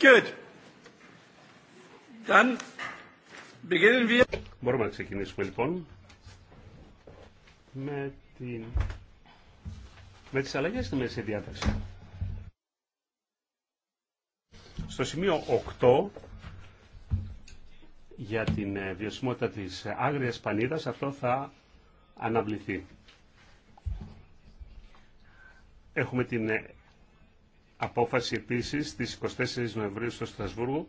Good. Μπορούμε να ξεκινήσουμε λοιπόν με, την... με τις αλλαγές στη μέση διάταξη. Στο σημείο 8 για την ε, βιωσιμότητα της ε, άγριας πανίδας αυτό θα αναβληθεί. Έχουμε την ε, απόφαση επίσης στις 24 Νοεμβρίου στο Στρασβούργο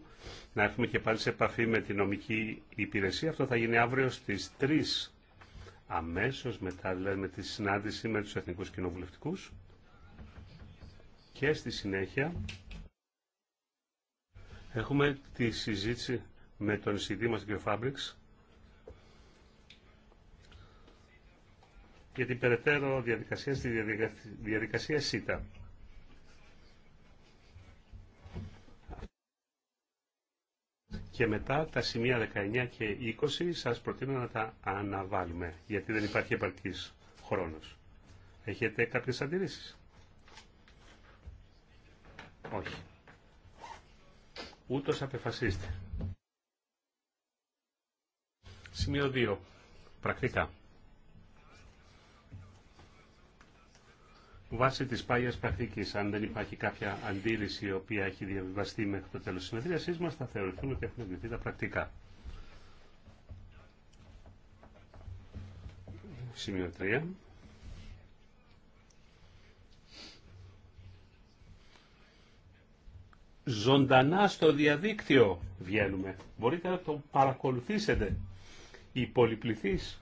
να έρθουμε και πάλι σε επαφή με την νομική υπηρεσία. Αυτό θα γίνει αύριο στις 3 αμέσως μετά δηλαδή με τη συνάντηση με τους Εθνικούς Κοινοβουλευτικούς και στη συνέχεια έχουμε τη συζήτηση με τον εισηγητή μας κ. Φάμπριξ για την περαιτέρω διαδικασία στη διαδικασία ΣΥΤΑ. και μετά τα σημεία 19 και 20 σας προτείνω να τα αναβάλουμε, γιατί δεν υπάρχει επαρκής χρόνος. Έχετε κάποιες αντιρρήσεις? Όχι. Ούτως απεφασίστε. Σημείο 2. Πρακτικά. βάσει τη πάγιας πρακτικής. Αν δεν υπάρχει κάποια αντίρρηση η οποία έχει διαβιβαστεί μέχρι το τέλος της συνεδρίασής μας, θα θεωρηθούν ότι έχουν εγκριθεί τα πρακτικά. Σημείο 3. Ζωντανά στο διαδίκτυο βγαίνουμε. Μπορείτε να το παρακολουθήσετε. Οι πολυπληθείς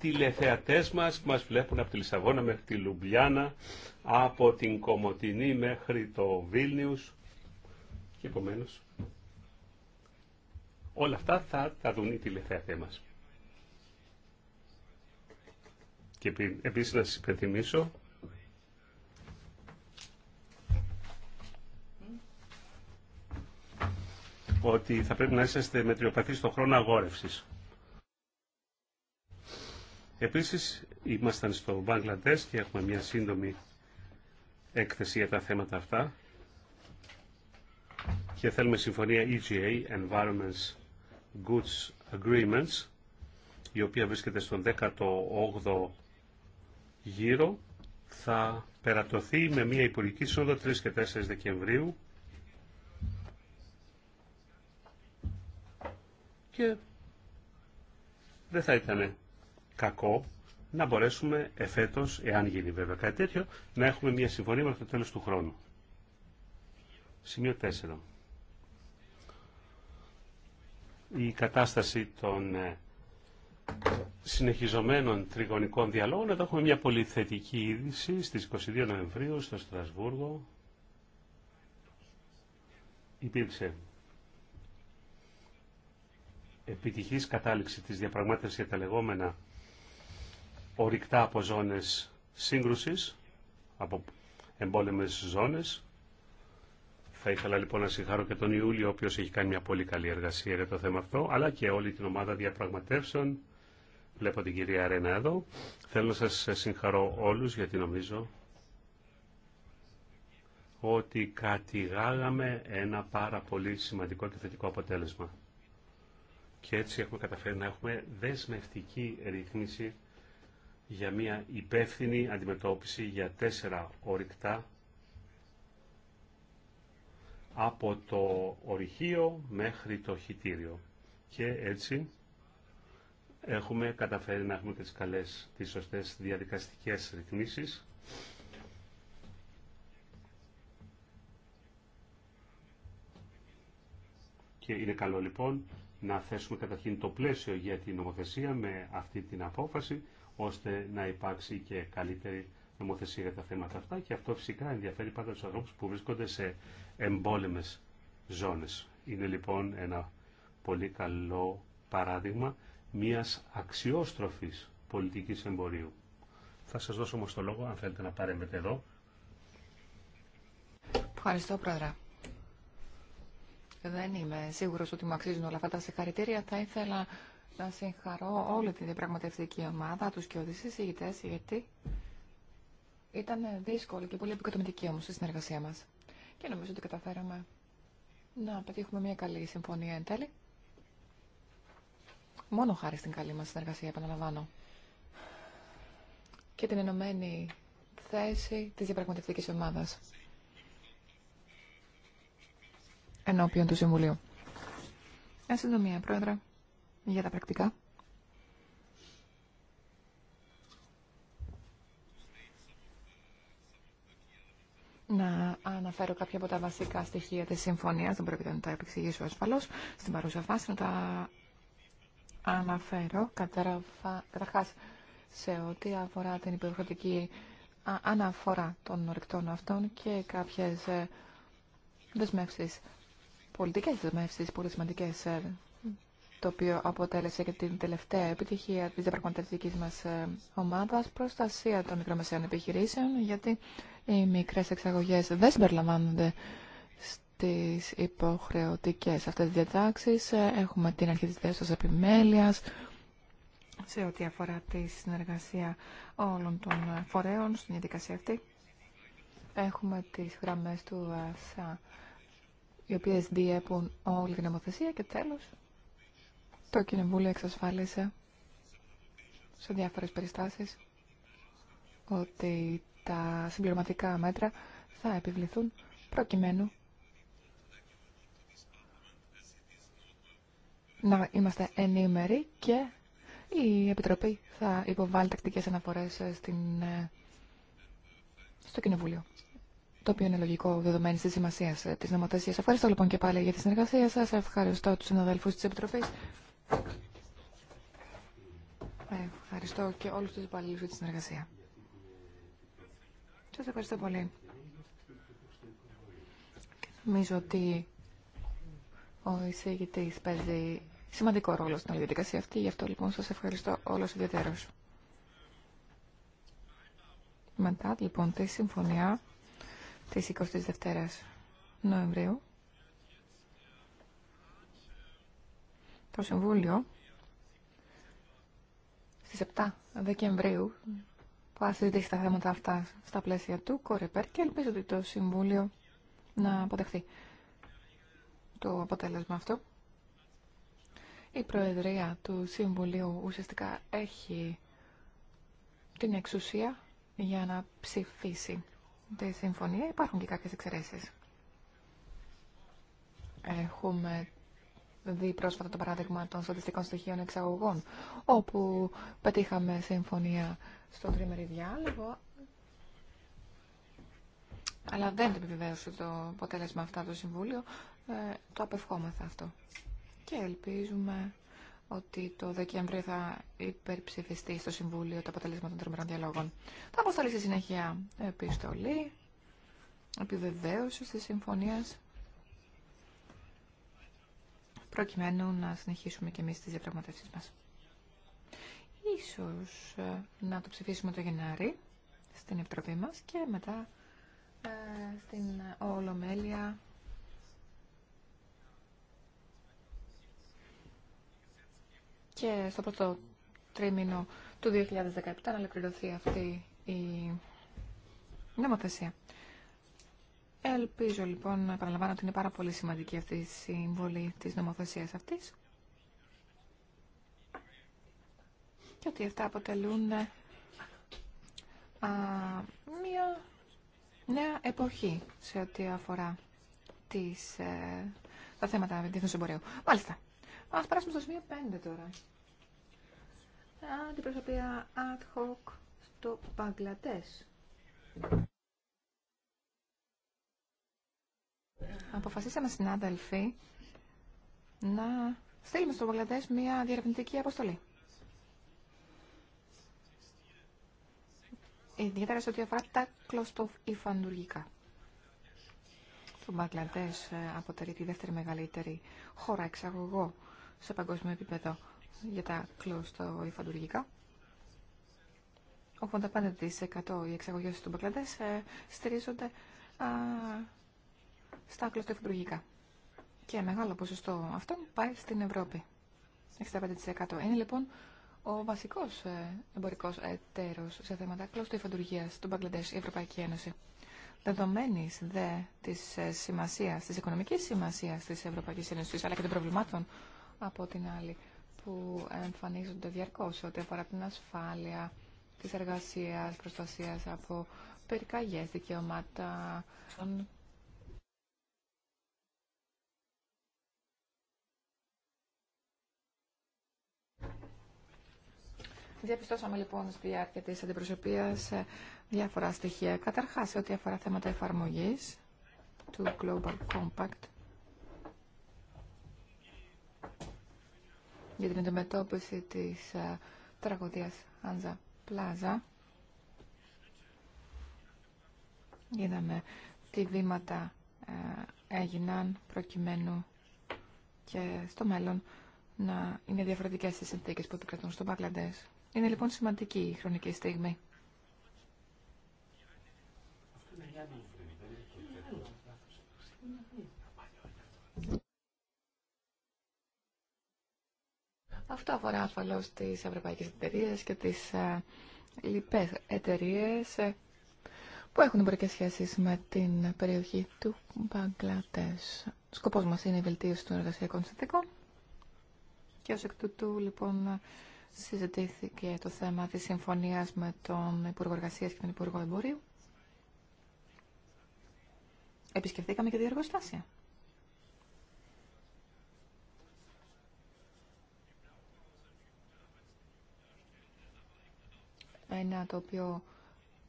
τηλεθεατές μας που μας βλέπουν από τη Λισαβόνα μέχρι τη Λουμπλιάνα, από την Κομοτηνή μέχρι το Βίλνιους και επομένω. Όλα αυτά θα τα δουν οι τηλεθεατές μας. Και επίσης να σας υπενθυμίσω ότι θα πρέπει να είσαστε μετριοπαθείς στον χρόνο αγόρευσης. Επίσης, ήμασταν στο Μπαγκλαντές και έχουμε μια σύντομη έκθεση για τα θέματα αυτά και θέλουμε συμφωνία EGA, Environments Goods Agreements, η οποία βρίσκεται στον 18ο γύρο, θα περατωθεί με μια Υπουργική Σύνοδο 3 και 4 Δεκεμβρίου και δεν θα ήταν κακό να μπορέσουμε εφέτος, εάν γίνει βέβαια κάτι τέτοιο, να έχουμε μια συμφωνία μέχρι το τέλος του χρόνου. Σημείο 4. Η κατάσταση των ε, συνεχιζομένων τριγωνικών διαλόγων. Εδώ έχουμε μια πολύ θετική είδηση στις 22 Νοεμβρίου στο Στρασβούργο. Υπήρξε επιτυχής κατάληξη της διαπραγμάτευσης για τα λεγόμενα ορυκτά από ζώνες σύγκρουσης, από εμπόλεμες ζώνες. Θα ήθελα λοιπόν να συγχαρώ και τον Ιούλιο, ο οποίος έχει κάνει μια πολύ καλή εργασία για το θέμα αυτό, αλλά και όλη την ομάδα διαπραγματεύσεων. Βλέπω την κυρία Ρένα εδώ. Θέλω να σας συγχαρώ όλους, γιατί νομίζω ότι κατηγάγαμε ένα πάρα πολύ σημαντικό και θετικό αποτέλεσμα. Και έτσι έχουμε καταφέρει να έχουμε δεσμευτική ρύθμιση για μια υπεύθυνη αντιμετώπιση για τέσσερα ορυκτά από το ορυχείο μέχρι το χιτήριο. Και έτσι έχουμε καταφέρει να έχουμε τις καλές, τις σωστές διαδικαστικές ρυθμίσεις. Και είναι καλό λοιπόν να θέσουμε καταρχήν το πλαίσιο για την νομοθεσία με αυτή την απόφαση ώστε να υπάρξει και καλύτερη νομοθεσία για τα θέματα αυτά και αυτό φυσικά ενδιαφέρει πάντα τους ανθρώπους που βρίσκονται σε εμπόλεμες ζώνες. Είναι λοιπόν ένα πολύ καλό παράδειγμα μιας αξιόστροφης πολιτικής εμπορίου. Θα σας δώσω όμως το λόγο αν θέλετε να παρέμετε εδώ. Ευχαριστώ πρόεδρε. Δεν είμαι σίγουρος ότι μου αξίζουν όλα αυτά τα συγχαρητήρια. Θα ήθελα να συγχαρώ όλη την διαπραγματευτική ομάδα, τους και συζητητές γιατί ήταν δύσκολη και πολύ επικοτομητική όμως η συνεργασία μας. Και νομίζω ότι καταφέραμε να πετύχουμε μια καλή συμφωνία εν τέλει. Μόνο χάρη στην καλή μας συνεργασία, επαναλαμβάνω. Και την ενωμένη θέση της διαπραγματευτικής ομάδας. Ενώπιον του Συμβουλίου. Εν συντομία, Πρόεδρε για τα πρακτικά. Να αναφέρω κάποια από τα βασικά στοιχεία της συμφωνίας, δεν πρέπει να τα επεξηγήσω ασφαλώς, στην παρούσα φάση να τα αναφέρω καταρχάς σε ό,τι αφορά την υπερχρονική αναφορά των ορεικτών αυτών και κάποιες ε, δεσμεύσεις, πολιτικές δεσμεύσεις, πολύ σημαντικές ε, το οποίο αποτέλεσε και την τελευταία επιτυχία της διαπραγματευτικής μας ε, ομάδας, προστασία των μικρομεσαίων επιχειρήσεων, γιατί οι μικρές εξαγωγές δεν συμπεριλαμβάνονται στις υποχρεωτικές αυτές διατάξεις. Ε, έχουμε την αρχή της επιμέλειας, σε ό,τι αφορά τη συνεργασία όλων των φορέων στην διαδικασία αυτή. Έχουμε τις γραμμές του ΑΣΑ, οι οποίες διέπουν όλη την νομοθεσία και τέλος το Κοινοβούλιο εξασφάλισε σε διάφορες περιστάσεις ότι τα συμπληρωματικά μέτρα θα επιβληθούν προκειμένου να είμαστε ενήμεροι και η Επιτροπή θα υποβάλει τακτικές αναφορές στην, στο Κοινοβούλιο. Το οποίο είναι λογικό δεδομένη τη σημασία ε, τη νομοθεσίας. Ευχαριστώ λοιπόν και πάλι για τη συνεργασία σα. Ευχαριστώ του συναδέλφου της Επιτροπή. Ε, ευχαριστώ και όλους τους υπαλλήλους για τη συνεργασία. Σας ευχαριστώ πολύ. Και νομίζω ότι ο εισηγητής παίζει σημαντικό ρόλο στην όλη διαδικασία αυτή, γι' αυτό λοιπόν σας ευχαριστώ όλους ιδιαίτερως. Μετά λοιπόν τη συμφωνία της 22ης Νοεμβρίου, το Συμβούλιο στις 7 Δεκεμβρίου θα συζητήσει τα θέματα αυτά στα πλαίσια του Κορεπέρ και ελπίζω ότι το Συμβούλιο να αποτεχθεί το αποτέλεσμα αυτό. Η Προεδρία του Συμβουλίου ουσιαστικά έχει την εξουσία για να ψηφίσει τη συμφωνία. Υπάρχουν και κάποιες εξαιρέσεις. Έχουμε δει πρόσφατα το παράδειγμα των στατιστικών στοιχείων εξαγωγών, όπου πετύχαμε συμφωνία στο τριμερή διάλογο, αλλά δεν επιβεβαίωσε το αποτέλεσμα αυτά το Συμβούλιο. Ε, το απευχόμεθα αυτό. Και ελπίζουμε ότι το Δεκέμβριο θα υπερψηφιστεί στο Συμβούλιο το αποτέλεσμα των τριμερών διαλόγων. Θα αποσταλεί στη συνέχεια επιστολή, επιβεβαίωση της συμφωνίας προκειμένου να συνεχίσουμε και εμείς τις διαπραγματεύσεις μας. Ίσως ε, να το ψηφίσουμε το Γενάρη στην Επιτροπή μας και μετά ε, στην Ολομέλεια και στο πρώτο τρίμηνο του 2017 να ολοκληρωθεί αυτή η νομοθεσία. Ελπίζω λοιπόν, να επαναλαμβάνω ότι είναι πάρα πολύ σημαντική αυτή η συμβολή της νομοθεσίας αυτής και ότι αυτά αποτελούν ε, α, μια νέα εποχή σε ό,τι αφορά τις, ε, τα θέματα διεθνούς εμπορίου. Μάλιστα. Ας περάσουμε στο σημείο 5 τώρα. Αντιπροσωπεία ad hoc στο Παγκλατές. αποφασίσαμε συνάδελφοι να στείλουμε στο Βαγκλαντές μια διαρευνητική αποστολή. Ιδιαίτερα σε ό,τι αφορά τα κλωστοϊφαντουργικά. Το Μπαγκλαντές ε, αποτελεί τη δεύτερη μεγαλύτερη χώρα εξαγωγό σε παγκόσμιο επίπεδο για τα κλωστοϊφαντουργικά. 85% οι εξαγωγές του Μπαγκλαντές ε, στηρίζονται στα κλωστοφυπουργικά. Και μεγάλο ποσοστό αυτό πάει στην Ευρώπη. 65%. Είναι λοιπόν ο βασικό ε, εμπορικό εταίρο σε θέματα κλωστοϊφαντουργία του Μπαγκλαντέ, η Ευρωπαϊκή Ένωση. Δεδομένη δε τη ε, σημασία, τη οικονομική σημασία τη Ευρωπαϊκή Ένωση, αλλά και των προβλημάτων από την άλλη που εμφανίζονται διαρκώ ό,τι αφορά την ασφάλεια τη εργασία, προστασία από πυρκαγιέ, δικαιώματα Διαπιστώσαμε λοιπόν στη διάρκεια τη αντιπροσωπεία ε, διάφορα στοιχεία. Καταρχάς, ό,τι αφορά θέματα εφαρμογή του Global Compact για την αντιμετώπιση τη ε, τραγωδία Άνζα Πλάζα. Είδαμε τι βήματα ε, έγιναν προκειμένου και στο μέλλον να είναι διαφορετικές οι συνθήκες που επικρατούν στο Μπαγκλαντές. Είναι λοιπόν σημαντική η χρονική στιγμή. Αυτό αφορά ασφαλώ τι ευρωπαϊκέ εταιρείε και τι ε, λοιπέ εταιρείε ε, που έχουν εμπορικέ σχέσει με την περιοχή του Μπαγκλατέ. Σκοπός μα είναι η βελτίωση των εργασιακών συνθήκων και ω εκ τούτου λοιπόν συζητήθηκε το θέμα της συμφωνίας με τον Υπουργό Εργασία και τον Υπουργό Εμπορίου. Επισκεφθήκαμε και δύο εργοστάσια. Ένα το οποίο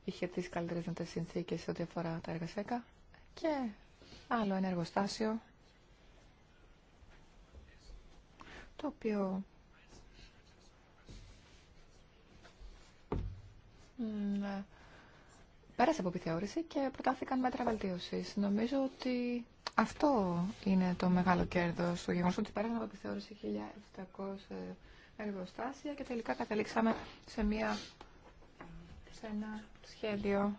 είχε τις καλύτερες δυνατές συνθήκες ό,τι αφορά τα εργασέκα και άλλο ένα εργοστάσιο το οποίο Ε, πέρασε από επιθεώρηση και προτάθηκαν μέτρα βελτίωση. Νομίζω ότι αυτό είναι το μεγάλο κέρδο του γεγονό ότι πέρασαν από επιθεώρηση 1.700 εργοστάσια και τελικά καταλήξαμε σε, μια, σε ένα σχέδιο.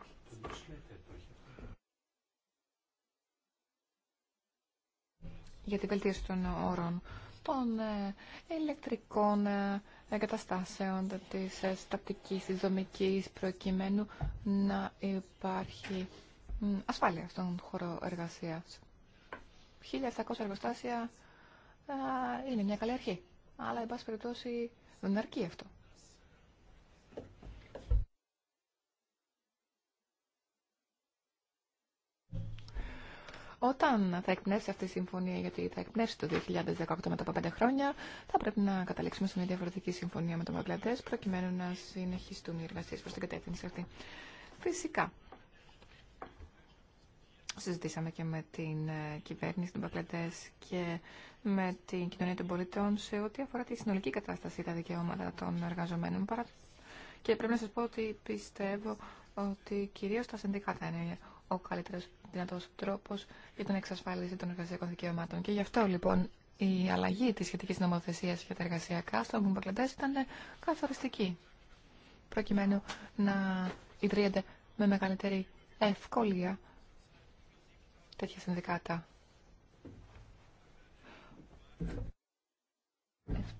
για την βελτίωση των όρων των ε, ηλεκτρικών ε, εγκαταστάσεων, της ε, στατικής, της δομικής, προκειμένου να υπάρχει ασφάλεια στον χώρο εργασίας. 1.700 εργοστάσια είναι μια καλή αρχή, αλλά εν πάση περιπτώσει δεν αρκεί αυτό. Όταν θα εκπνεύσει αυτή η συμφωνία, γιατί θα εκπνεύσει το 2018 μετά από πέντε χρόνια, θα πρέπει να καταλήξουμε σε μια διαφορετική συμφωνία με τον Μαγκλαντέ, προκειμένου να συνεχιστούν οι εργασίε προ την κατεύθυνση αυτή. Φυσικά. Συζητήσαμε και με την ε, κυβέρνηση των Παγκλαντέ και με την κοινωνία των πολιτών σε ό,τι αφορά τη συνολική κατάσταση, τα δικαιώματα των εργαζομένων. Και πρέπει να σα πω ότι πιστεύω ότι κυρίω τα συνδικάτα είναι ο καλύτερο δυνατό τρόπο για την εξασφάλιση των εργασιακών δικαιωμάτων. Και γι' αυτό λοιπόν η αλλαγή τη σχετική νομοθεσία για τα εργασιακά στο Μπαγκλαντέ ήταν καθοριστική, προκειμένου να ιδρύεται με μεγαλύτερη ευκολία τέτοια συνδικάτα.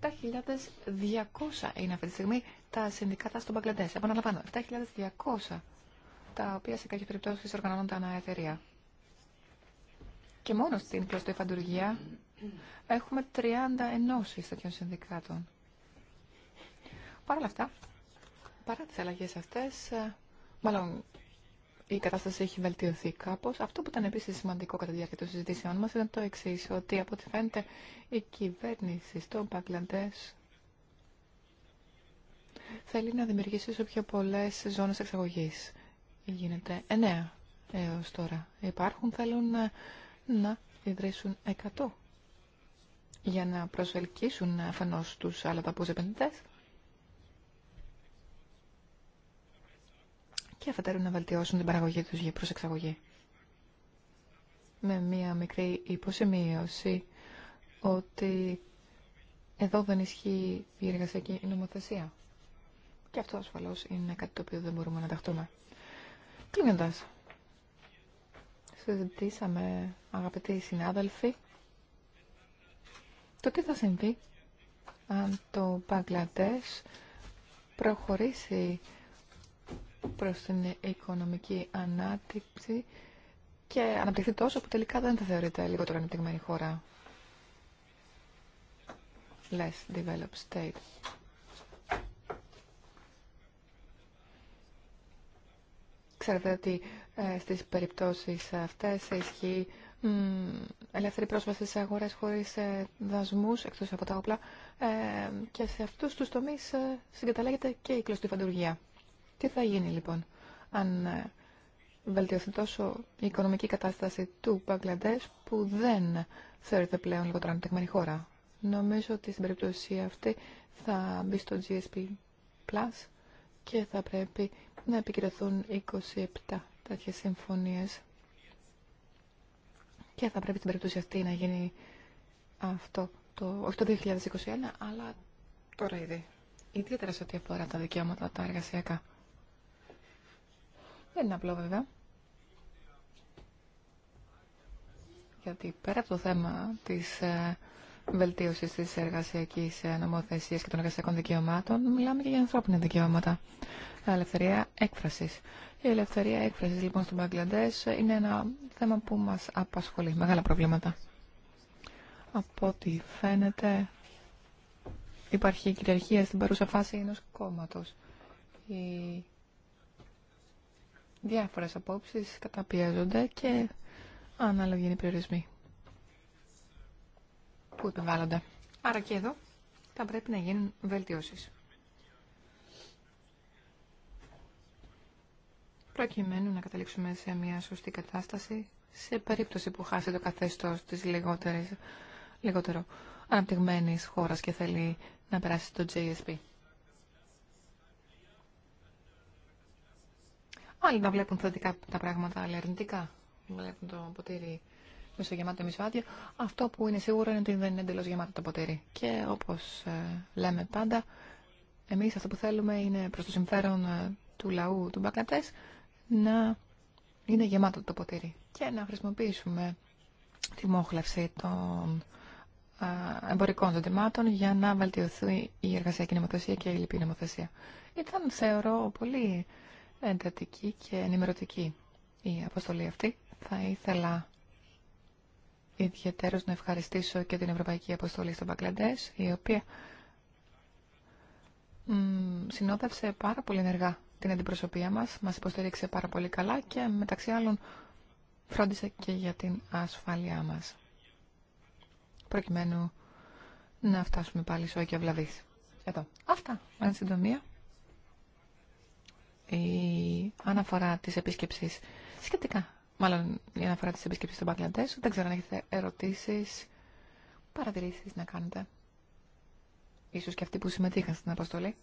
7.200 είναι αυτή τη στιγμή τα συνδικάτα στον Παγκλαντές. Επαναλαμβάνω, 7.200 τα οποία σε κάποιε περιπτώσει οργανώνονται ανά εταιρεία. Και μόνο στην κλωστοϊφαντουργία έχουμε 30 ενώσει τέτοιων συνδικάτων. Παρ' όλα αυτά, παρά τι αλλαγέ αυτέ, ε, μάλλον η κατάσταση έχει βελτιωθεί κάπω. Αυτό που ήταν επίση σημαντικό κατά τη διάρκεια των συζητήσεων μα ήταν το εξή ότι από ό,τι φαίνεται η κυβέρνηση στο Παγκλαντέ θέλει να δημιουργήσει όσο πιο πολλέ ζώνε εξαγωγή γίνεται 9 έως τώρα. Υπάρχουν θέλουν ε, να, ιδρύσουν 100 για να προσελκύσουν ε, αφενός τους αλλοδαπούς επενδυτές και αφετέρου να βελτιώσουν την παραγωγή τους για προσεξαγωγή. Με μία μικρή υποσημείωση ότι εδώ δεν ισχύει η εργασιακή νομοθεσία. Και αυτό ασφαλώς είναι κάτι το οποίο δεν μπορούμε να ταχτούμε. Κλείνοντας, συζητήσαμε, αγαπητοί συνάδελφοι, το τι θα συμβεί αν το Παγκλατές προχωρήσει προς την οικονομική ανάπτυξη και αναπτυχθεί τόσο που τελικά δεν θα θεωρείται λιγότερο ανεπτυγμένη χώρα. Less developed state. Ξέρετε ότι ε, στις περιπτώσεις αυτές ισχύει ελεύθερη πρόσβαση σε αγορές χωρίς ε, δασμούς, εκτός από τα όπλα, ε, και σε αυτούς τους τομείς ε, συγκαταλέγεται και η κλωστή φαντουργία. Τι θα γίνει λοιπόν, αν βελτιωθεί τόσο η οικονομική κατάσταση του Παγκλαντές που δεν θεωρείται πλέον λιγότερο ανεπτυγμένη χώρα. Νομίζω ότι στην περίπτωση αυτή θα μπει στο GSP Plus και θα πρέπει να επικυρωθούν 27 τέτοιες συμφωνίες και θα πρέπει την περίπτωση αυτή να γίνει αυτό, το, όχι το 2021, αλλά τώρα ήδη. Ιδιαίτερα σε ό,τι αφορά τα δικαιώματα τα εργασιακά. Δεν είναι απλό βέβαια. Γιατί πέρα από το θέμα της ε, βελτίωση τη εργασιακή ε, νομοθεσία και των εργασιακών δικαιωμάτων, μιλάμε και για ανθρώπινα δικαιώματα. Ελευθερία έκφραση. Η ελευθερία έκφραση λοιπόν στον Παγκλαντέ ε, είναι ένα θέμα που μα απασχολεί. Μεγάλα προβλήματα. Από ό,τι φαίνεται, υπάρχει κυριαρχία στην παρούσα φάση ενό κόμματο. Οι διάφορε απόψει καταπιέζονται και ανάλογοι είναι οι περιορισμοί που επιβάλλονται. Άρα και εδώ θα πρέπει να γίνουν βελτιώσεις. Προκειμένου να καταλήξουμε σε μια σωστή κατάσταση, σε περίπτωση που χάσει το καθεστώς της λιγότερης, λιγότερο αναπτυγμένης χώρας και θέλει να περάσει το JSP. Άλλοι να βλέπουν θετικά τα πράγματα, αλλά αρνητικά βλέπουν το ποτήρι μισογεμάτο ή μισοάδιο. Αυτό που είναι σίγουρο είναι ότι δεν είναι εντελώ γεμάτο το ποτήρι. Και όπω ε, λέμε πάντα, εμεί αυτό που θέλουμε είναι προ το συμφέρον ε, του λαού του Μπαγκλατέ να είναι γεμάτο το ποτήρι και να χρησιμοποιήσουμε τη μόχλευση των ε, εμπορικών ζωντημάτων για να βελτιωθεί η εργασιακή νομοθεσία και η λοιπή νομοθεσία. Ήταν, θεωρώ, πολύ εντατική και ενημερωτική η αποστολή αυτή. Θα ήθελα ιδιαίτερως να ευχαριστήσω και την Ευρωπαϊκή Αποστολή στο Μπαγκλαντές, η οποία συνόδευσε πάρα πολύ ενεργά την αντιπροσωπεία μας, μας υποστήριξε πάρα πολύ καλά και μεταξύ άλλων φρόντισε και για την ασφάλειά μας, προκειμένου να φτάσουμε πάλι στο και βλαβής. Εδώ. Αυτά, εν συντομία. Η αναφορά της επίσκεψης σχετικά μάλλον η αναφορά της επισκέψης στον Παγκλαντές. Δεν ξέρω αν έχετε ερωτήσεις, παρατηρήσεις να κάνετε. Ίσως και αυτοί που συμμετείχαν στην αποστολή.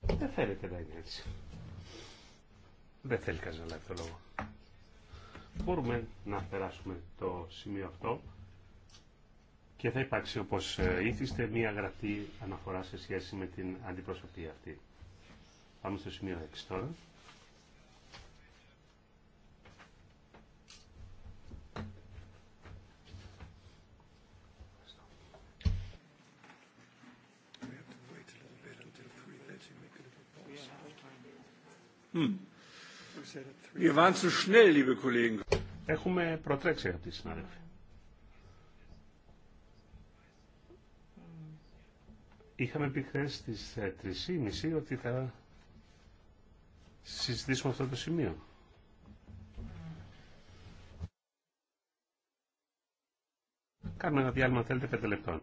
Δεν θέλετε να είναι έτσι. Δεν θέλει κανένα να λάβει το λόγο. Μπορούμε να περάσουμε το σημείο αυτό και θα υπάρξει όπως ε, ήθιστε μία γραπτή αναφορά σε σχέση με την αντιπροσωπή αυτή. Πάμε στο σημείο 6 τώρα. Hm. Έχουμε προτρέξει, αγαπητοί συνάδελφοι. Είχαμε πει χθε στι 3.30 ότι θα συζητήσουμε αυτό το σημείο. Κάνουμε ένα διάλειμμα, θέλετε, 5 λεπτών.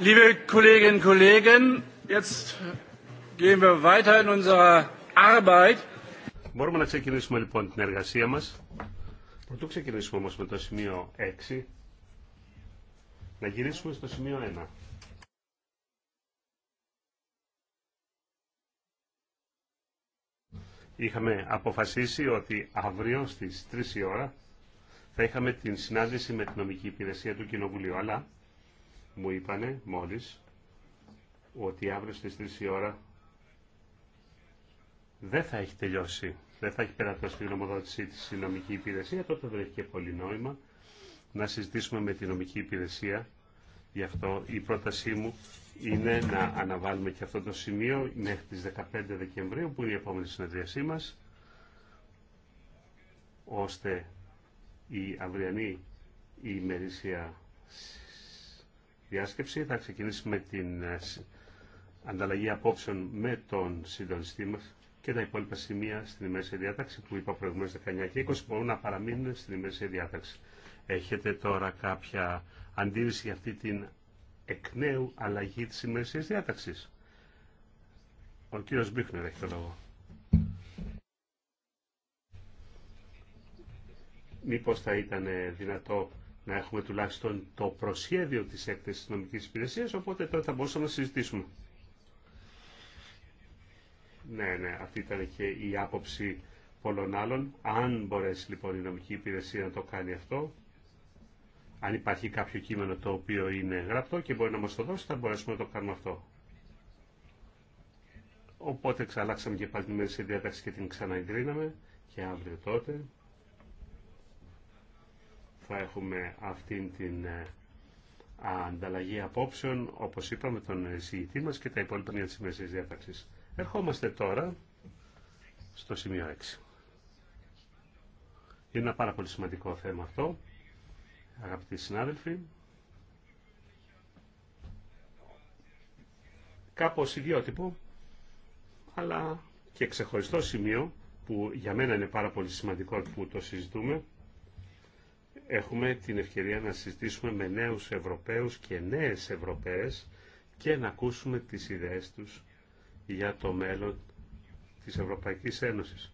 Liebe Kolleginnen und Kollegen, jetzt gehen wir weiter in unserer Arbeit. Μπορούμε να ξεκινήσουμε λοιπόν την εργασία μας. Πρωτού ξεκινήσουμε όμως με το σημείο 6, να γυρίσουμε στο σημείο 1. Είχαμε αποφασίσει ότι αύριο στις 3 η ώρα θα είχαμε την συνάντηση με την νομική υπηρεσία του Κοινοβουλίου. Αλλά μου είπανε μόλι ότι αύριο στις 3 η ώρα δεν θα έχει τελειώσει, δεν θα έχει περατώσει τη γνωμοδότησή της η νομική υπηρεσία, τότε δεν έχει και πολύ νόημα να συζητήσουμε με την νομική υπηρεσία. Γι' αυτό η πρότασή μου είναι να αναβάλουμε και αυτό το σημείο μέχρι τις 15 Δεκεμβρίου, που είναι η επόμενη συνεδρίασή μας, ώστε η αυριανή η ημερήσια διάσκεψη. Θα ξεκινήσει με την ε, ανταλλαγή απόψεων με τον συντονιστή μα και τα υπόλοιπα σημεία στην ημερήσια διάταξη που είπα προηγουμένως 19 και 20 μπορούν να παραμείνουν στην ημερήσια διάταξη. Έχετε τώρα κάποια αντίρρηση για αυτή την εκ νέου αλλαγή της ημερήσιας διάταξης. Ο κύριος Μπίχνερ έχει το λόγο. μήπως θα ήταν δυνατό να έχουμε τουλάχιστον το προσχέδιο της έκθεσης της νομικής υπηρεσίας, οπότε τότε θα μπορούσαμε να συζητήσουμε. Ναι, ναι, αυτή ήταν και η άποψη πολλών άλλων. Αν μπορέσει λοιπόν η νομική υπηρεσία να το κάνει αυτό, αν υπάρχει κάποιο κείμενο το οποίο είναι γραπτό και μπορεί να μας το δώσει, θα μπορέσουμε να το κάνουμε αυτό. Οπότε ξαλάξαμε και πάλι τη μέση διάταξη και την ξαναεγκρίναμε και αύριο τότε θα έχουμε αυτήν την ε, ανταλλαγή απόψεων, όπως είπαμε, τον συγητή μας και τα υπόλοιπα μια της μέσης διάταξης. Ερχόμαστε τώρα στο σημείο 6. Είναι ένα πάρα πολύ σημαντικό θέμα αυτό, αγαπητοί συνάδελφοι. Κάπως ιδιότυπο, αλλά και ξεχωριστό σημείο που για μένα είναι πάρα πολύ σημαντικό που το συζητούμε έχουμε την ευκαιρία να συζητήσουμε με νέους Ευρωπαίους και νέες Ευρωπαίες και να ακούσουμε τις ιδέες τους για το μέλλον της Ευρωπαϊκής Ένωσης.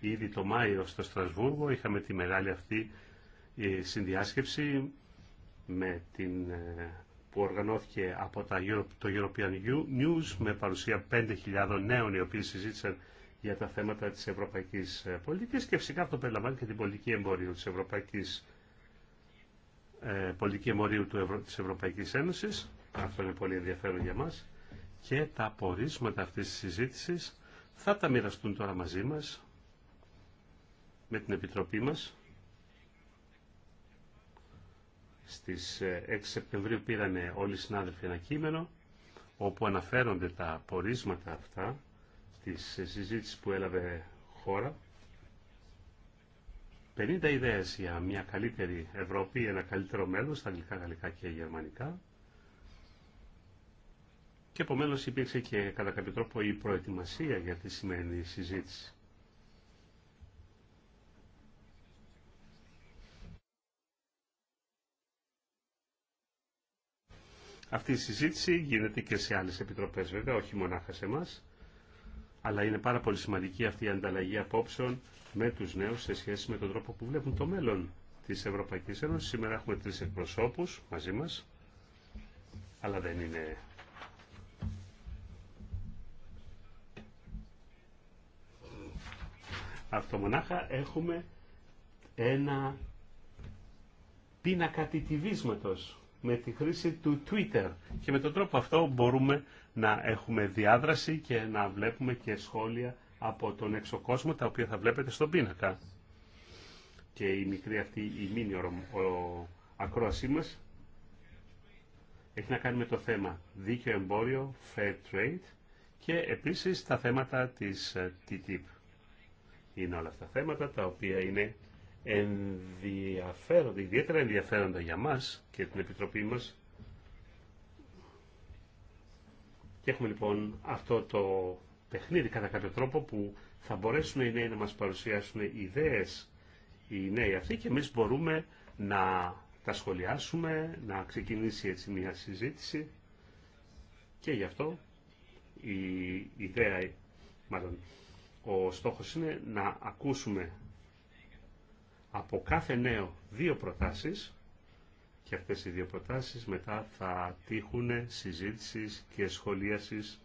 Ήδη το Μάιο στο Στρασβούργο είχαμε τη μεγάλη αυτή ε, συνδιάσκεψη με την, ε, που οργανώθηκε από το European News με παρουσία 5.000 νέων οι οποίοι συζήτησαν για τα θέματα της ευρωπαϊκής ε, πολιτικής και φυσικά αυτό περιλαμβάνει και την πολιτική εμπορίου της ευρωπαϊκής ε, πολιτική εμπορίου του της Ευρωπαϊκής Ένωσης. Αυτό είναι πολύ ενδιαφέρον για μας. Και τα απορίσματα αυτής της συζήτησης θα τα μοιραστούν τώρα μαζί μας, με την Επιτροπή μας. Στις 6 ε, Σεπτεμβρίου πήραν όλοι οι συνάδελφοι ένα κείμενο, όπου αναφέρονται τα απορίσματα αυτά της συζήτηση που έλαβε χώρα 50 ιδέες για μια καλύτερη Ευρώπη, ένα καλύτερο μέλλον στα αγγλικά, γαλλικά και γερμανικά και επομένω υπήρξε και κατά κάποιο τρόπο η προετοιμασία για τη σημερινή συζήτηση. Αυτή η συζήτηση γίνεται και σε άλλες επιτροπές βέβαια, όχι μονάχα σε εμάς αλλά είναι πάρα πολύ σημαντική αυτή η ανταλλαγή απόψεων με τους νέους σε σχέση με τον τρόπο που βλέπουν το μέλλον της Ευρωπαϊκής Ένωσης. Σήμερα έχουμε τρεις εκπροσώπους μαζί μας, αλλά δεν είναι αυτό μονάχα. Έχουμε ένα πίνακα τιτιβίσματος με τη χρήση του Twitter και με τον τρόπο αυτό μπορούμε να έχουμε διάδραση και να βλέπουμε και σχόλια από τον έξω κόσμο τα οποία θα βλέπετε στον πίνακα. Και η μικρή αυτή η μήνυ ο, ο ακρόασή μας έχει να κάνει με το θέμα δίκαιο εμπόριο, fair trade και επίσης τα θέματα της ε, TTIP. Είναι όλα αυτά τα θέματα τα οποία είναι ενδιαφέροντα, ιδιαίτερα ενδιαφέροντα για μας και την Επιτροπή μας. Και έχουμε λοιπόν αυτό το παιχνίδι κατά κάποιο τρόπο που θα μπορέσουν οι νέοι να μας παρουσιάσουν ιδέες οι νέοι αυτοί και εμείς μπορούμε να τα σχολιάσουμε, να ξεκινήσει έτσι μια συζήτηση και γι' αυτό η ιδέα, μάλλον ο στόχος είναι να ακούσουμε από κάθε νέο δύο προτάσεις και αυτές οι δύο προτάσεις μετά θα τύχουν συζήτησης και σχολίασης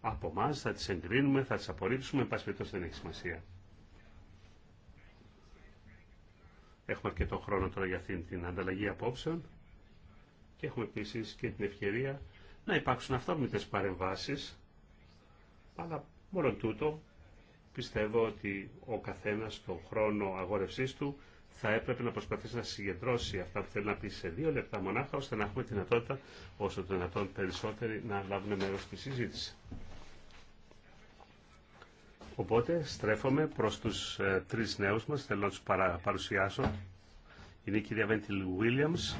από εμά, θα τις εγκρίνουμε, θα τις απορρίψουμε, εν πάση δεν έχει σημασία. Έχουμε αρκετό χρόνο τώρα για αυτήν την ανταλλαγή απόψεων και έχουμε επίση και την ευκαιρία να υπάρξουν αυτόρμητες παρεμβάσεις, αλλά μόνο τούτο Πιστεύω ότι ο καθένας στο χρόνο αγόρευσής του θα έπρεπε να προσπαθήσει να συγκεντρώσει αυτά που θέλει να πει σε δύο λεπτά μονάχα, ώστε να έχουμε τη δυνατότητα όσο το δυνατόν περισσότεροι να λάβουν μέρος στη συζήτηση. Οπότε στρέφομαι προς τους ε, τρεις νέους μας, θέλω να τους παρα, παρουσιάσω. Είναι η κυρία Βέντιλ Βίλιαμς,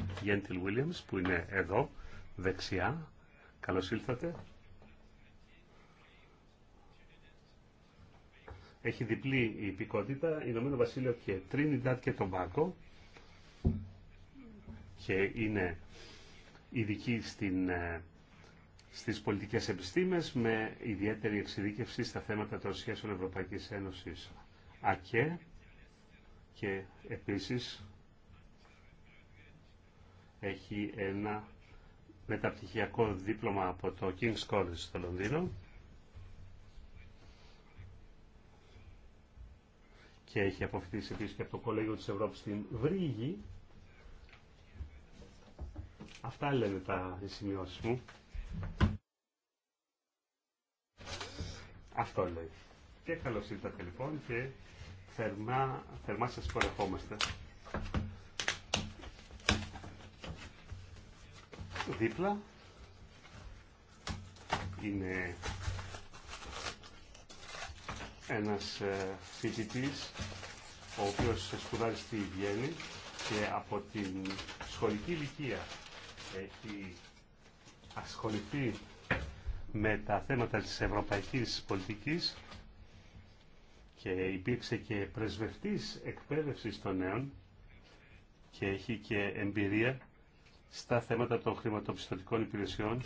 που είναι εδώ, δεξιά. Καλώς ήλθατε. έχει διπλή υπηκότητα, Ηνωμένο Βασίλειο και Τρίνιντατ και Πάκο και είναι ειδική στην, ε, στις πολιτικές επιστήμες με ιδιαίτερη εξειδίκευση στα θέματα των σχέσεων Ευρωπαϊκής Ένωσης ΑΚΕ και επίσης έχει ένα μεταπτυχιακό δίπλωμα από το King's College στο Λονδίνο και έχει αποφυτίσει επίσης και από το Κολέγιο της Ευρώπης στην Βρύγη. Αυτά λένε τα σημειώσει μου. Αυτό λέει. Και καλώς ήρθατε λοιπόν και θερμά, θερμά σας υποδεχόμαστε. Δίπλα είναι ένας ε, φοιτητής ο οποίος σπουδάζει στη Βιέννη και από την σχολική ηλικία έχει ασχοληθεί με τα θέματα της ευρωπαϊκής πολιτικής και υπήρξε και πρεσβευτής εκπαίδευσης των νέων και έχει και εμπειρία στα θέματα των χρηματοπιστωτικών υπηρεσιών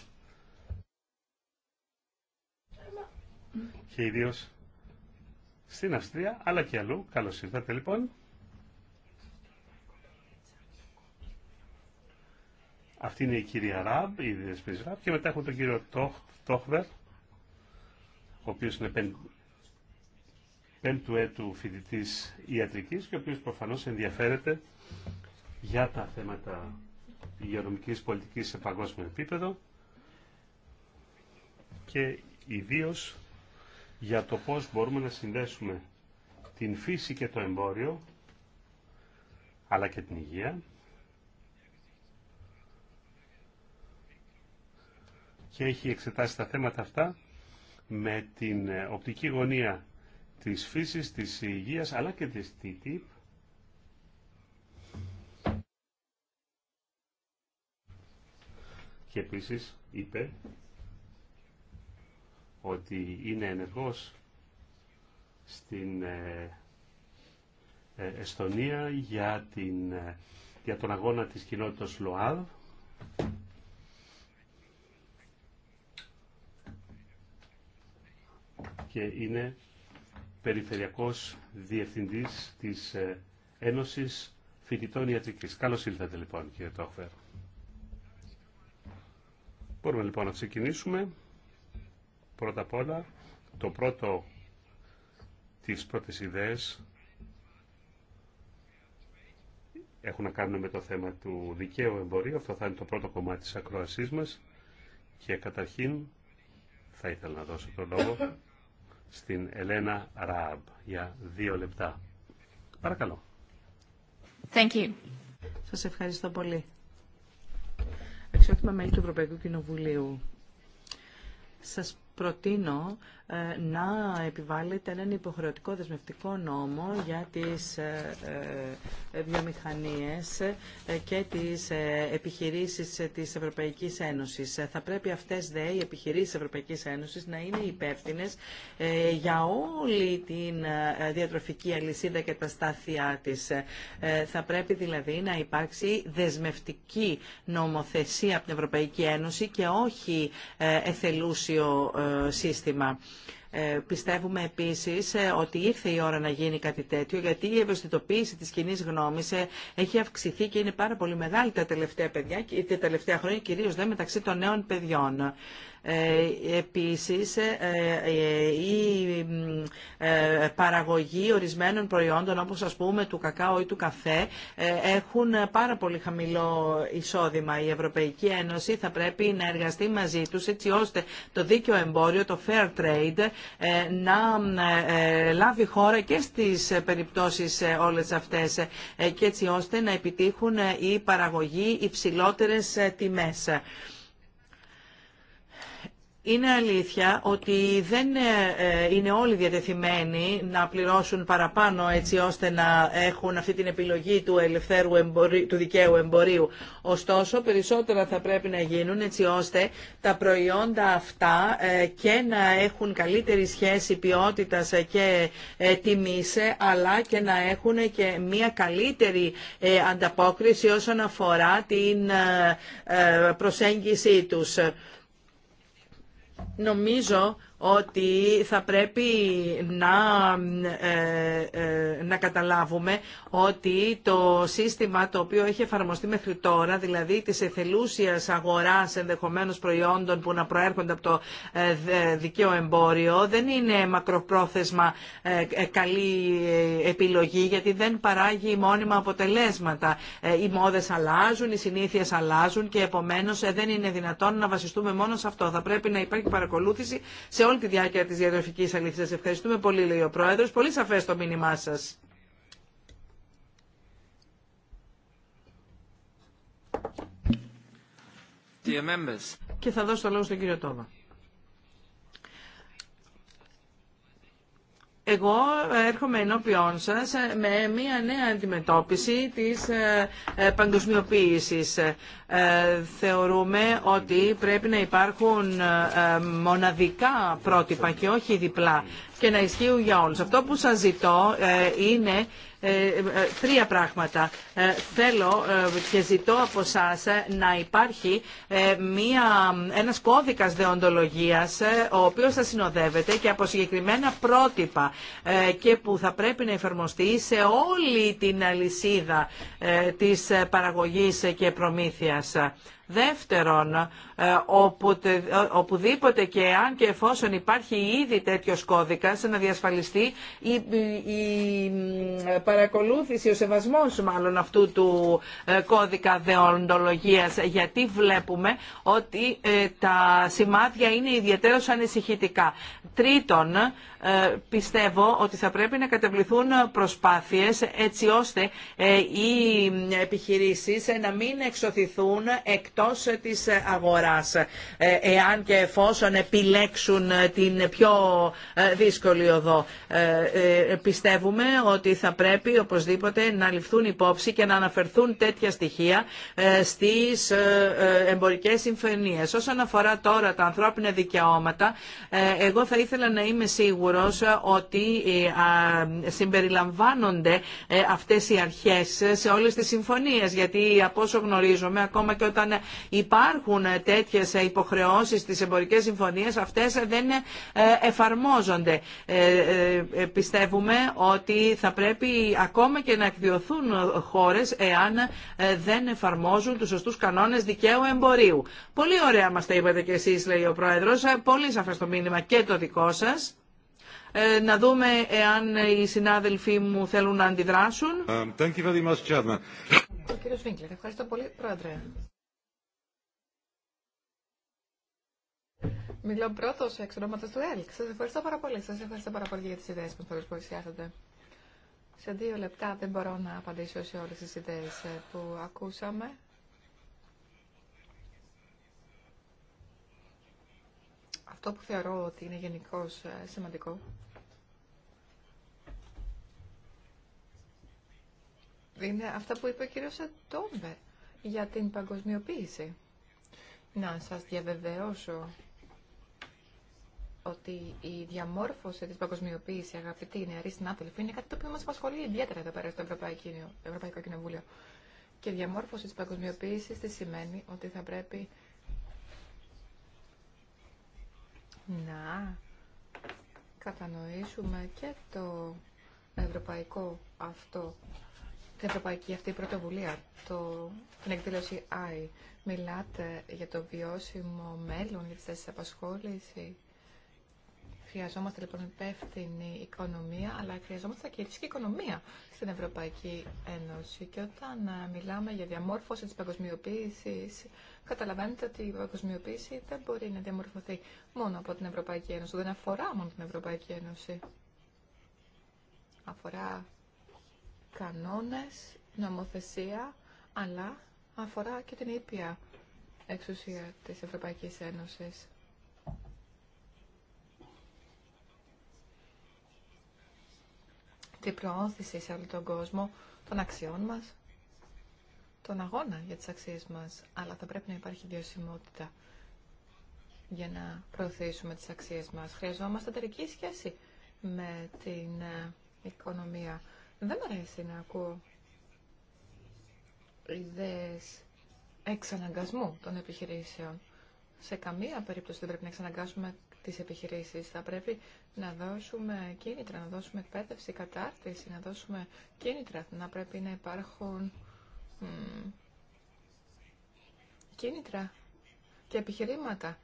και ιδίως στην Αυστρία αλλά και αλλού. καλώ ήρθατε λοιπόν. Αυτή είναι η κυρία Ραμπ, η Δεσπής Ραμπ και μετά έχουμε τον κύριο Τόχ, Τόχβερ, ο οποίος είναι πέντε πέμπτου έτου φοιτητής ιατρικής και ο οποίος προφανώς ενδιαφέρεται για τα θέματα υγειονομικής πολιτικής σε παγκόσμιο επίπεδο και ιδίω για το πώς μπορούμε να συνδέσουμε την φύση και το εμπόριο, αλλά και την υγεία. Και έχει εξετάσει τα θέματα αυτά με την ε, οπτική γωνία της φύσης, της υγείας, αλλά και της TTIP. Και επίσης είπε ότι είναι ενεργός στην ε, ε, Εστονία για, την, ε, για τον αγώνα της κοινότητας ΛΟΑΔ. και είναι περιφερειακός διευθυντής της Ένωσης Φοιτητών Ιατρικής. Καλώς ήλθατε λοιπόν κύριε Τόχφερ. Μπορούμε λοιπόν να ξεκινήσουμε. Πρώτα απ' όλα, το πρώτο, τις πρώτες ιδέες έχουν να κάνουν με το θέμα του δικαίου εμπορίου. Αυτό θα είναι το πρώτο κομμάτι της ακροασής μας. Και καταρχήν θα ήθελα να δώσω το λόγο στην Ελένα Ραμπ για δύο λεπτά. Παρακαλώ. Thank you. Σας ευχαριστώ πολύ. Εξότιμα μέλη του Ευρωπαϊκού Κοινοβουλίου. Σας προτείνω ε, να επιβάλλεται έναν υποχρεωτικό δεσμευτικό νόμο για τις ε, ε, βιομηχανίες και τις επιχειρήσεις της Ευρωπαϊκής Ένωσης. Θα πρέπει αυτές δε οι επιχειρήσεις της Ευρωπαϊκής Ένωσης να είναι υπεύθυνε για όλη την διατροφική αλυσίδα και τα στάθειά της. Θα πρέπει δηλαδή να υπάρξει δεσμευτική νομοθεσία από την Ευρωπαϊκή Ένωση και όχι εθελούσιο σύστημα. Υπότιτλοι AUTHORWAVE ε, πιστεύουμε επίσης ε, ότι ήρθε η ώρα να γίνει κάτι τέτοιο, γιατί η ευαισθητοποίηση τη κοινή γνώμης ε, έχει αυξηθεί και είναι πάρα πολύ μεγάλη τα τελευταία, παιδιά, τα τελευταία χρόνια, του δε μεταξύ των νέων παιδιών. Επίσης, η παραγωγή ορισμένων προϊόντων, όπως ας πούμε του κακάο ή του καφέ, έχουν πάρα πολύ χαμηλό εισόδημα. Η Ευρωπαϊκή Ένωση θα πρέπει να εργαστεί μαζί τους έτσι ώστε το δίκαιο εμπόριο, το fair trade, ε, να ε, λάβει χώρα και στις περιπτώσεις ε, όλες αυτές και έτσι ώστε να επιτύχουν οι παραγωγοί υψηλότερες τιμές. Είναι αλήθεια ότι δεν ε, ε, είναι όλοι διατεθειμένοι να πληρώσουν παραπάνω έτσι ώστε να έχουν αυτή την επιλογή του, ελευθέρου του δικαίου εμπορίου. Ωστόσο, περισσότερα θα πρέπει να γίνουν έτσι ώστε τα προϊόντα αυτά ε, και να έχουν καλύτερη σχέση ποιότητας και τιμής αλλά και να έχουν και μια καλύτερη ανταπόκριση όσον αφορά την προσέγγιση τους. Νομίζω ότι θα πρέπει να, ε, ε, να καταλάβουμε ότι το σύστημα το οποίο έχει εφαρμοστεί μέχρι τώρα, δηλαδή της εθελούσιας αγοράς ενδεχομένως προϊόντων που να προέρχονται από το ε, δικαίο εμπόριο, δεν είναι μακροπρόθεσμα ε, καλή επιλογή γιατί δεν παράγει μόνιμα αποτελέσματα. Οι μόδες αλλάζουν, οι συνήθειες αλλάζουν και επομένως δεν είναι δυνατόν να βασιστούμε μόνο σε αυτό. Θα πρέπει να υπάρχει παρακολούθηση σε όλη τη διάρκεια της διατροφική αλήθεια. ευχαριστούμε πολύ, λέει ο Πρόεδρος. Πολύ σαφέ το μήνυμά σας. Και θα δώσω το λόγο στον κύριο Τόμα. Εγώ έρχομαι ενώπιόν σας με μια νέα αντιμετώπιση της ε, ε, παγκοσμιοποίησης. Ε, θεωρούμε ότι πρέπει να υπάρχουν μοναδικά πρότυπα και όχι διπλά και να ισχύουν για όλους. Αυτό που σας ζητώ είναι ε, ε, τρία πράγματα. Ε, θέλω και ζητώ από εσά να υπάρχει μία, ένας κώδικας δεοντολογίας ο οποίος θα συνοδεύεται και από συγκεκριμένα πρότυπα και που θα πρέπει να εφαρμοστεί σε όλη την αλυσίδα της παραγωγής και προμήθειας. Δεύτερον, ε, ε, οπουδήποτε και αν και εφόσον υπάρχει ήδη τέτοιος κώδικας, να διασφαλιστεί η, η παρακολούθηση, ο σεβασμό μάλλον αυτού του ε, κώδικα δεοντολογίας, γιατί βλέπουμε ότι τα σημάδια είναι ιδιαίτερω ανησυχητικά. Τρίτον, πιστεύω ότι θα πρέπει να κατεβληθούν προσπάθειες έτσι ώστε οι επιχειρήσεις να μην εξωθηθούν εκτός εκτός ε, της ε, αγοράς ε, εάν και εφόσον επιλέξουν την πιο δύσκολη οδό. Πιστεύουμε ότι θα πρέπει οπωσδήποτε να ληφθούν υπόψη και να αναφερθούν τέτοια στοιχεία στις εμπορικές συμφωνίες. Όσον αφορά τώρα τα ανθρώπινα δικαιώματα, εγώ θα ήθελα να είμαι σίγουρος ότι συμπεριλαμβάνονται αυτές οι αρχές σε όλες τις συμφωνίες, γιατί από όσο γνωρίζουμε, ακόμα και όταν υπάρχουν ε, τέτοιε υποχρεώσει στι εμπορικέ συμφωνίε, αυτέ ε, δεν ε, εφαρμόζονται. Πιστεύουμε ότι θα πρέπει ακόμα και να εκδιωθούν χώρε εάν δεν εφαρμόζουν του σωστού κανόνε δικαίου εμπορίου. Πολύ ωραία μα, τα είπατε κι εσεί, λέει ο Πρόεδρος. Πολύ σαφές το μήνυμα και το δικό σα. να δούμε εάν οι συνάδελφοί μου θέλουν να αντιδράσουν. Um, Μιλώ πρώτο εξ ονόματο του ΕΛΚ. Σα ευχαριστώ πάρα πολύ. Σα ευχαριστώ πάρα πολύ για τι ιδέε που μα παρουσιάσατε. Σε δύο λεπτά δεν μπορώ να απαντήσω σε όλε τι ιδέε ε, που ακούσαμε. Αυτό που θεωρώ ότι είναι γενικώ ε, σημαντικό είναι αυτά που είπε ο κύριος Ατόμπε για την παγκοσμιοποίηση. Να σας διαβεβαιώσω ότι η διαμόρφωση τη παγκοσμιοποίηση, αγαπητοί νεαροί συνάδελφοι, είναι κάτι το οποίο μα απασχολεί ιδιαίτερα εδώ πέρα στο Ευρωπαϊκό Κοινοβούλιο. Και η διαμόρφωση τη παγκοσμιοποίηση τι σημαίνει ότι θα πρέπει να κατανοήσουμε και το ευρωπαϊκό αυτό, την ευρωπαϊκή αυτή πρωτοβουλία, το, την εκδήλωση I. Μιλάτε για το βιώσιμο μέλλον, για τις θέσεις απασχόληση, Χρειαζόμαστε λοιπόν υπεύθυνη οικονομία, αλλά χρειαζόμαστε και η οικονομία στην Ευρωπαϊκή Ένωση. Και όταν ε, μιλάμε για διαμόρφωση της παγκοσμιοποίηση, καταλαβαίνετε ότι η παγκοσμιοποίηση δεν μπορεί να διαμορφωθεί μόνο από την Ευρωπαϊκή Ένωση. Δεν αφορά μόνο την Ευρωπαϊκή Ένωση. Αφορά κανόνες, νομοθεσία, αλλά αφορά και την ήπια εξουσία της Ευρωπαϊκής Ένωσης. την προώθηση σε όλο τον κόσμο των αξιών μας, τον αγώνα για τις αξίες μας, αλλά θα πρέπει να υπάρχει βιωσιμότητα για να προωθήσουμε τις αξίες μας. Χρειαζόμαστε εταιρική σχέση με την ε, οικονομία. Δεν μου αρέσει να ακούω ιδέες εξαναγκασμού των επιχειρήσεων. Σε καμία περίπτωση δεν πρέπει να εξαναγκάσουμε τις επιχειρήσεις. Θα πρέπει να δώσουμε κίνητρα, να δώσουμε εκπαίδευση, κατάρτιση, να δώσουμε κίνητρα. Να πρέπει να υπάρχουν κίνητρα και επιχειρήματα.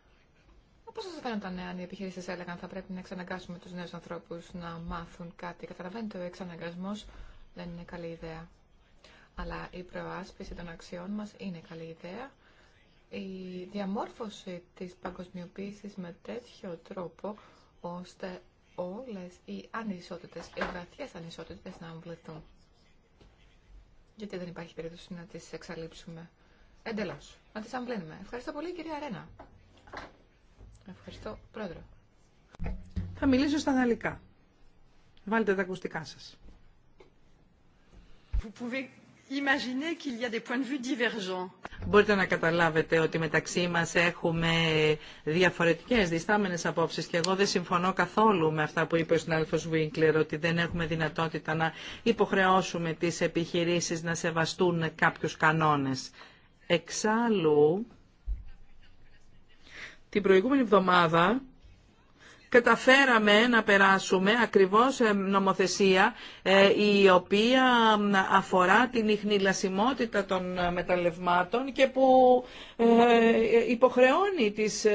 Πώς θα φαίνονταν τα νέα αν οι επιχειρήσει έλεγαν θα πρέπει να εξαναγκάσουμε τους νέους ανθρώπους να μάθουν κάτι. Καταλαβαίνετε, ο εξαναγκασμός δεν είναι καλή ιδέα. Αλλά η προάσπιση των αξιών μα είναι καλή ιδέα η διαμόρφωση της παγκοσμιοποίησης με τέτοιο τρόπο ώστε όλες οι ανισότητες, οι βαθιές ανισότητες να αμβληθούν. Γιατί δεν υπάρχει περίπτωση να τις εξαλείψουμε εντελώς, να τις αμβλύνουμε. Ευχαριστώ πολύ κυρία Αρένα. Ευχαριστώ πρόεδρο. Θα μιλήσω στα γαλλικά. Βάλτε τα ακουστικά σας. Vous pouvez Μπορείτε να καταλάβετε ότι μεταξύ μας έχουμε διαφορετικές διστάμενες απόψεις και εγώ δεν συμφωνώ καθόλου με αυτά που είπε ο συνάδελφος Βίγκλερ ότι δεν έχουμε δυνατότητα να υποχρεώσουμε τις επιχειρήσεις να σεβαστούν κάποιους κανόνες. Εξάλλου, την προηγούμενη εβδομάδα καταφέραμε να περάσουμε ακριβώς ε, νομοθεσία ε, η οποία αφορά την ιχνηλασιμότητα των ε, μεταλλευμάτων και που υποχρεώνει τις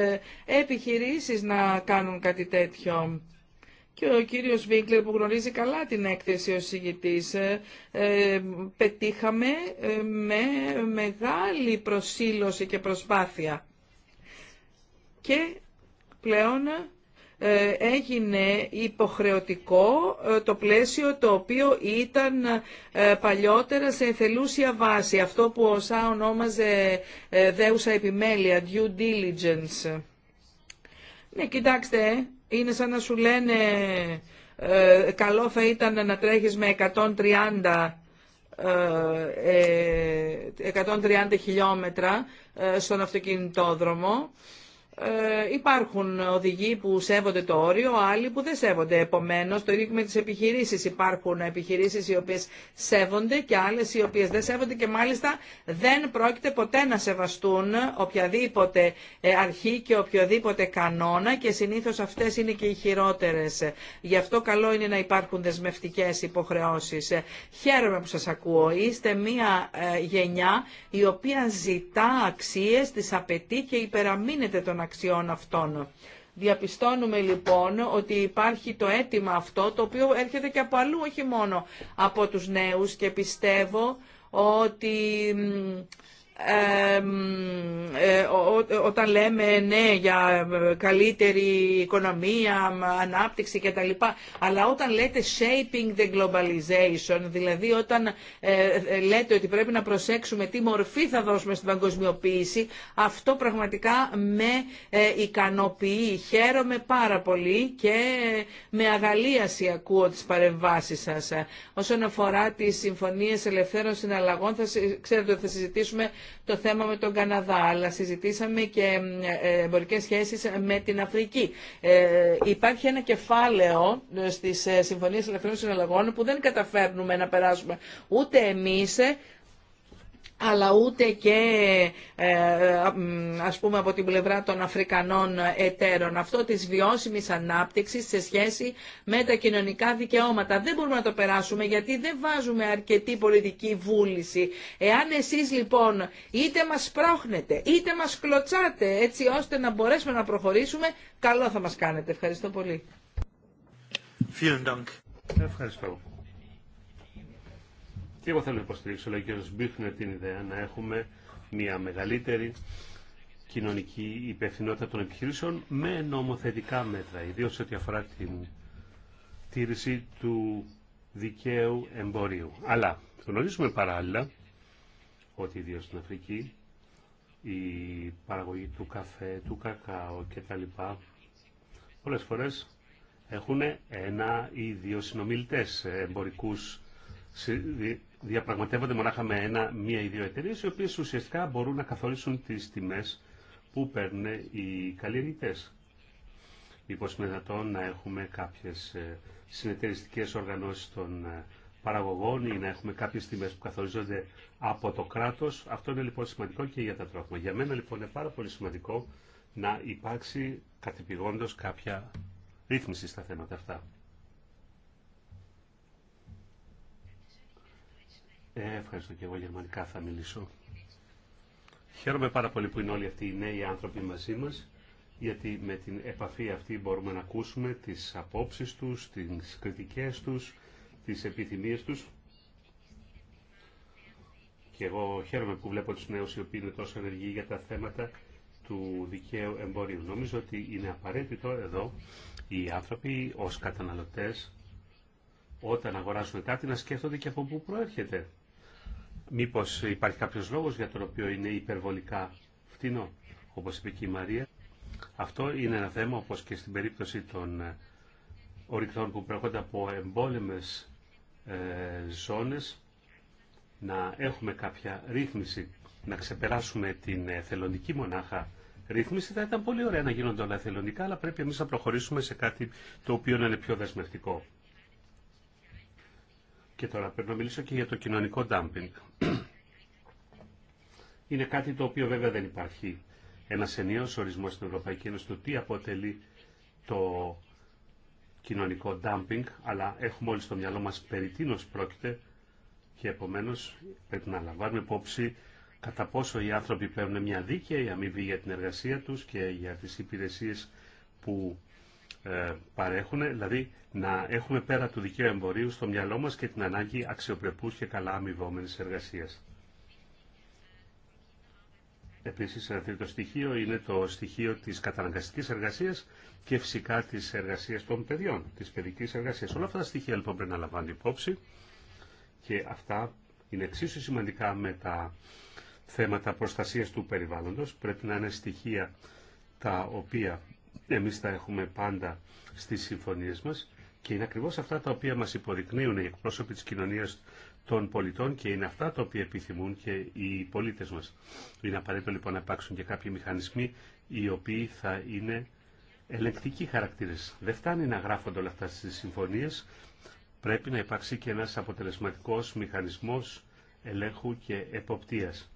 επιχειρήσεις να κάνουν κάτι τέτοιο. Και ο κύριος Βίγκλερ που γνωρίζει καλά την έκθεση ως συγητής, πετύχαμε με μεγάλη προσήλωση και προσπάθεια. Και πλέον ε, έγινε υποχρεωτικό ε, το πλαίσιο το οποίο ήταν ε, παλιότερα σε εθελούσια βάση, αυτό που ο ΣΑ ονόμαζε δέουσα επιμέλεια, due diligence. Ναι, κοιτάξτε, είναι σαν να σου λένε καλό θα ήταν να τρέχεις με 130 130 χιλιόμετρα στον αυτοκινητόδρομο ε, υπάρχουν οδηγοί που σέβονται το όριο, άλλοι που δεν σέβονται. Επομένως, το ίδιο με τις επιχειρήσεις. Υπάρχουν επιχειρήσεις οι οποίες σέβονται και άλλες οι οποίες δεν σέβονται και μάλιστα δεν πρόκειται ποτέ να σεβαστούν οποιαδήποτε ε, αρχή και οποιοδήποτε κανόνα και συνήθως αυτές είναι και οι χειρότερες. Γι' αυτό καλό είναι να υπάρχουν δεσμευτικές υποχρεώσεις. Ε, χαίρομαι που σας ακούω. Είστε μία ε, γενιά η οποία ζητά αξίες, τις απαιτεί και υπεραμείνεται των αξιών αυτών. Διαπιστώνουμε λοιπόν ότι υπάρχει το αίτημα αυτό το οποίο έρχεται και από αλλού, όχι μόνο από τους νέους και πιστεύω ότι ε, όταν λέμε ναι για ε, καλύτερη οικονομία, ανάπτυξη κτλ. Αλλά όταν λέτε shaping the globalization, δηλαδή όταν ε, λέτε ότι πρέπει να προσέξουμε τι μορφή θα δώσουμε στην παγκοσμιοποίηση, αυτό πραγματικά με ικανοποιεί. Χαίρομαι πάρα πολύ και με αγαλίαση ακούω τις παρεμβάσεις σας. Όσον αφορά τις συμφωνίες ελευθέρων συναλλαγών, θα, ξέρετε ότι θα συζητήσουμε το θέμα με τον Καναδά, αλλά συζητήσαμε και ε, εμπορικέ σχέσεις με την Αφρική. Ε, υπάρχει ένα κεφάλαιο ε, στις ε, συμφωνίες ελευθερών συναλλαγών που δεν καταφέρνουμε να περάσουμε ούτε εμείς, αλλά ούτε και ε, ε, ας πούμε από την πλευρά των Αφρικανών εταίρων. Αυτό της βιώσιμης ανάπτυξης σε σχέση με τα κοινωνικά δικαιώματα. Δεν μπορούμε να το περάσουμε γιατί δεν βάζουμε αρκετή πολιτική βούληση. Εάν εσείς λοιπόν είτε μας πρόχνετε, είτε μας κλωτσάτε έτσι ώστε να μπορέσουμε να προχωρήσουμε, καλό θα μας κάνετε. Ευχαριστώ πολύ. Και εγώ θέλω να υποστηρίξω, λέει ο κ. Μπίχνερ, την ιδέα να έχουμε μια μεγαλύτερη κοινωνική υπευθυνότητα των επιχειρήσεων με νομοθετικά μέτρα, ιδίω ό,τι αφορά την τήρηση του δικαίου εμπορίου. Αλλά γνωρίζουμε παράλληλα ότι ιδίω στην Αφρική η παραγωγή του καφέ, του κακάο κτλ. πολλές φορές έχουν ένα ή δύο συνομιλητές εμπορικούς διαπραγματεύονται μονάχα με ένα, μία ή δύο εταιρείε, οι οποίε ουσιαστικά μπορούν να καθορίσουν τι τιμέ που παίρνουν οι καλλιεργητέ. Μήπω λοιπόν, είναι να έχουμε κάποιε συνεταιριστικέ οργανώσει των ε, παραγωγών ή να έχουμε κάποιε τιμέ που καθορίζονται από το κράτο. Αυτό είναι λοιπόν σημαντικό και για τα τρόφιμα. Για μένα λοιπόν είναι πάρα πολύ σημαντικό να υπάρξει κατεπηγόντω κάποια ρύθμιση στα θέματα αυτά. Ε, ευχαριστώ και εγώ γερμανικά θα μιλήσω. Χαίρομαι πάρα πολύ που είναι όλοι αυτοί οι νέοι άνθρωποι μαζί μας, γιατί με την επαφή αυτή μπορούμε να ακούσουμε τις απόψεις τους, τις κριτικές τους, τις επιθυμίες τους. Και εγώ χαίρομαι που βλέπω τους νέους οι οποίοι είναι τόσο ενεργοί για τα θέματα του δικαίου εμπορίου. Νομίζω ότι είναι απαραίτητο εδώ οι άνθρωποι ως καταναλωτές όταν αγοράζουν κάτι να σκέφτονται και από πού προέρχεται. Μήπως υπάρχει κάποιος λόγος για τον οποίο είναι υπερβολικά φτηνό, όπως είπε και η Μαρία. Αυτό είναι ένα θέμα, όπως και στην περίπτωση των ε, ορυκτών που προέρχονται από εμπόλεμες ε, ζώνες, να έχουμε κάποια ρύθμιση, να ξεπεράσουμε την εθελοντική μονάχα ρύθμιση. Θα ήταν πολύ ωραία να γίνονται όλα εθελοντικά, αλλά πρέπει εμείς να προχωρήσουμε σε κάτι το οποίο να είναι πιο δεσμευτικό. Και τώρα πρέπει να μιλήσω και για το κοινωνικό dumping. Είναι κάτι το οποίο βέβαια δεν υπάρχει ένα ενίο ορισμό στην Ευρωπαϊκή Ένωση του τι αποτελεί το κοινωνικό dumping, αλλά έχουμε όλοι στο μυαλό μας περί τίνος πρόκειται και επομένως πρέπει να λαμβάνουμε υπόψη κατά πόσο οι άνθρωποι παίρνουν μια δίκαια αμοιβή για την εργασία τους και για τις υπηρεσίες που ε, παρέχουν, δηλαδή να έχουμε πέρα του δικαίου εμπορίου στο μυαλό μας και την ανάγκη αξιοπρεπούς και καλά αμοιβόμενης εργασίας. Επίσης, ένα τρίτο στοιχείο είναι το στοιχείο της καταναγκαστικής εργασίας και φυσικά της εργασίας των παιδιών, της παιδικής εργασίας. Όλα αυτά τα στοιχεία λοιπόν πρέπει να λαμβάνουν υπόψη και αυτά είναι εξίσου σημαντικά με τα θέματα προστασίας του περιβάλλοντος. Πρέπει να είναι στοιχεία τα οποία εμείς τα έχουμε πάντα στις συμφωνίες μας και είναι ακριβώς αυτά τα οποία μας υποδεικνύουν οι εκπρόσωποι της κοινωνίας των πολιτών και είναι αυτά τα οποία επιθυμούν και οι πολίτες μας. Είναι απαραίτητο λοιπόν να υπάρξουν και κάποιοι μηχανισμοί οι οποίοι θα είναι ελεγκτικοί χαρακτήρες. Δεν φτάνει να γράφονται όλα αυτά στις συμφωνίες, πρέπει να υπάρξει και ένας αποτελεσματικός μηχανισμός ελέγχου και εποπτείας.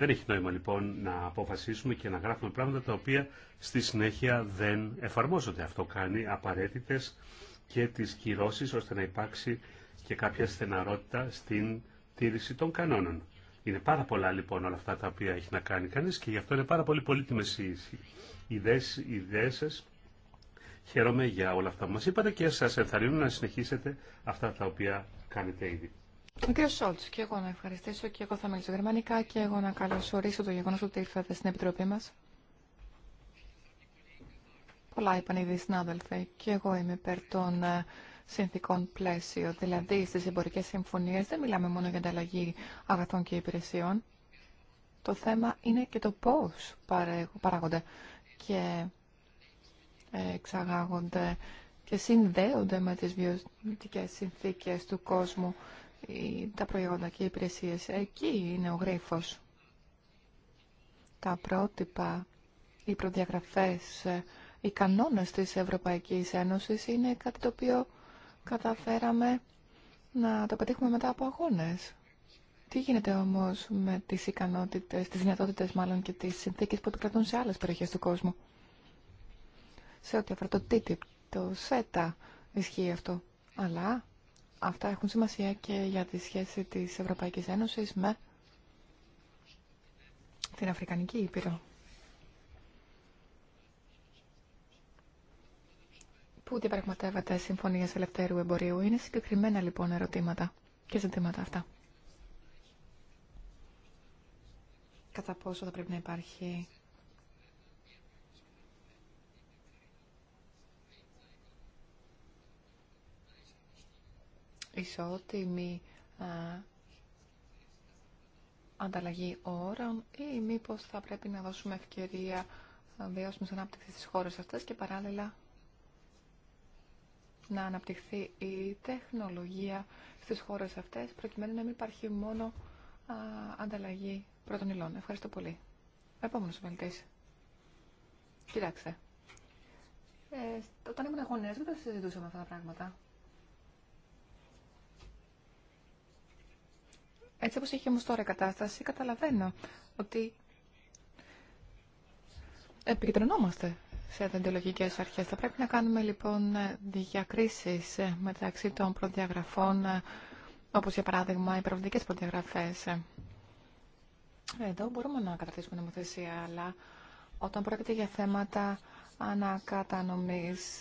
Δεν έχει νόημα λοιπόν να αποφασίσουμε και να γράφουμε πράγματα τα οποία στη συνέχεια δεν εφαρμόζονται. Αυτό κάνει απαραίτητες και τις κυρώσεις ώστε να υπάρξει και κάποια στεναρότητα στην τήρηση των κανόνων. Είναι πάρα πολλά λοιπόν όλα αυτά τα οποία έχει να κάνει κανείς και γι' αυτό είναι πάρα πολύ πολύτιμες οι ιδέες, Χαίρομαι για όλα αυτά που μας είπατε και σας ενθαρρύνω να συνεχίσετε αυτά τα οποία κάνετε ήδη. Κύριε Σόλτ, και εγώ να ευχαριστήσω και εγώ θα μιλήσω γερμανικά και εγώ να καλωσορίσω το γεγονό ότι ήρθατε στην Επιτροπή μα. Πολλά είπαν ήδη συνάδελφοι και εγώ είμαι υπέρ των ε, συνθήκων πλαίσιο. Δηλαδή στι εμπορικέ συμφωνίε δεν μιλάμε μόνο για ανταλλαγή αγαθών και υπηρεσιών. Το θέμα είναι και το πώ παράγονται και ε, εξαγάγονται και συνδέονται με τι βιωτικέ συνθήκε του κόσμου τα προϊόντα και οι υπηρεσίες. Εκεί είναι ο γρίφος. Τα πρότυπα, οι προδιαγραφές, οι κανόνες της Ευρωπαϊκής Ένωσης είναι κάτι το οποίο καταφέραμε να το πετύχουμε μετά από αγώνες. Τι γίνεται όμως με τις ικανότητες, τις δυνατότητες μάλλον και τις συνθήκες που επικρατούν σε άλλες περιοχές του κόσμου. Σε ό,τι αφορά το TTIP, το ΣΕΤΑ ισχύει αυτό. Αλλά Αυτά έχουν σημασία και για τη σχέση της Ευρωπαϊκής Ένωσης με την Αφρικανική Ήπειρο. Πού διαπραγματεύεται συμφωνία ελευθέρου εμπορίου. Είναι συγκεκριμένα λοιπόν ερωτήματα και ζητήματα αυτά. Κατά πόσο θα πρέπει να υπάρχει ισότιμη α, ανταλλαγή όρων ή μήπως θα πρέπει να δώσουμε ευκαιρία βιώσιμης ανάπτυξης στις χώρες αυτές και παράλληλα να αναπτυχθεί η μηπως θα πρεπει να δωσουμε ευκαιρια βιωσιμης αναπτυξη στις χώρες αυτές προκειμένου να μην υπάρχει μόνο ανταλλαγή πρώτων υλών. Ευχαριστώ πολύ. Επόμενος μελητής. Κοιτάξτε. Ε, όταν ήμουν γονέας δεν τα συζητούσαμε αυτά τα πράγματα. Έτσι όπως είχε όμως τώρα η κατάσταση, καταλαβαίνω ότι επικεντρωνόμαστε σε δεντολογικές αρχές. Θα πρέπει να κάνουμε λοιπόν διακρίσεις μεταξύ των προδιαγραφών, όπως για παράδειγμα οι προβλητικές προδιαγραφές. Εδώ μπορούμε να καταρτήσουμε νομοθεσία, αλλά όταν πρόκειται για θέματα ανακατανομής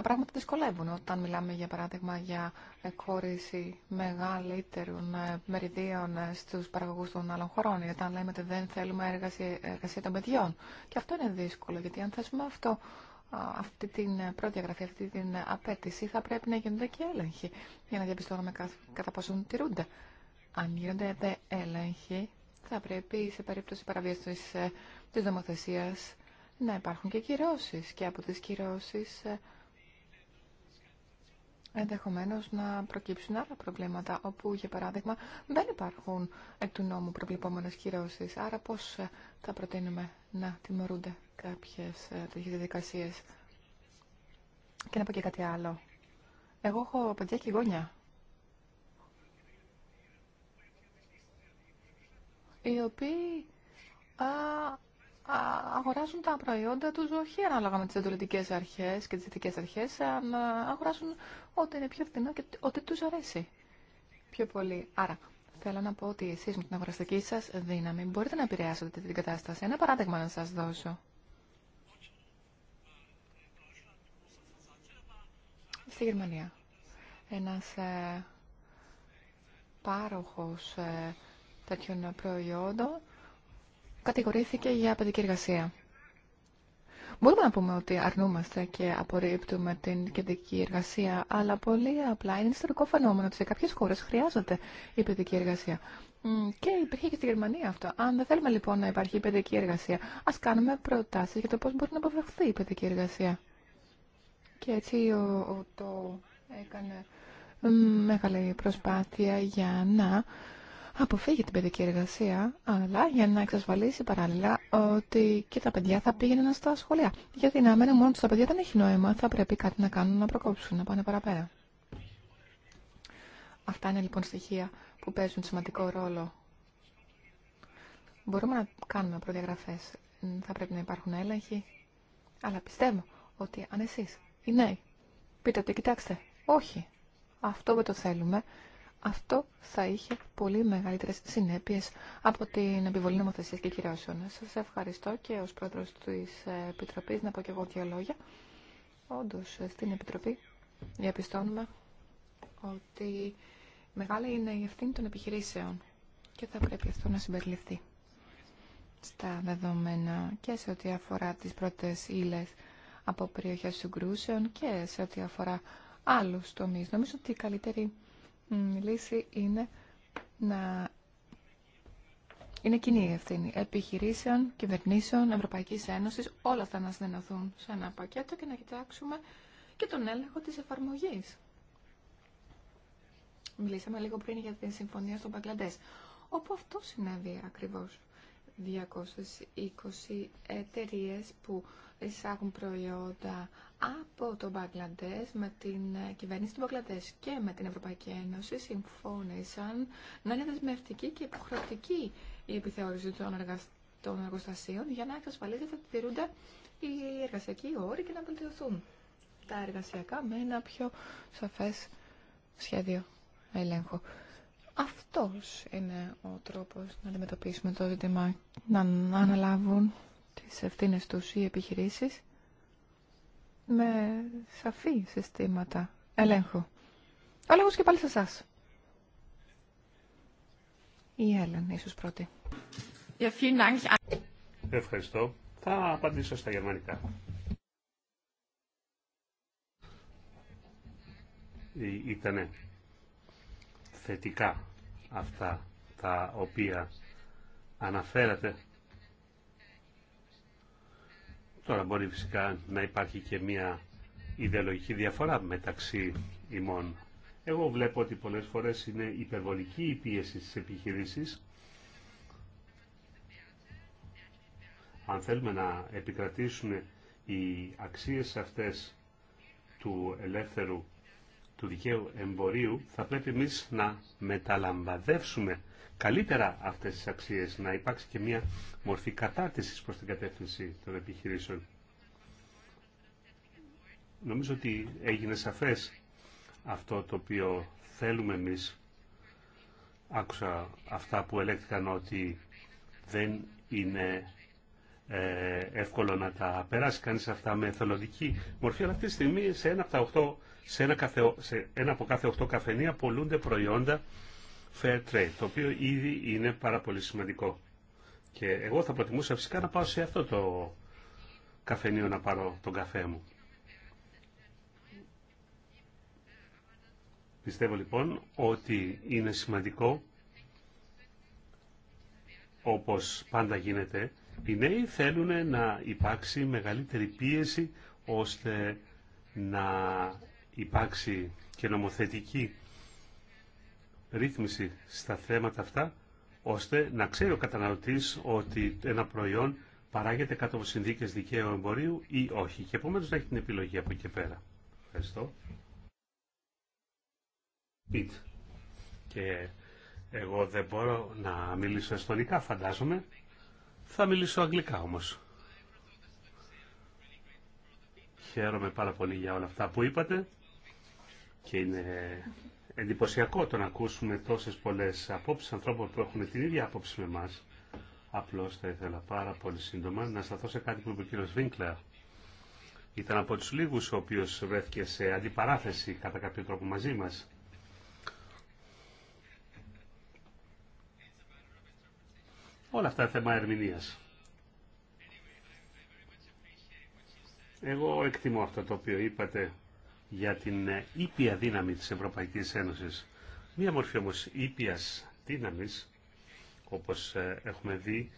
τα πράγματα δυσκολεύουν όταν μιλάμε για παράδειγμα για εκχώρηση μεγαλύτερων ε, μεριδίων ε, στους παραγωγούς των άλλων χωρών ή όταν λέμε ότι δεν θέλουμε εργασία, εργασία των παιδιών. Και αυτό είναι δύσκολο γιατί αν θέσουμε αυτό, αυτή την πρώτη προδιαγραφή, αυτή την απέτηση θα πρέπει να γίνονται και έλεγχοι για να διαπιστώνουμε κατά πόσο τηρούνται. Αν γίνονται έλεγχοι θα πρέπει σε περίπτωση παραβίασης της ε, νομοθεσία να υπάρχουν και κυρώσει και από τι κυρώσεις ενδεχομένω να προκύψουν άλλα προβλήματα, όπου, για παράδειγμα, δεν υπάρχουν εκ του νόμου προβλεπόμενες χειρώσει. Άρα πώς ε, θα προτείνουμε να τιμωρούνται κάποιες ε, τέτοιε διαδικασίε. Και να πω και κάτι άλλο. Εγώ έχω παιδιά και γόνια. Οι οποίοι α, α, αγοράζουν τα προϊόντα τους όχι ανάλογα με τις εντολικέ αρχές και τις ειδικές αρχές, αλλά αγοράζουν ό,τι είναι πιο φθηνό και ό,τι τους αρέσει πιο πολύ. Άρα, θέλω να πω ότι εσεί με την αγοραστική σα δύναμη μπορείτε να επηρεάσετε την κατάσταση. Ένα παράδειγμα να σας δώσω. Στη Γερμανία, ένα ε, πάροχος ε, τέτοιων προϊόντων κατηγορήθηκε για παιδική εργασία. Μπορούμε να πούμε ότι αρνούμαστε και απορρίπτουμε την κεντρική εργασία, αλλά πολύ απλά είναι ιστορικό φαινόμενο ότι σε κάποιε χώρε χρειάζεται η παιδική εργασία. Και υπήρχε και στη Γερμανία αυτό. Αν δεν θέλουμε λοιπόν να υπάρχει η παιδική εργασία, α κάνουμε προτάσει για το πώ μπορεί να αποφευχθεί η παιδική εργασία. Και έτσι ο, ο, το έκανε μεγάλη προσπάθεια για να αποφύγει την παιδική εργασία, αλλά για να εξασφαλίσει παράλληλα ότι και τα παιδιά θα πήγαιναν στα σχολεία. Γιατί να μένουν μόνο του τα παιδιά δεν έχει νόημα, θα πρέπει κάτι να κάνουν να προκόψουν, να πάνε παραπέρα. Αυτά είναι λοιπόν στοιχεία που παίζουν σημαντικό ρόλο. Μπορούμε να κάνουμε προδιαγραφέ. θα πρέπει να υπάρχουν έλεγχοι, αλλά πιστεύω ότι αν εσεί, οι νέοι πείτε ότι κοιτάξτε, όχι, αυτό δεν το θέλουμε, αυτό θα είχε πολύ μεγαλύτερε συνέπειε από την επιβολή νομοθεσία και κυρώσεων. Σα ευχαριστώ και ω πρόεδρο τη Επιτροπή να πω και εγώ δύο λόγια. Όντω, στην Επιτροπή διαπιστώνουμε ότι μεγάλη είναι η ευθύνη των επιχειρήσεων και θα πρέπει αυτό να συμπεριληφθεί στα δεδομένα και σε ό,τι αφορά τις πρώτες ύλε από περιοχές συγκρούσεων και σε ό,τι αφορά άλλους τομείς. Νομίζω ότι η καλύτερη η λύση είναι να είναι κοινή η ευθύνη επιχειρήσεων, κυβερνήσεων, ευρωπαϊκή Ένωση, όλα αυτά να συνενωθούν σε ένα πακέτο και να κοιτάξουμε και τον έλεγχο τη εφαρμογής. Μιλήσαμε λίγο πριν για τη συμφωνία στον Παγκλαντές, όπου αυτό συνέβη ακριβώς. 220 εταιρείε που εισάγουν προϊόντα από τον Μπαγκλαντές με την κυβέρνηση του Μπαγκλαντές και με την Ευρωπαϊκή Ένωση συμφώνησαν να είναι δεσμευτική και υποχρεωτική η επιθεώρηση των, εργασ... των εργοστασίων για να εξασφαλίζεται ότι τηρούνται οι εργασιακοί όροι και να βελτιωθούν τα εργασιακά με ένα πιο σαφές σχέδιο ελέγχου. Αυτός είναι ο τρόπος να αντιμετωπίσουμε το ζήτημα, να αναλάβουν τις ευθύνες τους οι επιχειρήσεις με σαφή συστήματα ελέγχου. Ο λόγος και πάλι σε εσά. Η Έλεν, ίσως πρώτη. Ευχαριστώ. Θα απαντήσω στα γερμανικά. Ήτανε θετικά αυτά τα οποία αναφέρατε. Τώρα μπορεί φυσικά να υπάρχει και μια ιδεολογική διαφορά μεταξύ ημών. Εγώ βλέπω ότι πολλές φορές είναι υπερβολική η πίεση στις επιχειρήσεις. Αν θέλουμε να επικρατήσουν οι αξίες αυτές του ελεύθερου του δικαίου εμπορίου θα πρέπει εμείς να μεταλαμβαδεύσουμε καλύτερα αυτές τις αξίες, να υπάρξει και μια μορφή κατάρτισης προς την κατεύθυνση των επιχειρήσεων. Νομίζω ότι έγινε σαφές αυτό το οποίο θέλουμε εμείς. Άκουσα αυτά που ελέγχθηκαν ότι δεν είναι ε, εύκολο να τα περάσει κανείς αυτά με εθελοντική μορφή, αλλά αυτή τη στιγμή σε ένα από τα οχτώ σε ένα, από κάθε 8 καφενεία πολλούνται προϊόντα fair trade, το οποίο ήδη είναι πάρα πολύ σημαντικό. Και εγώ θα προτιμούσα φυσικά να πάω σε αυτό το καφενείο να πάρω τον καφέ μου. Πιστεύω λοιπόν ότι είναι σημαντικό, όπως πάντα γίνεται, οι νέοι θέλουν να υπάρξει μεγαλύτερη πίεση ώστε να υπάρξει και νομοθετική ρύθμιση στα θέματα αυτά, ώστε να ξέρει ο καταναλωτής ότι ένα προϊόν παράγεται κάτω από συνδίκες δικαίου εμπορίου ή όχι. Και επομένως να έχει την επιλογή από εκεί πέρα. Ευχαριστώ. Και εγώ δεν μπορώ να μιλήσω εστονικά φαντάζομαι. Θα μιλήσω αγγλικά όμως. Χαίρομαι πάρα πολύ για όλα αυτά που είπατε. Και είναι εντυπωσιακό το να ακούσουμε τόσες πολλές απόψεις ανθρώπων που έχουν την ίδια άποψη με εμάς. Απλώς θα ήθελα πάρα πολύ σύντομα να σταθώ σε κάτι που είπε ο κύριος Βίνκλερ. Ήταν από τους λίγους ο οποίος βρέθηκε σε αντιπαράθεση κατά κάποιο τρόπο μαζί μας. Όλα αυτά είναι θέμα ερμηνείας. Εγώ εκτιμώ αυτό το οποίο είπατε για την ήπια δύναμη της Ευρωπαϊκής Ένωσης. Μία μορφή όμως ήπιας δύναμης, όπως ε, έχουμε δει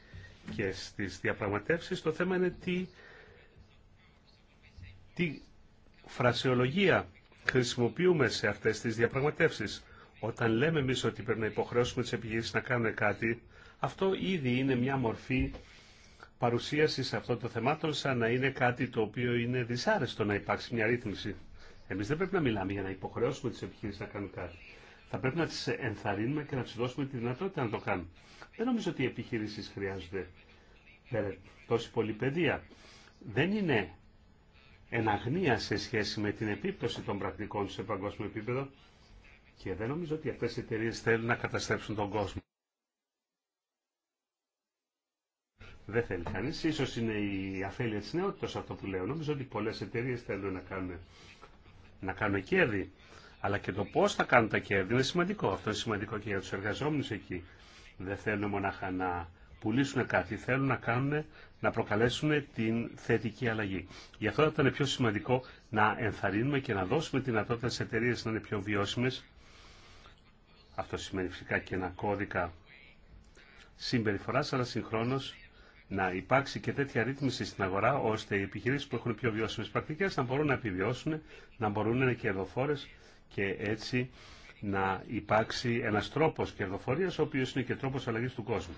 και στις διαπραγματεύσεις, το θέμα είναι τι, τι φρασιολογία χρησιμοποιούμε σε αυτές τις διαπραγματεύσεις. Όταν λέμε εμεί ότι πρέπει να υποχρεώσουμε τις επιχειρήσεις να κάνουν κάτι, αυτό ήδη είναι μια μορφή παρουσίασης αυτών των θεμάτων σαν να είναι κάτι το οποίο είναι δυσάρεστο να υπάρξει μια ρύθμιση. Εμεί δεν πρέπει να μιλάμε για να υποχρεώσουμε τι επιχειρήσει να κάνουν κάτι. Θα πρέπει να τι ενθαρρύνουμε και να του δώσουμε τη δυνατότητα να το κάνουν. Δεν νομίζω ότι οι επιχείρησει χρειάζονται τόση πολλή παιδεία. Δεν είναι εναγνία σε σχέση με την επίπτωση των πρακτικών σε παγκόσμιο επίπεδο και δεν νομίζω ότι αυτές οι εταιρείε θέλουν να καταστρέψουν τον κόσμο. Δεν θέλει κανεί. σω είναι η αφέλεια τη νεότητα αυτό που λέω. Νομίζω ότι πολλέ εταιρείε θέλουν να κάνουν να κάνουν κέρδη. Αλλά και το πώ θα κάνουν τα κέρδη είναι σημαντικό. Αυτό είναι σημαντικό και για του εργαζόμενου εκεί. Δεν θέλουν μονάχα να πουλήσουν κάτι, θέλουν να κάνουν, να προκαλέσουν την θετική αλλαγή. Γι' αυτό θα ήταν πιο σημαντικό να ενθαρρύνουμε και να δώσουμε τη δυνατότητα στι εταιρείε να είναι πιο βιώσιμε. Αυτό σημαίνει φυσικά και ένα κώδικα συμπεριφορά, αλλά συγχρόνω να υπάρξει και τέτοια ρύθμιση στην αγορά, ώστε οι επιχειρήσει που έχουν πιο βιώσιμε πρακτικέ να μπορούν να επιβιώσουν, να μπορούν να είναι κερδοφόρε και έτσι να υπάρξει ένα τρόπο κερδοφορία, ο οποίο είναι και τρόπο αλλαγή του κόσμου.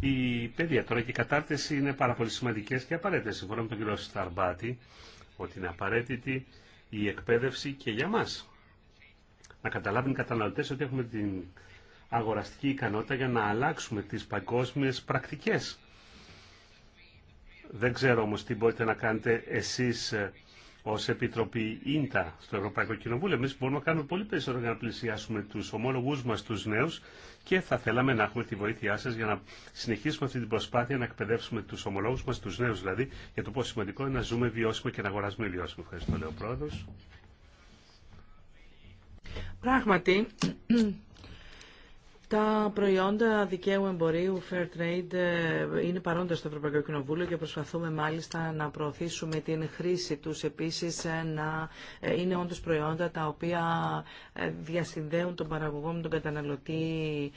Η παιδεία τώρα και η κατάρτιση είναι πάρα πολύ σημαντικέ και απαραίτητε. Συμφωνώ με τον κύριο Σταρμπάτη ότι είναι απαραίτητη η εκπαίδευση και για μας να καταλάβουν οι καταναλωτές ότι έχουμε την αγοραστική ικανότητα για να αλλάξουμε τις παγκόσμιες πρακτικές. Δεν ξέρω όμως τι μπορείτε να κάνετε εσείς ε, ως Επιτροπή Ίντα στο Ευρωπαϊκό Κοινοβούλιο. Εμείς μπορούμε να κάνουμε πολύ περισσότερο για να πλησιάσουμε τους ομόλογους μας, τους νέους και θα θέλαμε να έχουμε τη βοήθειά σας για να συνεχίσουμε αυτή την προσπάθεια να εκπαιδεύσουμε τους ομολόγους μας, τους νέους δηλαδή, για το πόσο σημαντικό είναι να ζούμε βιώσιμο και να αγοράζουμε βιώσιμο. Ευχαριστώ, λέω Πράγματι, τα προϊόντα δικαίου εμπορίου Fair Trade ε, είναι παρόντα στο Ευρωπαϊκό Κοινοβούλιο και προσπαθούμε μάλιστα να προωθήσουμε την χρήση τους επίσης ε, να ε, είναι όντως προϊόντα τα οποία διασυνδέουν τον παραγωγό με τον καταναλωτή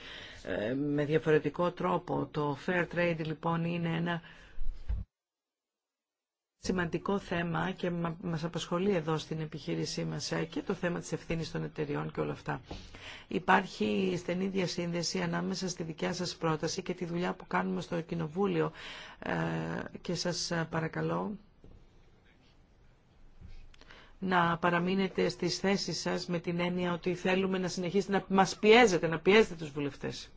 με διαφορετικό τρόπο. Το Fair Trade λοιπόν είναι ένα σημαντικό θέμα και μας απασχολεί εδώ στην επιχείρησή μας ε, και το θέμα της ευθύνης των εταιριών και όλα αυτά. Υπάρχει στενή διασύνδεση ανάμεσα στη δικιά σας πρόταση και τη δουλειά που κάνουμε στο Κοινοβούλιο ε, και σας παρακαλώ να παραμείνετε στις θέσεις σας με την έννοια ότι θέλουμε να συνεχίσετε να μας πιέζετε, να πιέζετε τους βουλευτές.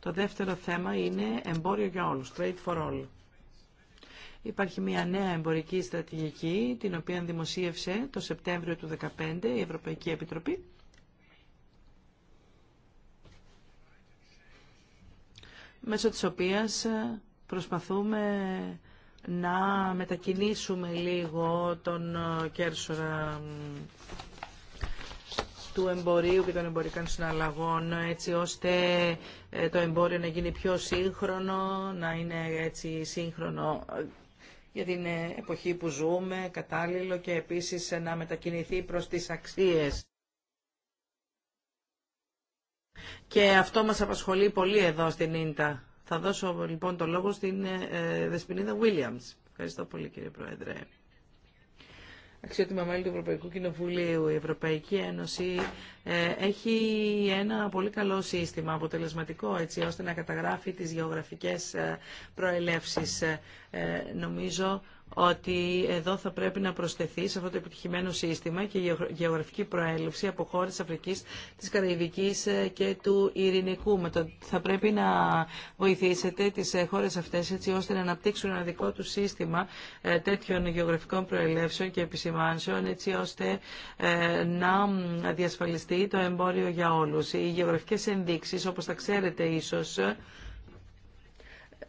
Το δεύτερο θέμα είναι εμπόριο για όλους, trade for all. Υπάρχει μια νέα εμπορική στρατηγική, την οποία δημοσίευσε το Σεπτέμβριο του 2015 η Ευρωπαϊκή Επιτροπή. μέσω της οποίας ε, προσπαθούμε να μετακινήσουμε λίγο τον ε, κέρσορα του εμπορίου και των εμπορικών συναλλαγών έτσι ώστε ε, το εμπόριο να γίνει πιο σύγχρονο, να είναι έτσι σύγχρονο για την ε, εποχή που ζούμε, κατάλληλο και επίσης να μετακινηθεί προς τις αξίες. Και αυτό μας απασχολεί πολύ εδώ στην Ίντα. Θα δώσω λοιπόν το λόγο στην ε, ε Δεσποινίδα Williams. Ευχαριστώ πολύ κύριε Πρόεδρε αξιότιμα μέλη του Ευρωπαϊκού Κοινοβουλίου, η Ευρωπαϊκή Ένωση ε, έχει ένα πολύ καλό σύστημα, αποτελεσματικό, έτσι ώστε να καταγράφει τις γεωγραφικές ε, προελεύσεις. Ε, νομίζω ότι εδώ θα πρέπει να προσθεθεί σε αυτό το επιτυχημένο σύστημα και η γεωγραφική προέλευση από χώρες της Αφρικής, της Καραϊβικής ε, και του Ειρηνικού. Θα πρέπει να βοηθήσετε τις ε, χώρες αυτές έτσι ώστε να αναπτύξουν ένα δικό του σύστημα ε, τέτοιων γεωγραφικών προελεύσεων και επισημάνσεων έτσι ώστε να διασφαλιστεί το εμπόριο για όλους. Οι γεωγραφικές ενδείξεις, όπως τα ξέρετε ίσως,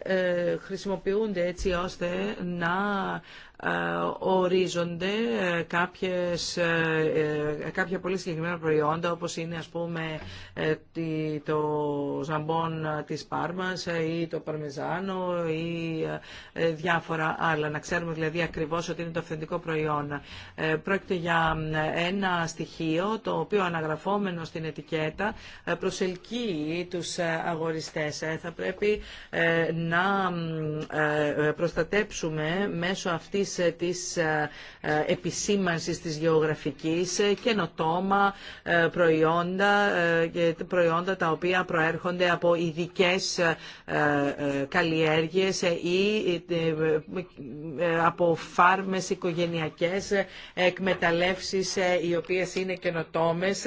ε, χρησιμοποιούνται έτσι ώστε να ορίζονται κάποιες, ε, ε, κάποια πολύ συγκεκριμένα προϊόντα όπως είναι ας πούμε ε, το ζαμπόν της Πάρμας ή το παρμεζάνο ή διάφορα άλλα. Να ξέρουμε δηλαδή ακριβώς ότι είναι το αυθεντικό προϊόν. Πρόκειται για ένα στοιχείο το οποίο αναγραφόμενο στην ετικέτα προσελκύει τους αγοριστές. Θα πρέπει να προστατέψουμε μέσω αυτής της, ε, της ε, ε, επισήμανσης της γεωγραφικής, καινοτόμα προϊόντα, προϊόντα τα οποία προέρχονται από ειδικέ καλλιέργειες ή από φάρμες οικογενειακές εκμεταλλεύσεις οι οποίες είναι καινοτόμες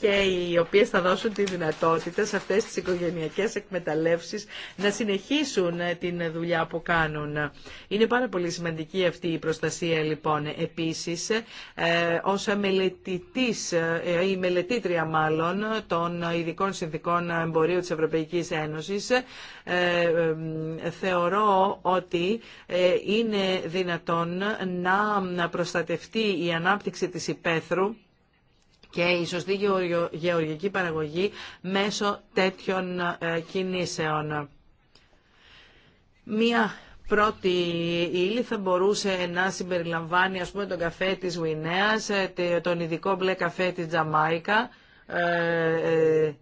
και οι οποίες θα δώσουν τη δυνατότητα σε αυτές τις οικογενειακές εκμεταλλεύσεις να συνεχίσουν ε, την δουλειά που κάνουν. Είναι πάρα πολύ σημαντική αυτή η προστασία λοιπόν. Επίσης, ε, ως η ανάπτυξη τη υπαίθρου και η σωστή γεωργική παραγωγή μέσω τέτοιων ε, κινήσεων. Μία πρώτη ύλη θα μπορούσε να συμπεριλαμβάνει ας πούμε τον καφέ της Γουινέας, ε, τον ειδικό μπλε καφέ της Τζαμάικα, ε,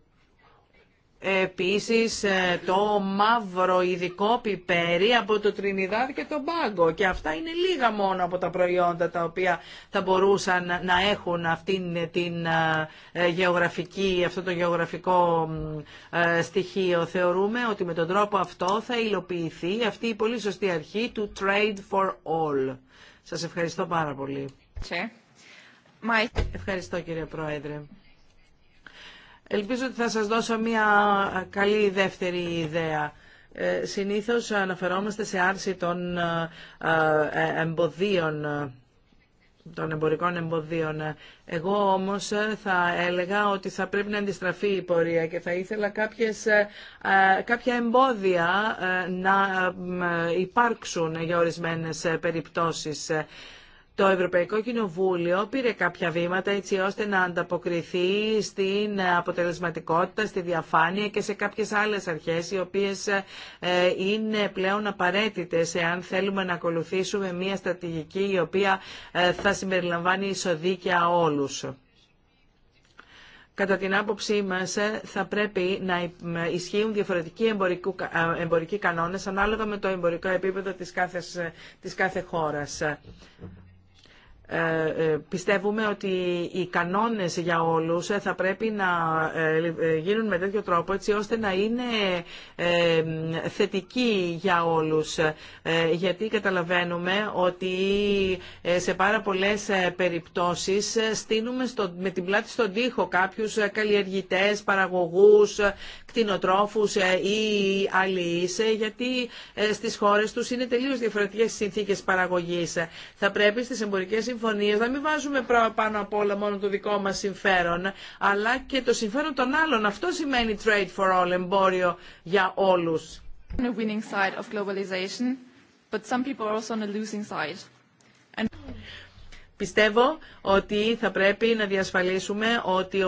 επίσης ε, το μαύρο ειδικό πιπέρι από το Τρινιδάδ και το μπάγκο. και αυτά είναι λίγα μόνο από τα προϊόντα τα οποία θα μπορούσαν να έχουν αυτήν την ε, γεωγραφική, αυτό το γεωγραφικό ε, στοιχείο. Θεωρούμε ότι με τον τρόπο αυτό θα υλοποιηθεί αυτή η πολύ σωστή αρχή του Trade for All. Σας ευχαριστώ πάρα πολύ. Ευχαριστώ κύριε Πρόεδρε. Ελπίζω ότι θα σας δώσω μια καλή δεύτερη ιδέα. Ε, συνήθως αναφερόμαστε σε άρση των ε, ε, εμποδίων των εμπορικών εμποδίων. Εγώ όμως θα έλεγα ότι θα πρέπει να αντιστραφεί η πορεία και θα ήθελα κάποιες, κάποια εμπόδια να υπάρξουν για ορισμένες περιπτώσεις. Το Ευρωπαϊκό Κοινοβούλιο πήρε κάποια βήματα έτσι ώστε να ανταποκριθεί στην αποτελεσματικότητα, στη διαφάνεια και σε κάποιες άλλες αρχές οι οποίες ε, είναι πλέον απαραίτητες εάν θέλουμε να ακολουθήσουμε μια στρατηγική η οποία ε, θα συμπεριλαμβάνει ισοδίκαια όλους. Κατά την άποψή μας ε, θα πρέπει να ισχύουν διαφορετικοί εμπορικοί κανόνες ανάλογα με το εμπορικό επίπεδο της κάθε, της κάθε χώρας. Ε, ε, πιστεύουμε ότι οι κανόνες για όλους θα πρέπει να ε, γίνουν με τέτοιο τρόπο έτσι ώστε να είναι θετικοί για όλους γιατί καταλαβαίνουμε ότι σε πάρα πολλές περιπτώσεις στείνουμε με την πλάτη στον τοίχο κάποιους καλλιεργητές, παραγωγούς, κτηνοτρόφους ε, ή αλληλείς, γιατί ε, στις χώρες τους είναι τελείως διαφορετικές συνθήκες παραγωγής. Θα πρέπει στις εμπορικές συμφωνίες να μην βάζουμε πάνω από όλα μόνο το δικό μας συμφέρον, αλλά και το συμφέρον των άλλων. Αυτό σημαίνει trade for all, εμπόριο για όλους. Πιστεύω ότι θα πρέπει να διασφαλίσουμε ότι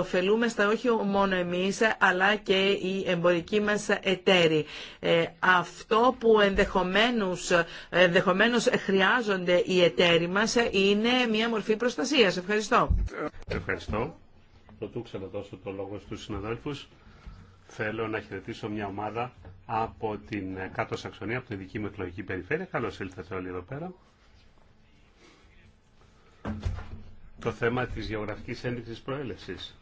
στα όχι μόνο εμείς αλλά και οι εμπορικοί μας εταίροι. Ε, αυτό που ενδεχομένως, ενδεχομένως χρειάζονται οι εταίροι μας είναι μια μορφή προστασίας. Ευχαριστώ. Ευχαριστώ. Πρωτού ξαναδώσω το λόγο στους συναδέλφους. Θέλω να χαιρετήσω μια ομάδα από την ε, Κάτω Σαξονία, από την δική μου εκλογική περιφέρεια. Καλώς ήλθατε όλοι εδώ πέρα το θέμα της γεωγραφικής ένδειξης προέλευσης.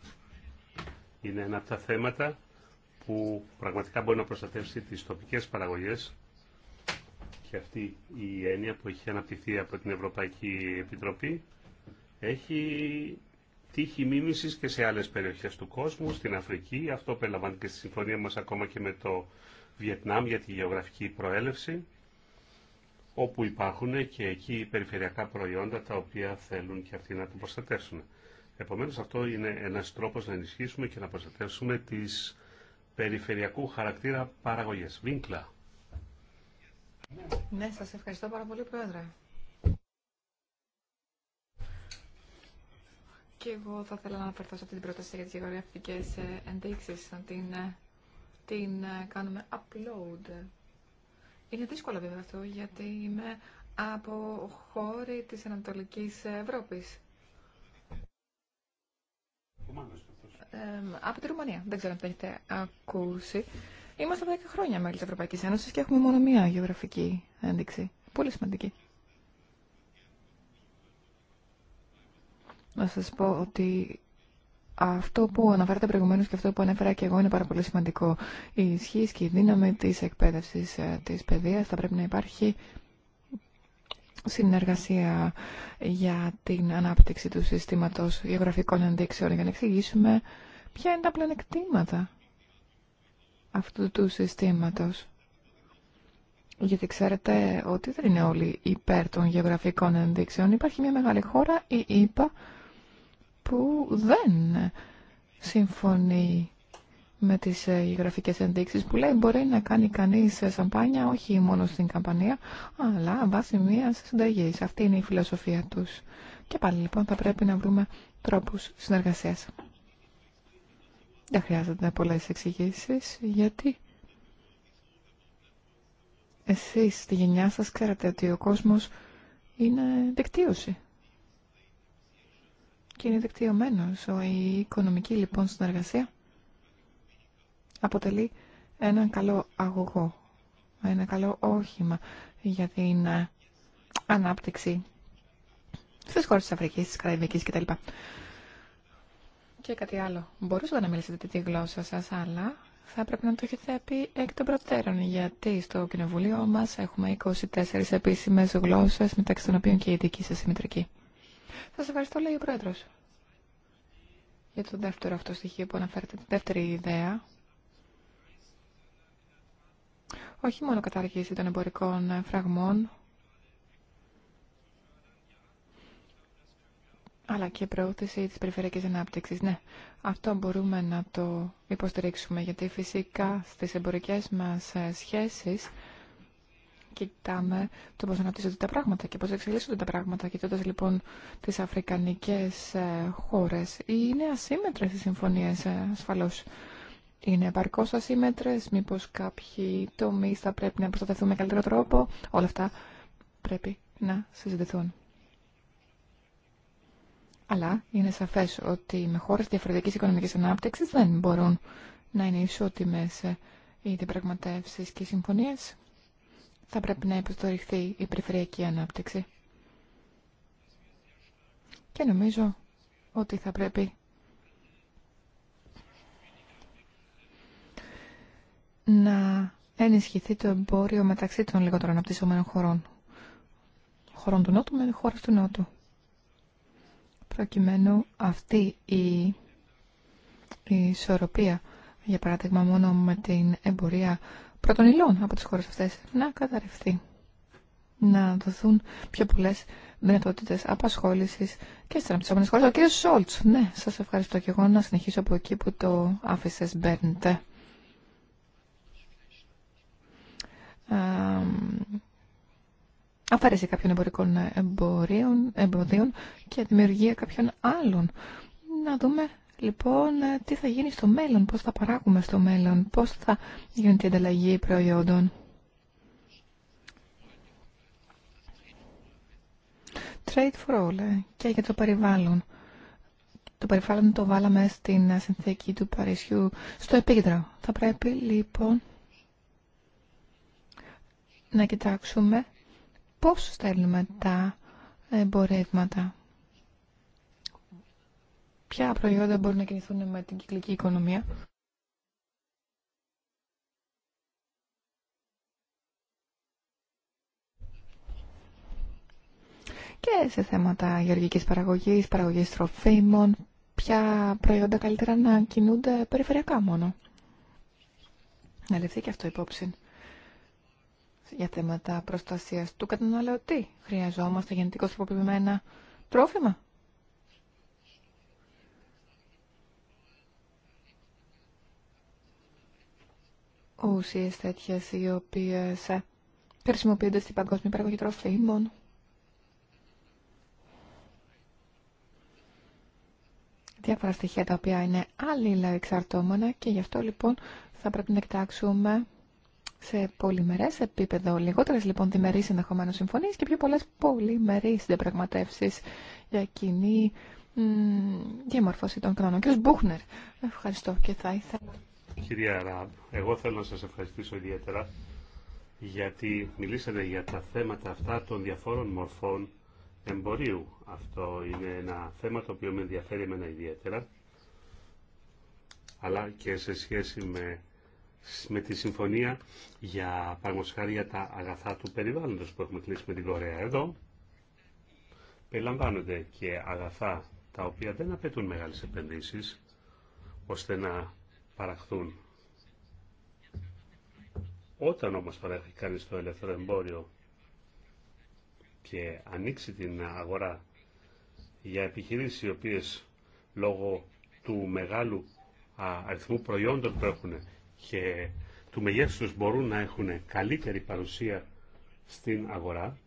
Είναι ένα από τα θέματα που πραγματικά μπορεί να προστατεύσει τις τοπικές παραγωγές και αυτή η έννοια που έχει αναπτυχθεί από την Ευρωπαϊκή Επιτροπή έχει τύχη μίμησης και σε άλλες περιοχές του κόσμου, στην Αφρική, αυτό περιλαμβάνει και στη συμφωνία μας ακόμα και με το Βιετνάμ για τη γεωγραφική προέλευση όπου υπάρχουν και εκεί περιφερειακά προϊόντα τα οποία θέλουν και αυτοί να την προστατεύσουν. Επομένως αυτό είναι ένας τρόπος να ενισχύσουμε και να προστατεύσουμε τις περιφερειακού χαρακτήρα παραγωγές. Βίνκλα. Ναι, σας ευχαριστώ πάρα πολύ Πρόεδρε. Και εγώ θα ήθελα να αναφερθώ σε αυτή την πρόταση για τι γεωγραφικέ ενδείξει. να την κάνουμε upload είναι δύσκολο βέβαια αυτό, γιατί είμαι από χώρη της Ανατολικής Ευρώπης. από τη Ρουμανία. Δεν ξέρω αν το έχετε ακούσει. Είμαστε 10 χρόνια μέλη της Ευρωπαϊκής Ένωσης και έχουμε μόνο μία γεωγραφική ένδειξη. Πολύ σημαντική. Να σας πω ότι αυτό που αναφέρατε προηγουμένω και αυτό που ανέφερα και εγώ είναι πάρα πολύ σημαντικό. Η ισχύ και η δύναμη τη εκπαίδευση ε, τη παιδεία θα πρέπει να υπάρχει συνεργασία για την ανάπτυξη του συστήματος γεωγραφικών ενδείξεων για να εξηγήσουμε ποια είναι τα πλανεκτήματα αυτού του συστήματος. Γιατί ξέρετε ότι δεν είναι όλοι υπέρ των γεωγραφικών ενδείξεων. Υπάρχει μια μεγάλη χώρα, η ΕΠΑ, που δεν συμφωνεί με τις ε, γραφικές ενδείξεις που λέει μπορεί να κάνει κανείς ε, σαμπάνια όχι μόνο στην καμπανία αλλά βάσει μια συνταγή. Αυτή είναι η φιλοσοφία τους. Και πάλι λοιπόν θα πρέπει να βρούμε τρόπους συνεργασίας. Δεν χρειάζεται πολλές εξηγήσει γιατί εσείς στη γενιά σας ξέρετε ότι ο κόσμος είναι δικτύωση και είναι δικτυωμένος. Η οικονομική λοιπόν συνεργασία αποτελεί έναν καλό αγωγό, ένα καλό όχημα για την ε, ανάπτυξη στις χώρες της Αφρικής, της Καραϊβικής κτλ. Και κάτι άλλο. Μπορούσατε να μιλήσετε τη γλώσσα σας, αλλά θα έπρεπε να το έχετε πει εκ των προτέρων, γιατί στο κοινοβουλίο μας έχουμε 24 επίσημες γλώσσες, μεταξύ των οποίων και η δική σας συμμετρική. Σα ευχαριστώ, λέει ο πρόεδρο. για το δεύτερο αυτό στοιχείο που αναφέρεται, τη δεύτερη ιδέα. Όχι μόνο κατάργηση των εμπορικών φραγμών, αλλά και προώθηση τη περιφερειακής ανάπτυξης. Ναι, αυτό μπορούμε να το υποστηρίξουμε, γιατί φυσικά στις εμπορικές μας ε, σχέσεις κοιτάμε το πώς αναπτύσσονται τα πράγματα και πώς εξελίσσονται τα πράγματα. Κοιτώντας λοιπόν τις αφρικανικές ε, χώρες, είναι ασύμετρες οι συμφωνίες ε, ασφαλώς. Είναι επαρκώς ασύμετρε, μήπω κάποιοι τομεί θα πρέπει να προστατευτούν με καλύτερο τρόπο. Όλα αυτά πρέπει να συζητηθούν. Αλλά είναι σαφέ ότι με χώρε διαφορετική οικονομική ανάπτυξη δεν μπορούν να είναι ισότιμε ε, οι διαπραγματεύσει και οι συμφωνίε θα πρέπει να υποστηριχθεί η περιφερειακή ανάπτυξη. Και νομίζω ότι θα πρέπει να ενισχυθεί το εμπόριο μεταξύ των λιγότερων αναπτυσσόμενων χωρών. Χωρών του Νότου με χώρες του Νότου. Προκειμένου αυτή η, η ισορροπία, για παράδειγμα μόνο με την εμπορία πρώτων υλών από τις χώρες αυτές να καταρρευθεί. Να δοθούν πιο πολλές δυνατότητε απασχόλησης και στις αναπτυσσόμενες χώρες. Ο κύριος Σόλτς, ναι, σας ευχαριστώ και εγώ να συνεχίσω από εκεί που το άφησες Μπέρντε. Αφαίρεση κάποιων εμπορικών εμπορίων, και δημιουργία κάποιων άλλων. Να δούμε λοιπόν ε, τι θα γίνει στο μέλλον, πώς θα παράγουμε στο μέλλον, πώς θα γίνεται η ανταλλαγή προϊόντων. Trade for all ε, και για το περιβάλλον. Το περιβάλλον το βάλαμε στην ε, συνθήκη του Παρισιού στο επίκεντρο. Θα πρέπει λοιπόν να κοιτάξουμε πώς στέλνουμε τα εμπορεύματα ποια προϊόντα μπορούν να κινηθούν με την κυκλική οικονομία. Και σε θέματα γεωργικής παραγωγής, παραγωγής τροφίμων, ποια προϊόντα καλύτερα να κινούνται περιφερειακά μόνο. Να λεφθεί και αυτό υπόψη. Για θέματα προστασίας του καταναλωτή χρειαζόμαστε γενετικώς τροποποιημένα τρόφιμα. ουσίες τέτοιες οι οποίες ε, χρησιμοποιούνται στην παγκόσμια παραγωγή τροφίμων. Διάφορα στοιχεία τα οποία είναι άλληλα εξαρτώμενα και γι' αυτό λοιπόν θα πρέπει να εκτάξουμε σε πολυμερέ επίπεδο, λιγότερε λοιπόν διμερεί ενδεχομένω συμφωνίε και πιο πολλέ πολυμερεί διαπραγματεύσει για κοινή διαμορφώση των κανόνων. Κύριος Μπούχνερ, ευχαριστώ και θα ήθελα Κυρία Ραμπ, εγώ θέλω να σας ευχαριστήσω ιδιαίτερα γιατί μιλήσατε για τα θέματα αυτά των διαφόρων μορφών εμπορίου. Αυτό είναι ένα θέμα το οποίο με ενδιαφέρει εμένα ιδιαίτερα αλλά και σε σχέση με, τη συμφωνία για για τα αγαθά του περιβάλλοντος που έχουμε κλείσει με την Κορέα εδώ. Περιλαμβάνονται και αγαθά τα οποία δεν απαιτούν μεγάλες επενδύσεις ώστε να παραχθούν. Όταν όμως παρέχει κανείς το ελεύθερο εμπόριο και ανοίξει την αγορά για επιχειρήσεις οι οποίες λόγω του μεγάλου αριθμού προϊόντων που έχουν και του μεγέθους μπορούν να έχουν καλύτερη παρουσία στην αγορά,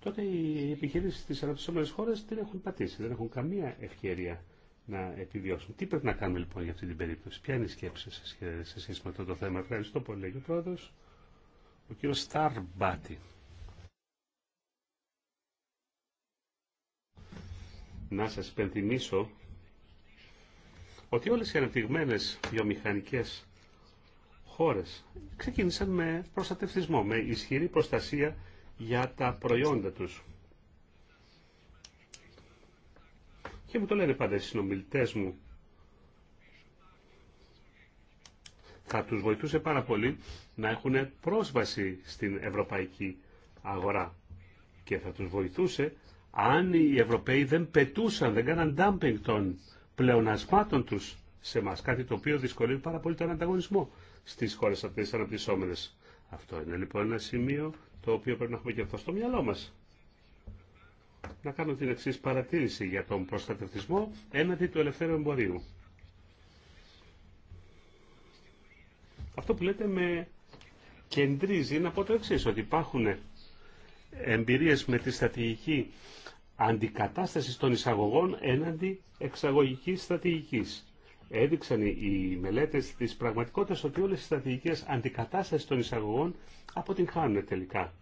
τότε οι επιχειρήσεις στις αναπτυσσόμενες χώρες δεν έχουν πατήσει, δεν έχουν καμία ευκαιρία να επιβιώσουν. Τι πρέπει να κάνουμε λοιπόν για αυτή την περίπτωση, ποια είναι η σκέψη σε σχέση με αυτό το θέμα. Ευχαριστώ πολύ, λέγει ο Ο κύρος Σταρμπάτη. Να σας υπενθυμίσω ότι όλες οι αναπτυγμένες βιομηχανικές χώρες ξεκίνησαν με προστατευτισμό, με ισχυρή προστασία για τα προϊόντα τους. Και μου το λένε πάντα οι συνομιλητέ μου. Θα τους βοηθούσε πάρα πολύ να έχουν πρόσβαση στην ευρωπαϊκή αγορά. Και θα τους βοηθούσε αν οι Ευρωπαίοι δεν πετούσαν, δεν κάναν dumping των πλεονασμάτων τους σε μας Κάτι το οποίο δυσκολεύει πάρα πολύ τον ανταγωνισμό στις χώρες αυτές τις αναπτυσσόμενες. Αυτό είναι λοιπόν ένα σημείο το οποίο πρέπει να έχουμε και αυτό στο μυαλό μας να κάνω την εξή παρατήρηση για τον προστατευτισμό έναντι του ελευθέρου εμπορίου. Αυτό που λέτε με κεντρίζει να πω το εξή, ότι υπάρχουν εμπειρίες με τη στρατηγική αντικατάσταση των εισαγωγών έναντι εξαγωγικής στρατηγικής. Έδειξαν οι μελέτες της πραγματικότητας ότι όλες οι στρατηγικές αντικατάστασης των εισαγωγών αποτυγχάνουν τελικά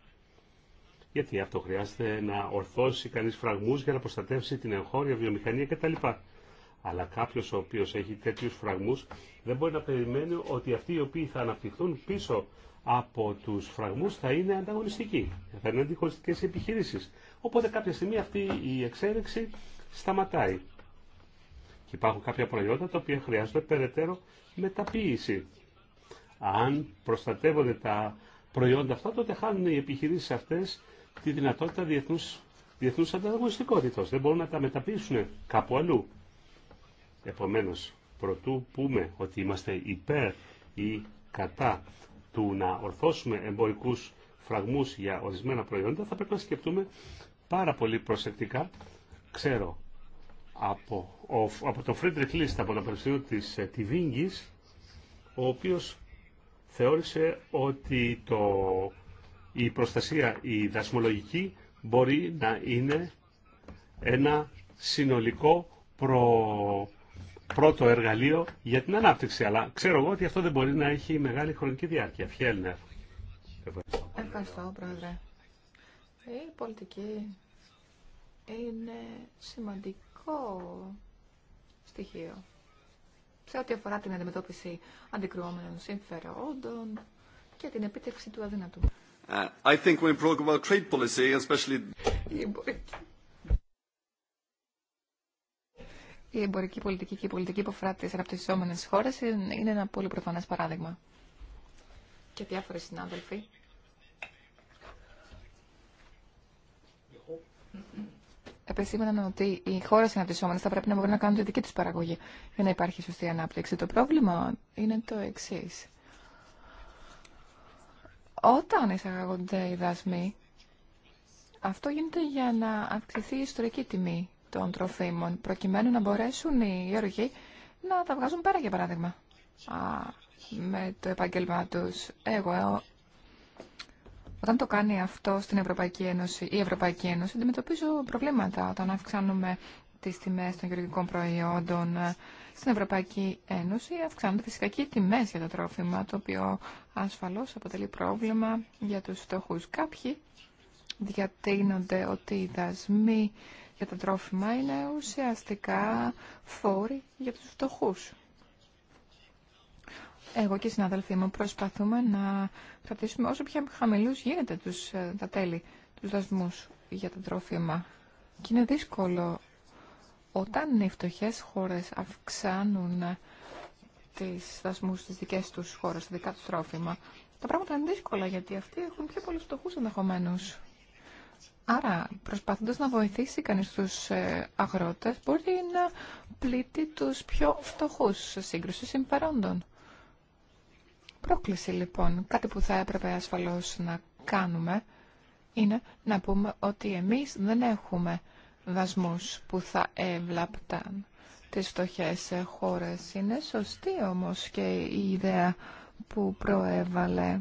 γιατί αυτό χρειάζεται να ορθώσει κανείς φραγμούς για να προστατεύσει την εγχώρια βιομηχανία κτλ. Αλλά κάποιος ο οποίος έχει τέτοιους φραγμούς δεν μπορεί να περιμένει ότι αυτοί οι οποίοι θα αναπτυχθούν πίσω από τους φραγμούς θα είναι ανταγωνιστικοί, θα είναι αντιχωριστικές επιχειρήσεις. Οπότε κάποια στιγμή αυτή η εξέλιξη σταματάει. Και υπάρχουν κάποια προϊόντα τα οποία χρειάζονται περαιτέρω μεταποίηση. Αν προστατεύονται τα προϊόντα αυτά, τότε χάνουν οι επιχειρήσει αυτές τη δυνατότητα διεθνούς, διεθνούς ανταγωνιστικότητας. Δεν μπορούν να τα μεταπίσουν κάπου αλλού. Επομένως, προτού πούμε ότι είμαστε υπέρ ή κατά του να ορθώσουμε εμπορικούς φραγμούς για ορισμένα προϊόντα, θα πρέπει να σκεφτούμε πάρα πολύ προσεκτικά. Ξέρω από, από τον Φρίντρικ Λίστα από το Πανεπιστήμιο της ε, Τιβίνγκης, ο οποίος θεώρησε ότι το η προστασία, η δασμολογική μπορεί να είναι ένα συνολικό προ... πρώτο εργαλείο για την ανάπτυξη. Αλλά ξέρω εγώ ότι αυτό δεν μπορεί να έχει μεγάλη χρονική διάρκεια. Φιέλνερ. Ευχαριστώ, Πρόεδρε. Η πολιτική είναι σημαντικό στοιχείο σε ό,τι αφορά την αντιμετώπιση αντικρουόμενων συμφερόντων και την επίτευξη του αδυνατού. Uh, I think when we talk about trade policy, especially... Η εμπορική... πολιτική και η πολιτική που αφορά τις αναπτυσσόμενες είναι ένα πολύ προφανές παράδειγμα. Και διάφοροι συνάδελφοι. επεσήμαναν ότι οι χώρε αναπτυσσόμενε θα πρέπει να μπορούν να κάνουν τη δική του παραγωγή για να υπάρχει σωστή ανάπτυξη. Το πρόβλημα είναι το εξή. Όταν εισαγαγονται οι δασμοί, αυτό γίνεται για να αυξηθεί η ιστορική τιμή των τροφίμων, προκειμένου να μπορέσουν οι γεωργοί να τα βγάζουν πέρα, για παράδειγμα, Α, με το επάγγελμά τους. Εγώ, ε, όταν το κάνει αυτό στην Ευρωπαϊκή Ένωση, η Ευρωπαϊκή Ένωση, αντιμετωπίζω προβλήματα όταν αυξάνουμε τις τιμές των γεωργικών προϊόντων, στην Ευρωπαϊκή Ένωση. Αυξάνονται φυσικά και οι τιμές για τα τρόφιμα, το οποίο ασφαλώς αποτελεί πρόβλημα για τους φτωχούς. Κάποιοι διατείνονται ότι οι δασμοί για τα τρόφιμα είναι ουσιαστικά φόροι για τους φτωχούς. Εγώ και οι συναδελφοί μου προσπαθούμε να κρατήσουμε όσο πιο χαμηλούς γίνεται τους, ε, τα τέλη, τους δασμούς για τα τρόφιμα. Και είναι δύσκολο όταν οι φτωχές χώρες αυξάνουν τις δασμούς στις δικές τους χώρες, στα δικά τους τρόφιμα, τα πράγματα είναι δύσκολα γιατί αυτοί έχουν πιο πολλούς φτωχούς ενδεχομένω. Άρα, προσπαθώντας να βοηθήσει κανείς τους ε, αγρότες, μπορεί να πλήττει τους πιο φτωχούς σε σύγκρουση συμφερόντων. Πρόκληση, λοιπόν, κάτι που θα έπρεπε ασφαλώς να κάνουμε, είναι να πούμε ότι εμείς δεν έχουμε δασμούς που θα έβλαπταν τις φτωχές χώρες. Είναι σωστή όμως και η ιδέα που προέβαλε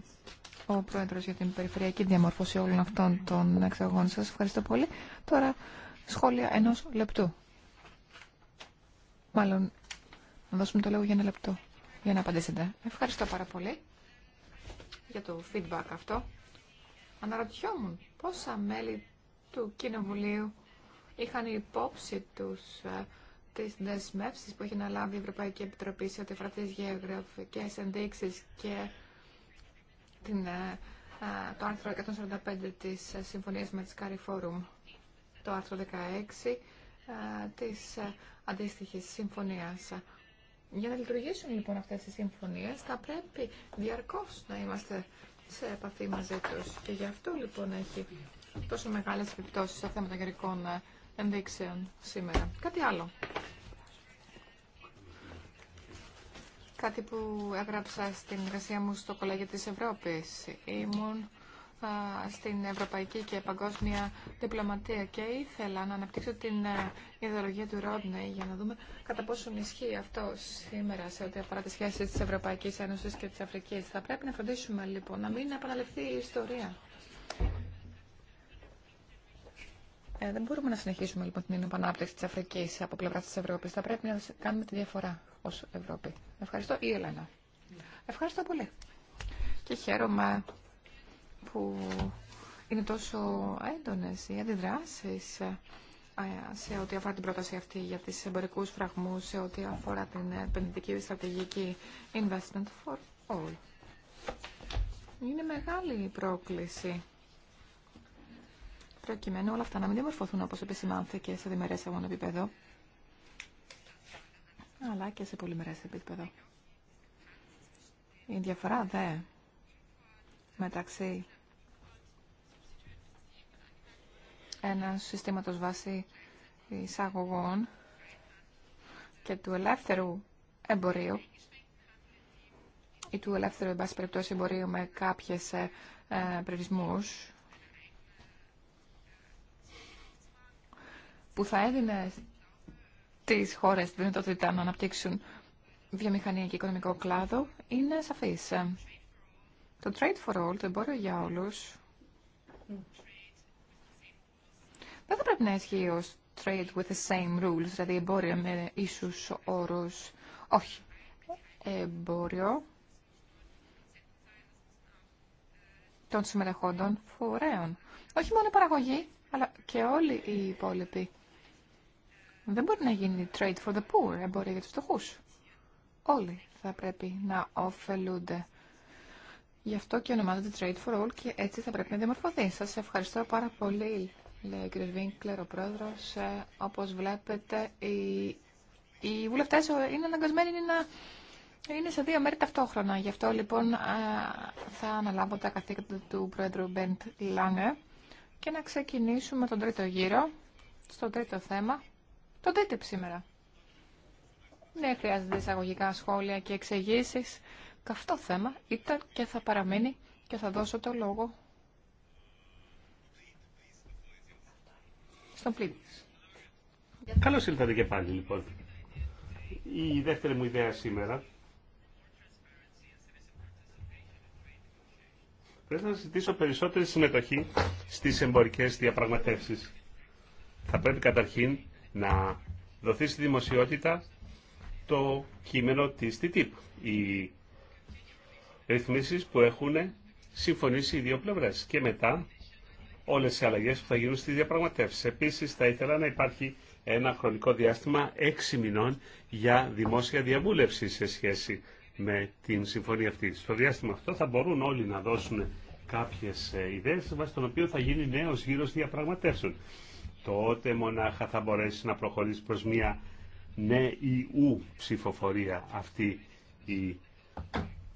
ο Πρόεδρος για την περιφερειακή διαμορφώση όλων αυτών των εξαγών. Σας ευχαριστώ πολύ. Τώρα σχόλια ενός λεπτού. Μάλλον να δώσουμε το λόγο για ένα λεπτό για να απαντήσετε. Ευχαριστώ πάρα πολύ για το feedback αυτό. Αναρωτιόμουν πόσα μέλη του Κοινοβουλίου είχαν υπόψη τους ε, τις δεσμεύσεις που έχει αναλάβει η Ευρωπαϊκή Επιτροπή σε ό,τι αφορά τις γεωγραφικές ενδείξεις και την, ε, ε, το άρθρο 145 της Συμφωνίας με τις Κάρι Φόρουμ, το άρθρο 16 της αντίστοιχης συμφωνίας. Για να λειτουργήσουν λοιπόν αυτές οι συμφωνίες θα πρέπει διαρκώς να είμαστε σε επαφή μαζί του. και γι' αυτό λοιπόν έχει τόσο μεγάλε επιπτώσει σε θέματα γερικών ενδείξεων σήμερα. Κάτι άλλο. Κάτι που έγραψα στην εργασία μου στο Κολέγιο της Ευρώπης. Ήμουν στην ευρωπαϊκή και παγκόσμια διπλωματία και ήθελα να αναπτύξω την ιδεολογία του Ρόντνεϊ για να δούμε κατά πόσο ισχύει αυτό σήμερα σε ό,τι αφορά τις σχέσεις της Ευρωπαϊκής Ένωσης και της Αφρικής. Θα πρέπει να φροντίσουμε λοιπόν να μην επαναληφθεί η ιστορία. Ε, δεν μπορούμε να συνεχίσουμε λοιπόν την επανάπτυξη τη Αφρική από πλευρά τη Ευρώπη. Θα πρέπει να κάνουμε τη διαφορά ω Ευρώπη. Ευχαριστώ, η Ελένα. Ευχαριστώ πολύ. Και χαίρομαι που είναι τόσο έντονε οι αντιδράσει ε, σε ό,τι αφορά την πρόταση αυτή για τις εμπορικούς φραγμούς, σε ό,τι αφορά την επενδυτική στρατηγική Investment for All. Είναι μεγάλη η πρόκληση προκειμένου όλα αυτά να μην διαμορφωθούν όπως επισημάνθηκε σε διμερές αγώνα επίπεδο, αλλά και σε πολυμερές επίπεδο. Η διαφορά δε μεταξύ ένα συστήματος βάση εισαγωγών και του ελεύθερου εμπορίου ή του ελεύθερου εμπάσχη περιπτώσει εμπορίου με κάποιες ε, ε που θα έδινε τις χώρες τη δυνατότητα να αναπτύξουν βιομηχανία και οικονομικό κλάδο είναι σαφής. Το trade for all, το εμπόριο για όλους, δεν θα πρέπει να ισχύει ως trade with the same rules, δηλαδή εμπόριο με ίσους όρους. Όχι. Εμπόριο των συμμετεχόντων φορέων. Όχι μόνο η παραγωγή, αλλά και όλοι οι υπόλοιποι δεν μπορεί να γίνει trade for the poor, εμπορία για τους φτωχούς. Όλοι θα πρέπει να ωφελούνται. Γι' αυτό και ονομάζεται Trade for All και έτσι θα πρέπει να διαμορφωθεί. Σας ευχαριστώ πάρα πολύ, λέει ο κ. Βίνκλερ, ο πρόεδρος. Ε, όπως βλέπετε, οι, οι βουλευτές είναι αναγκασμένοι να είναι σε δύο μέρη ταυτόχρονα. Γι' αυτό λοιπόν ε, θα αναλάβω τα καθήκοντα του πρόεδρου Μπεντ Λάνε και να ξεκινήσουμε τον τρίτο γύρο, στο τρίτο θέμα το δείτε σήμερα. Δεν χρειάζεται εισαγωγικά σχόλια και εξηγήσει. Καυτό θέμα ήταν και θα παραμείνει και θα δώσω το λόγο στον πλήρη. Καλώς ήρθατε και πάλι λοιπόν. Η δεύτερη μου ιδέα σήμερα πρέπει να ζητήσω περισσότερη συμμετοχή στις εμπορικές διαπραγματεύσεις. Θα πρέπει καταρχήν να δοθεί στη δημοσιότητα το κείμενο της TTIP. Οι ρυθμίσεις που έχουν συμφωνήσει οι δύο πλευρές και μετά όλες οι αλλαγές που θα γίνουν στις διαπραγματεύσεις. Επίσης θα ήθελα να υπάρχει ένα χρονικό διάστημα έξι μηνών για δημόσια διαβούλευση σε σχέση με την συμφωνία αυτή. Στο διάστημα αυτό θα μπορούν όλοι να δώσουν κάποιες ε, ιδέες βάσει των οποίων θα γίνει νέος γύρος διαπραγματεύσεων τότε μονάχα θα μπορέσει να προχωρήσει προς μια ναι ή ου ψηφοφορία αυτή η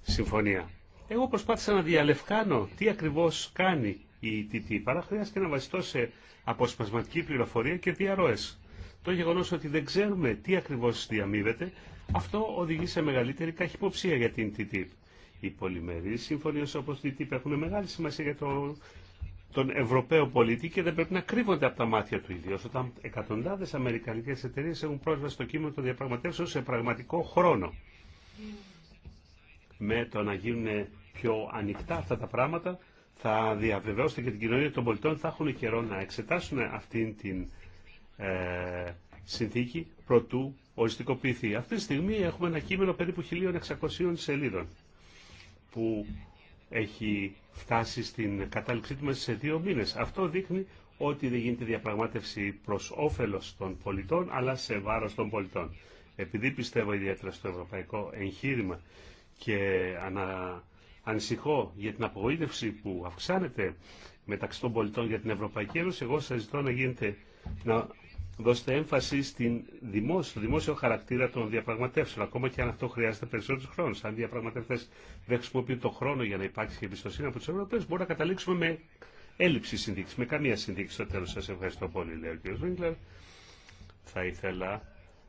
συμφωνία. Εγώ προσπάθησα να διαλευκάνω τι ακριβώς κάνει η TTIP, αλλά χρειάζεται να βασιστώ σε αποσπασματική πληροφορία και διαρροές. Το γεγονός ότι δεν ξέρουμε τι ακριβώς διαμείβεται, αυτό οδηγεί σε μεγαλύτερη καχυποψία για την TTIP. Οι πολυμερείς συμφωνίες όπως η TTIP έχουν μεγάλη σημασία για το τον Ευρωπαίο πολίτη και δεν πρέπει να κρύβονται από τα μάτια του ιδίω. Όταν εκατοντάδε Αμερικανικέ εταιρείε έχουν πρόσβαση στο κείμενο των διαπραγματεύσεων σε πραγματικό χρόνο. Με το να γίνουν πιο ανοιχτά αυτά τα πράγματα, θα διαβεβαιώσετε και την κοινωνία των πολιτών θα έχουν καιρό να εξετάσουν αυτήν την ε, συνθήκη προτού οριστικοποιηθεί. Αυτή τη στιγμή έχουμε ένα κείμενο περίπου 1600 σελίδων που έχει φτάσει στην κατάληξή του μέσα σε δύο μήνες. Αυτό δείχνει ότι δεν γίνεται διαπραγμάτευση προς όφελος των πολιτών, αλλά σε βάρος των πολιτών. Επειδή πιστεύω ιδιαίτερα στο ευρωπαϊκό εγχείρημα και ανα... ανησυχώ για την απογοήτευση που αυξάνεται μεταξύ των πολιτών για την Ευρωπαϊκή Ένωση, εγώ σας ζητώ να, γίνεται, δώστε έμφαση στην δημόσιο, δημόσιο χαρακτήρα των διαπραγματεύσεων, ακόμα και αν αυτό χρειάζεται περισσότερο χρόνο. Αν οι διαπραγματευτέ δεν χρησιμοποιούν χρόνο για να υπάρξει η εμπιστοσύνη από του Ευρωπαίου, μπορούμε να καταλήξουμε με έλλειψη συνθήκης. με καμία συνθήκη στο τέλο. Σα ευχαριστώ πολύ, λέει ο κ. Βίγκλερ. Θα ήθελα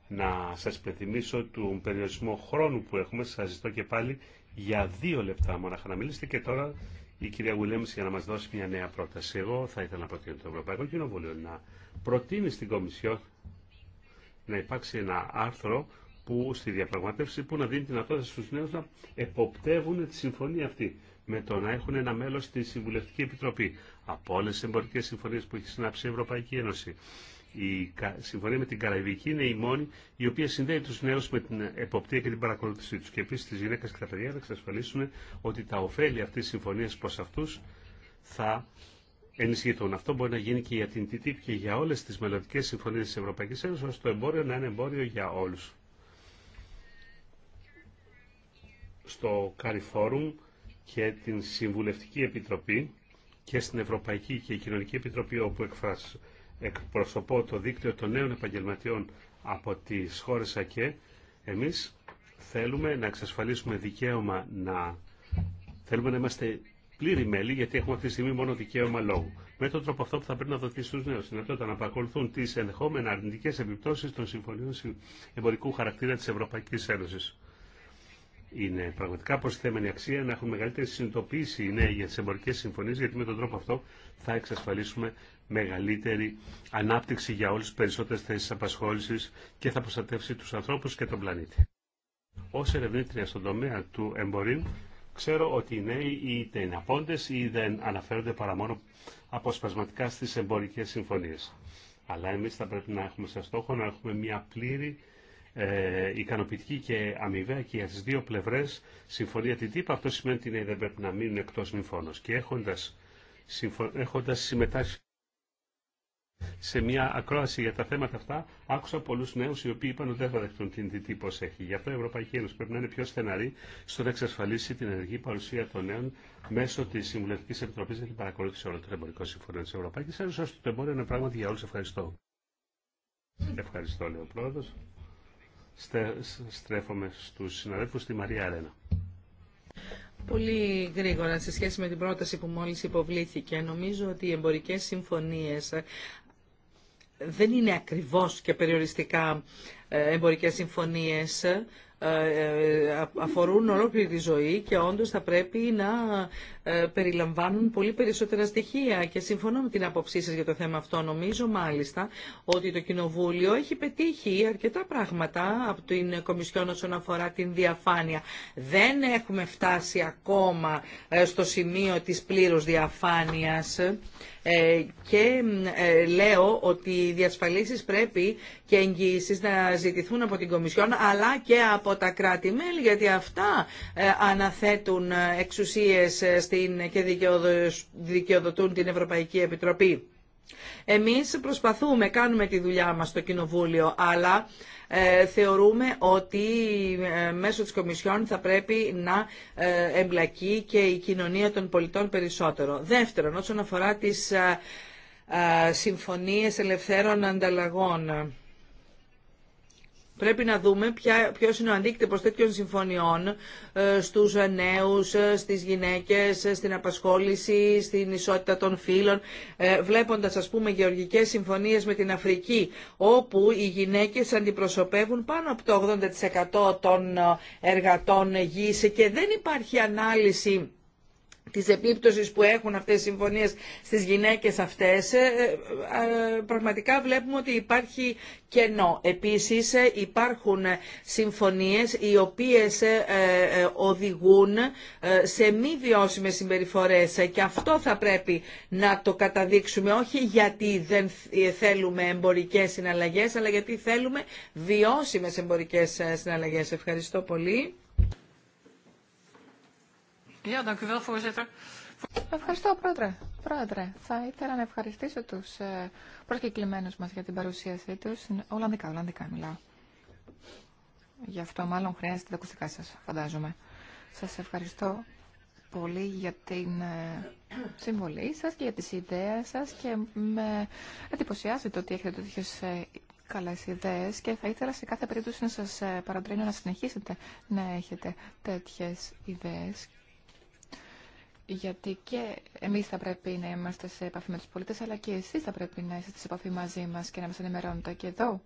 να σα υπενθυμίσω τον περιορισμό χρόνου που έχουμε. Σα ζητώ και πάλι για δύο λεπτά μονάχα να μιλήσετε και τώρα η κυρία για να μα δώσει μια νέα πρόταση. Εγώ θα ήθελα να προτείνω το Ευρωπαϊκό Κοινοβούλιο προτείνει στην Κομισιόν να υπάρξει ένα άρθρο που στη διαπραγματεύση που να δίνει την δυνατότητα στους νέους να εποπτεύουν τη συμφωνία αυτή με το να έχουν ένα μέλος στη Συμβουλευτική Επιτροπή από όλε τι εμπορικέ συμφωνίε που έχει συνάψει η Ευρωπαϊκή Ένωση. Η συμφωνία με την Καραϊβική είναι η μόνη η οποία συνδέει του νέου με την εποπτεία και την παρακολούθησή του. Και επίση τι γυναίκε και τα παιδιά θα εξασφαλίσουν ότι τα ωφέλη αυτή τη συμφωνία προ αυτού θα ενισχυθούν. Αυτό μπορεί να γίνει και για την TTIP και για όλες τις μελλοντικέ συμφωνίες της Ευρωπαϊκής Ένωσης, ώστε το εμπόριο να είναι εμπόριο για όλους. Στο Φόρουμ και την Συμβουλευτική Επιτροπή και στην Ευρωπαϊκή και Κοινωνική Επιτροπή όπου εκπροσωπώ το δίκτυο των νέων επαγγελματιών από τις χώρες ΑΚΕ, εμείς θέλουμε να εξασφαλίσουμε δικαίωμα να θέλουμε να είμαστε πλήρη μέλη, γιατί έχουμε αυτή τη στιγμή μόνο δικαίωμα λόγου. Με τον τρόπο αυτό που θα πρέπει να δοθεί στου νέου, δυνατότητα να παρακολουθούν τι ενδεχόμενα αρνητικέ επιπτώσει των συμφωνιών εμπορικού χαρακτήρα τη Ευρωπαϊκή Ένωση. Είναι πραγματικά προσθέμενη αξία να έχουν μεγαλύτερη συνειδητοποίηση οι νέοι για τι εμπορικέ συμφωνίε, γιατί με τον τρόπο αυτό θα εξασφαλίσουμε μεγαλύτερη ανάπτυξη για όλε τι περισσότερε θέσει απασχόληση και θα προστατεύσει του ανθρώπου και τον πλανήτη. Ω ερευνήτρια στον τομέα του εμπορίου, ξέρω ότι οι νέοι είτε είναι απόντε ή δεν αναφέρονται παρά μόνο αποσπασματικά στις εμπορικές συμφωνίες. Αλλά εμείς θα πρέπει να έχουμε σε στόχο να έχουμε μια πλήρη ε, ικανοποιητική και αμοιβαία και για τι δύο πλευρές συμφωνία την τύπα. Αυτό σημαίνει ότι οι νέοι δεν πρέπει να μείνουν εκτό μη Και έχοντα συμμετάσχει σε μια ακρόαση για τα θέματα αυτά, άκουσα πολλού νέου οι οποίοι είπαν ότι δεν θα δεχτούν την δυτή πώ έχει. Γι' αυτό η Ευρωπαϊκή Ένωση πρέπει να είναι πιο στεναρή στο να εξασφαλίσει την ενεργή παρουσία των νέων μέσω τη Συμβουλευτική Επιτροπή για την παρακολούθηση όλων των εμπορικών συμφωνίων τη Ευρωπαϊκή Ένωση, ώστε το εμπόριο είναι πράγματι για όλου. Ευχαριστώ. Ευχαριστώ, λέει ο πρόεδρο. Στρέφομαι στου συναδέλφου στη Μαρία Αρένα. Πολύ γρήγορα, σε σχέση με την πρόταση που μόλις υποβλήθηκε, νομίζω ότι οι εμπορικές συμφωνίες δεν είναι ακριβώς και περιοριστικά ε, εμπορικές συμφωνίες ε, ε, αφορούν ολόκληρη τη ζωή και όντως θα πρέπει να περιλαμβάνουν πολύ περισσότερα στοιχεία και συμφωνώ με την άποψή σας για το θέμα αυτό. Νομίζω μάλιστα ότι το Κοινοβούλιο έχει πετύχει αρκετά πράγματα από την Κομισιόν όσον αφορά την διαφάνεια. Δεν έχουμε φτάσει ακόμα στο σημείο της πλήρους διαφάνειας ε, και ε, λέω ότι οι διασφαλίσεις πρέπει και εγγυήσεις να ζητηθούν από την Κομισιόν αλλά και από τα κράτη-μέλη γιατί αυτά ε, αναθέτουν εξουσίες στην και δικαιοδοτούν την Ευρωπαϊκή Επιτροπή. Εμείς προσπαθούμε, κάνουμε τη δουλειά μας στο Κοινοβούλιο, αλλά ε, θεωρούμε ότι ε, μέσω της Κομισιόν θα πρέπει να ε, εμπλακεί και η κοινωνία των πολιτών περισσότερο. Δεύτερον, όσον αφορά τις συμφωνίες ελευθέρων ανταλλαγών Πρέπει να δούμε ποιο είναι ο αντίκτυπος τέτοιων συμφωνιών ε, στους νέου, ε, στις γυναίκες, ε, στην απασχόληση, στην ισότητα των φύλων, βλέποντας ας πούμε γεωργικές συμφωνίες με την Αφρική, όπου οι γυναίκες αντιπροσωπεύουν πάνω από το 80% των εργατών γη και δεν υπάρχει ανάλυση της επίπτωσης που έχουν αυτές οι συμφωνίες στις γυναίκες αυτές, ε, ε, ε, πραγματικά βλέπουμε ότι υπάρχει κενό. Επίσης υπάρχουν συμφωνίες οι οποίες οδηγούν σε μη βιώσιμες συμπεριφορές και αυτό θα πρέπει να το καταδείξουμε όχι γιατί δεν θέλουμε εμπορικές συναλλαγές αλλά γιατί θέλουμε βιώσιμες εμπορικές συναλλαγές. Ευχαριστώ πολύ. Ευχαριστώ, Πρόεδρε. Πρόεδρε, θα ήθελα να ευχαριστήσω τους ε, προσκεκλημένους μας για την παρουσίασή τους. Ολλανδικά, Ολλανδικά μιλάω. Γι' αυτό μάλλον χρειάζεται τα ακουστικά σας, φαντάζομαι. Σας ευχαριστώ πολύ για την ε, συμβολή σας και για τις ιδέες σας και με εντυπωσιάζεται ότι έχετε τέτοιες ε, καλές ιδέες και θα ήθελα σε κάθε περίπτωση να σας παρατρύνω να συνεχίσετε να έχετε τέτοιες ιδέες γιατί και εμείς θα πρέπει να είμαστε σε επαφή με τους πολίτες, αλλά και εσείς θα πρέπει να είστε σε επαφή μαζί μας και να μας ενημερώνετε. Και εδώ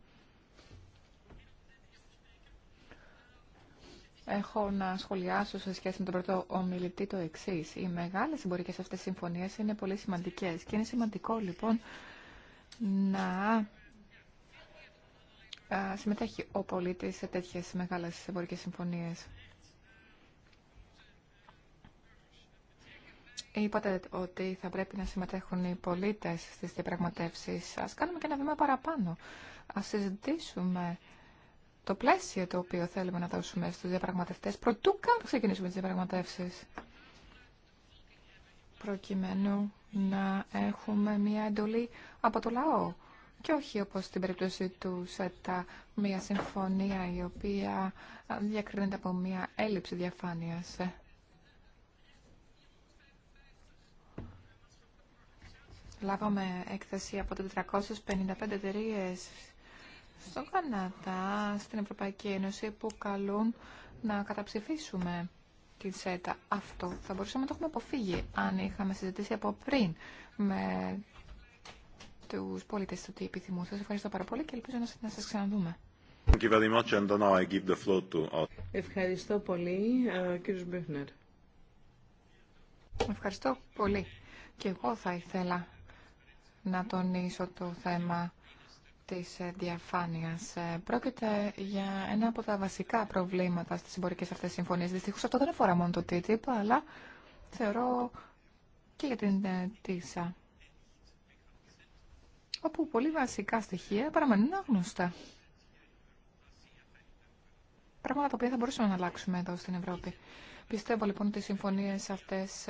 έχω να σχολιάσω σε σχέση με τον πρώτο ομιλητή το εξή. Οι μεγάλες εμπορικέ αυτές συμφωνίες είναι πολύ σημαντικές και είναι σημαντικό λοιπόν να συμμετέχει ο πολίτη σε τέτοιε μεγάλε εμπορικέ συμφωνίε. είπατε ότι θα πρέπει να συμμετέχουν οι πολίτες στις διαπραγματεύσεις. Ας κάνουμε και ένα βήμα παραπάνω. Ας συζητήσουμε το πλαίσιο το οποίο θέλουμε να δώσουμε στους διαπραγματευτές προτού καν ξεκινήσουμε τις διαπραγματεύσεις. Προκειμένου να έχουμε μια εντολή από το λαό και όχι όπως στην περίπτωση του ΣΕΤΑ, μια συμφωνία η οποία διακρίνεται από μια έλλειψη διαφάνειας. Λάβαμε έκθεση από 455 εταιρείε στον Καναδά, στην Ευρωπαϊκή Ένωση, που καλούν να καταψηφίσουμε την ΣΕΤΑ. Αυτό θα μπορούσαμε να το έχουμε αποφύγει αν είχαμε συζητήσει από πριν με τους πολίτες του τι επιθυμούν. Σας ευχαριστώ πάρα πολύ και ελπίζω να σας ξαναδούμε. Ευχαριστώ πολύ, ε, κύριος Μπέχνερ. Ευχαριστώ πολύ. Και εγώ θα ήθελα να τονίσω το θέμα της ε, διαφάνειας. Ε, πρόκειται για ένα από τα βασικά προβλήματα στις εμπορικές αυτές συμφωνίες. Δυστυχώς αυτό δεν αφορά μόνο το TTIP, αλλά θεωρώ και για την ε, TISA. Όπου πολύ βασικά στοιχεία παραμένουν άγνωστα. Πράγματα τα οποία θα μπορούσαμε να αλλάξουμε εδώ στην Ευρώπη. Πιστεύω λοιπόν ότι οι συμφωνίες αυτές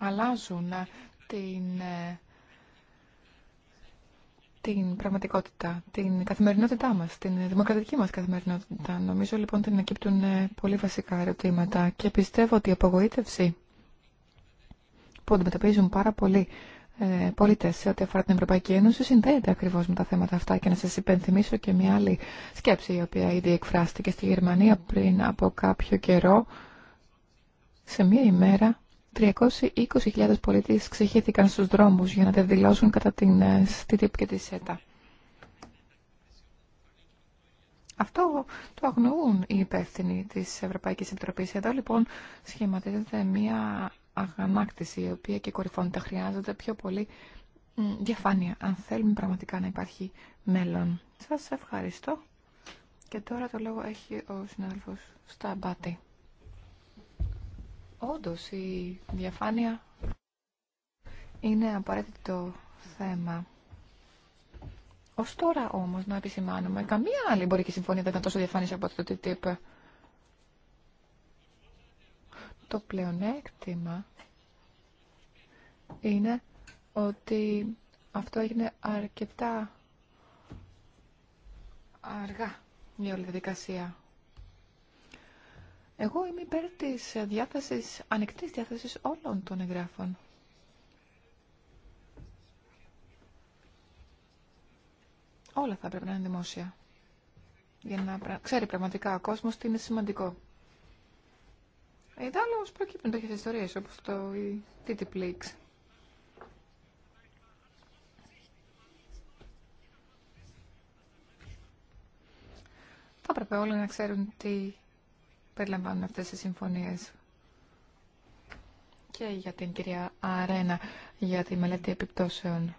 αλλάζουν ε, την, ε, την πραγματικότητα, την καθημερινότητά μας, την δημοκρατική μας καθημερινότητα. Νομίζω λοιπόν ότι ανακύπτουν ε, πολύ βασικά ερωτήματα και πιστεύω ότι η απογοήτευση που αντιμετωπίζουν πάρα πολλοί πολίτε πολίτες σε ό,τι αφορά την Ευρωπαϊκή Ένωση συνδέεται ακριβώς με τα θέματα αυτά και να σας υπενθυμίσω και μια άλλη σκέψη η οποία ήδη εκφράστηκε στη Γερμανία πριν από κάποιο καιρό σε μια ημέρα 320.000 πολίτες ξεχύθηκαν στους δρόμους για να διαδηλώσουν κατά την ε, ΣΤΙΤΙΠ και τη ΣΕΤΑ. Αυτό το αγνοούν οι υπεύθυνοι της Ευρωπαϊκής Επιτροπής. Εδώ λοιπόν σχηματίζεται μια αγανάκτηση η οποία και κορυφώνεται χρειάζεται πιο πολύ διαφάνεια αν θέλουμε πραγματικά να υπάρχει μέλλον. Σας ευχαριστώ. Και τώρα το λόγο έχει ο συνάδελφος Σταμπάτη. Όντως η διαφάνεια είναι απαραίτητο θέμα. Ω τώρα όμω, να επισημάνουμε, καμία άλλη εμπορική συμφωνία δεν ήταν τόσο διαφανή από το TTIP. Το πλεονέκτημα είναι ότι αυτό έγινε αρκετά αργά μια όλη διαδικασία. Εγώ είμαι υπέρ της διάθεσης, ανοιχτής διάθεσης όλων των εγγράφων. Όλα θα πρέπει να είναι δημόσια. Για να ξέρει πραγματικά ο κόσμος τι είναι σημαντικό. Ιδάλλως προκύπτουν τέτοιες ιστορίες όπως το TTIP Leaks. Θα έπρεπε όλοι να ξέρουν τι περιλαμβάνουν αυτές οι συμφωνίες. Και για την κυρία Αρένα, για τη μελέτη επιπτώσεων.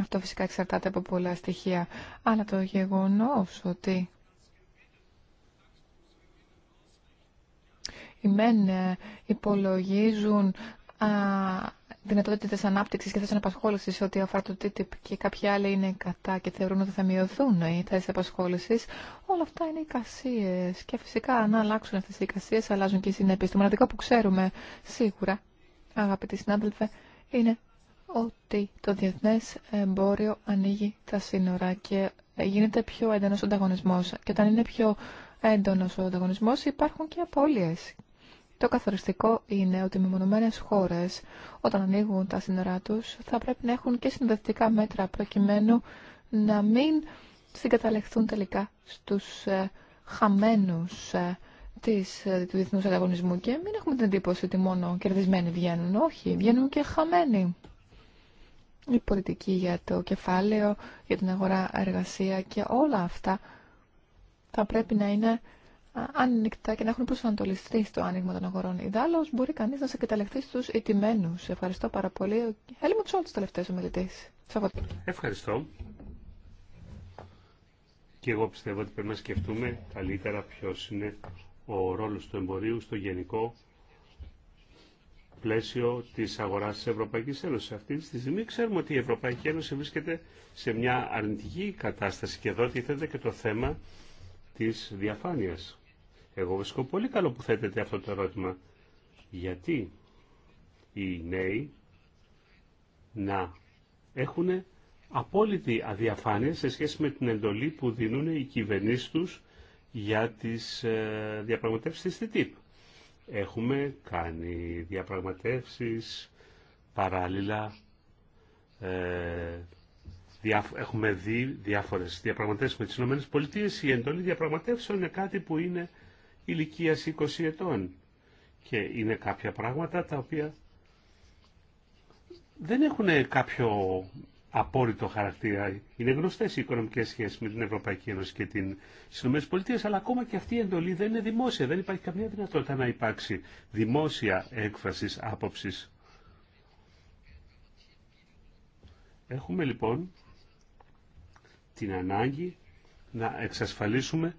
Αυτό φυσικά εξαρτάται από πολλά στοιχεία, αλλά το γεγονός ότι οι μεν ε, υπολογίζουν α, δυνατότητε ανάπτυξη και θέσει απασχόληση ό,τι αφορά το TTIP και κάποιοι άλλοι είναι κατά και θεωρούν ότι θα μειωθούν οι θέσει απασχόληση. Όλα αυτά είναι εικασίε. Και φυσικά, αν αλλάξουν αυτέ οι εικασίε, αλλάζουν και οι συνέπειε. Το μοναδικό που ξέρουμε σίγουρα, αγαπητοί συνάδελφε, είναι ότι το διεθνέ εμπόριο ανοίγει τα σύνορα και γίνεται πιο έντονο ο ανταγωνισμό. Και όταν είναι πιο έντονο ο ανταγωνισμό, υπάρχουν και απώλειε το καθοριστικό είναι ότι οι μεμονωμένες χώρες όταν ανοίγουν τα σύνορά τους θα πρέπει να έχουν και συνδευτικά μέτρα προκειμένου να μην συγκαταλεχθούν τελικά στους ε, χαμένους ε, της, ε, του διεθνούς ανταγωνισμού και μην έχουμε την εντύπωση ότι μόνο κερδισμένοι βγαίνουν. Όχι, βγαίνουν και χαμένοι. Η πολιτική για το κεφάλαιο, για την αγορά εργασία και όλα αυτά θα πρέπει να είναι ανοιχτά και να έχουν προσανατολιστεί στο άνοιγμα των αγορών. Ιδάλω μπορεί κανεί να σε καταλεχθεί στου ιτημένου. Ευχαριστώ πάρα πολύ. Έλειμα του όλου του τελευταίου ομιλητέ. Ευχαριστώ. Και εγώ πιστεύω ότι πρέπει να σκεφτούμε καλύτερα ποιο είναι ο ρόλο του εμπορίου στο γενικό πλαίσιο τη αγορά τη Ευρωπαϊκή Ένωση. Αυτή τη στιγμή ξέρουμε ότι η Ευρωπαϊκή Ένωση βρίσκεται σε μια αρνητική κατάσταση και εδώ τίθεται και το θέμα της διαφάνειας. Εγώ βρίσκω πολύ καλό που θέτετε αυτό το ερώτημα. Γιατί οι νέοι να έχουν απόλυτη αδιαφάνεια σε σχέση με την εντολή που δίνουν οι κυβερνήσεις τους για τις ε, διαπραγματεύσεις της ΤΤΙΠ. Έχουμε κάνει διαπραγματεύσεις παράλληλα ε, έχουμε δει διάφορε διαπραγματεύσει με τις ΗΠΑ. Η εντολή διαπραγματεύσεων είναι κάτι που είναι ηλικία 20 ετών και είναι κάποια πράγματα τα οποία δεν έχουν κάποιο απόρριτο χαρακτήρα. Είναι γνωστέ οι οικονομικέ σχέσει με την Ευρωπαϊκή Ένωση και τι ΗΠΑ, αλλά ακόμα και αυτή η εντολή δεν είναι δημόσια. Δεν υπάρχει καμία δυνατότητα να υπάρξει δημόσια έκφραση άποψη. Έχουμε λοιπόν την ανάγκη να εξασφαλίσουμε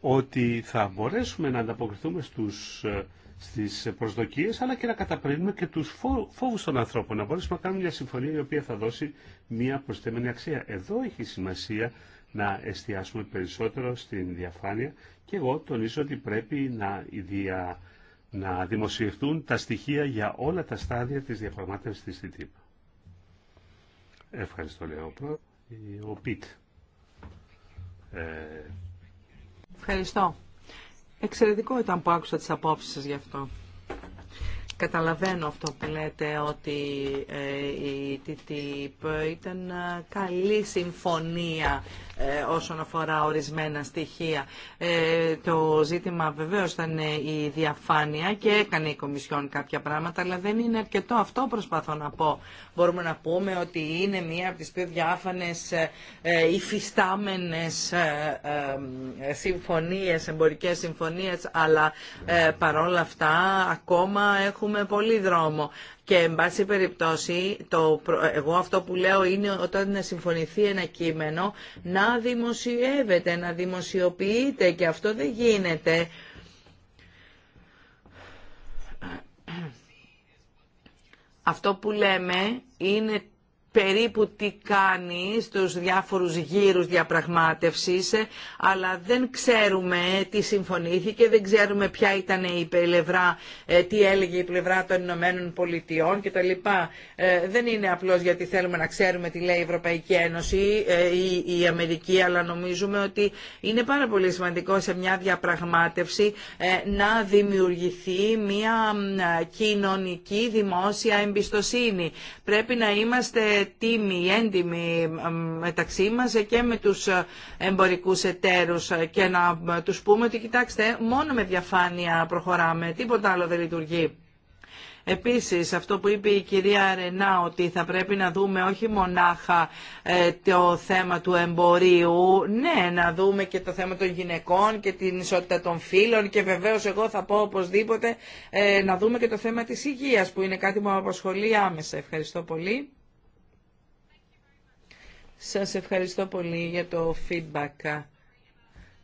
ότι θα μπορέσουμε να ανταποκριθούμε στους, ε, στις προσδοκίες αλλά και να καταπρίνουμε και τους φόβους των ανθρώπων. Να μπορέσουμε να κάνουμε μια συμφωνία η οποία θα δώσει μια προσθέμενη αξία. Εδώ έχει σημασία να εστιάσουμε περισσότερο στην διαφάνεια και εγώ τονίζω ότι πρέπει να, να δημοσιευτούν τα στοιχεία για όλα τα στάδια της διαπραγμάτευσης της ΤΤΙΠ. Ευχαριστώ, Λεόπρο ο Πιτ. Ε... Ευχαριστώ. Εξαιρετικό ήταν που άκουσα τις απόψεις σας γι' αυτό. Καταλαβαίνω αυτό που λέτε ότι ε, η TTIP ήταν ε, καλή συμφωνία ε, όσον αφορά ορισμένα στοιχεία. Ε, το ζήτημα βεβαίως ήταν ε, η διαφάνεια και έκανε η Κομισιόν κάποια πράγματα, αλλά δεν είναι αρκετό. Αυτό προσπαθώ να πω. Μπορούμε να πούμε ότι είναι μία από τις πιο διάφανες υφιστάμενες συμφωνίες, εμπορικές συμφωνίες, αλλά παρόλα αυτά ακόμα έχουμε πολύ δρόμο. Και, εν πάση περιπτώσει, το, εγώ αυτό που λέω είναι όταν να συμφωνηθεί ένα κείμενο να δημοσιεύεται, να δημοσιοποιείται και αυτό δεν γίνεται. Αυτό που λέμε είναι περίπου τι κάνει στους διάφορους γύρους διαπραγμάτευσης, ε, αλλά δεν ξέρουμε τι συμφωνήθηκε, δεν ξέρουμε ποια ήταν η πλευρά, ε, τι έλεγε η πλευρά των Ηνωμένων Πολιτειών κτλ. Ε, δεν είναι απλώς γιατί θέλουμε να ξέρουμε τι λέει η Ευρωπαϊκή Ένωση ή η Αμερική, αλλά νομίζουμε ότι είναι πάρα πολύ σημαντικό σε μια διαπραγμάτευση να δημιουργηθεί μια κοινωνική δημόσια εμπιστοσύνη. Πρέπει να είμαστε τίμη, έντιμη ε, μεταξύ μας και με τους ε, εμπορικούς εταίρους ε, και να τους πούμε ότι κοιτάξτε μόνο με διαφάνεια προχωράμε, τίποτα άλλο δεν λειτουργεί. Επίσης, αυτό που είπε η κυρία Ρενά, ότι θα πρέπει να δούμε όχι μονάχα το θέμα του εμπορίου, ναι, να δούμε και το θέμα των γυναικών και την ισότητα των φίλων και βεβαίως εγώ θα πω οπωσδήποτε να δούμε και το θέμα της υγείας, που είναι κάτι που με απασχολεί άμεσα. Ευχαριστώ πολύ. Σας ευχαριστώ πολύ για το feedback.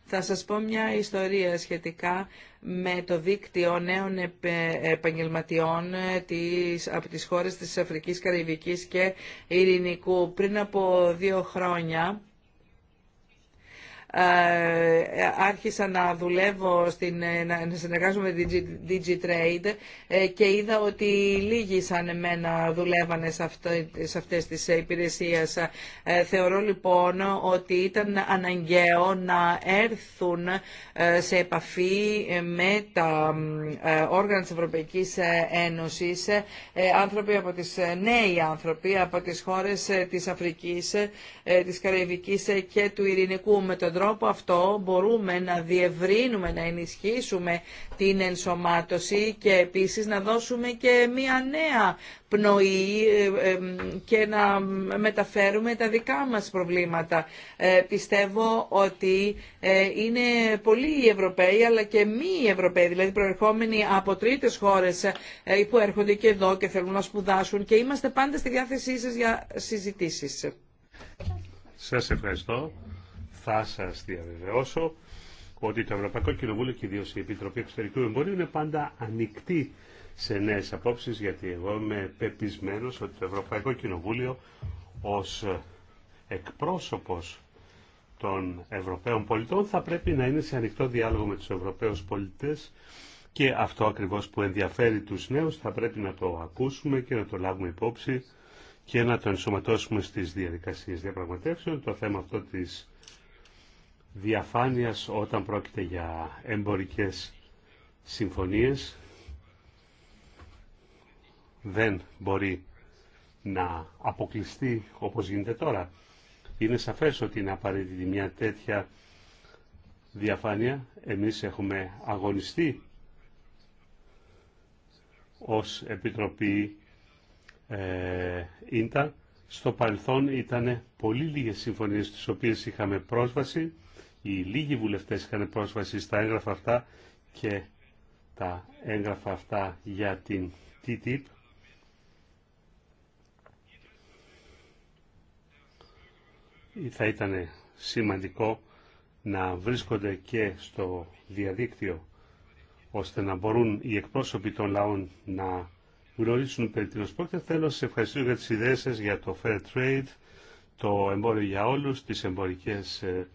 Θα σας πω μια ιστορία σχετικά με το δίκτυο νέων επαγγελματιών της, από τις χώρες της Αφρικής, Καραϊβικής και Ειρηνικού. Πριν από δύο χρόνια ε, άρχισα να δουλεύω, στην, να συνεργάζομαι με τη DigiTrade ε, και είδα ότι λίγοι σαν εμένα δουλεύανε σε αυτές τις υπηρεσίες. Ε, θεωρώ λοιπόν ότι ήταν αναγκαίο να έρθουν σε επαφή με τα όργανα της Ευρωπαϊκής Ένωσης από τις νέοι άνθρωποι από τις χώρες της Αφρικής, της Καραϊβικής και του Ειρηνικού τρόπο αυτό μπορούμε να διευρύνουμε, να ενισχύσουμε την ενσωμάτωση και επίσης να δώσουμε και μια νέα πνοή ε, ε, και να μεταφέρουμε τα δικά μας προβλήματα. Ε, πιστεύω ότι είναι πολλοί οι Ευρωπαίοι αλλά και μη Ευρωπαίοι, δηλαδή προερχόμενοι από τρίτες χώρες που έρχονται και εδώ και θέλουν να σπουδάσουν και είμαστε πάντα στη διάθεσή σας για συζητήσεις. Σας ευχαριστώ θα σας διαβεβαιώσω ότι το Ευρωπαϊκό Κοινοβούλιο και ιδίω η Επιτροπή Εξωτερικού Εμπορίου είναι πάντα ανοιχτή σε νέες απόψεις, γιατί εγώ είμαι πεπισμένος ότι το Ευρωπαϊκό Κοινοβούλιο ως εκπρόσωπος των Ευρωπαίων πολιτών θα πρέπει να είναι σε ανοιχτό διάλογο με τους Ευρωπαίους πολιτές και αυτό ακριβώς που ενδιαφέρει τους νέους θα πρέπει να το ακούσουμε και να το λάβουμε υπόψη και να το ενσωματώσουμε στις διαδικασίες διαπραγματεύσεων. Το θέμα αυτό της διαφάνειας όταν πρόκειται για εμπορικές συμφωνίες δεν μπορεί να αποκλειστεί όπως γίνεται τώρα. Είναι σαφές ότι είναι απαραίτητη μια τέτοια διαφάνεια. Εμείς έχουμε αγωνιστεί ως Επιτροπή ε, Ίντα. Στο παρελθόν ήταν πολύ λίγες συμφωνίες στις οποίες είχαμε πρόσβαση οι λίγοι βουλευτές είχαν πρόσβαση στα έγγραφα αυτά και τα έγγραφα αυτά για την TTIP. Θα ήταν σημαντικό να βρίσκονται και στο διαδίκτυο ώστε να μπορούν οι εκπρόσωποι των λαών να γνωρίσουν περί την Θέλω να σας ευχαριστήσω για τις ιδέες σας για το Fair Trade, το εμπόριο για όλους, τις εμπορικές ε,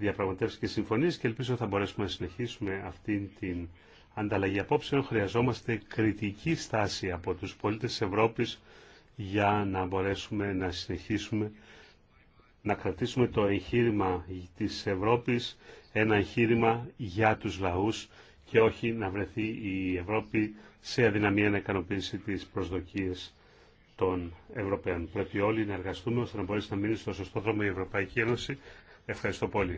Διαπραγματεύσει και συμφωνίε και ελπίζω θα μπορέσουμε να συνεχίσουμε αυτή την ανταλλαγή απόψεων. Χρειαζόμαστε κριτική στάση από τους πολίτες της Ευρώπης για να μπορέσουμε να συνεχίσουμε να κρατήσουμε το εγχείρημα της Ευρώπης, ένα εγχείρημα για τους λαούς και όχι να βρεθεί η Ευρώπη σε αδυναμία να ικανοποιήσει τι προσδοκίε των Ευρωπαίων. Πρέπει όλοι να εργαστούμε ώστε να μπορέσει να μείνει στο σωστό δρόμο η Ευρωπαϊκή Ένωση Ευχαριστώ πολύ.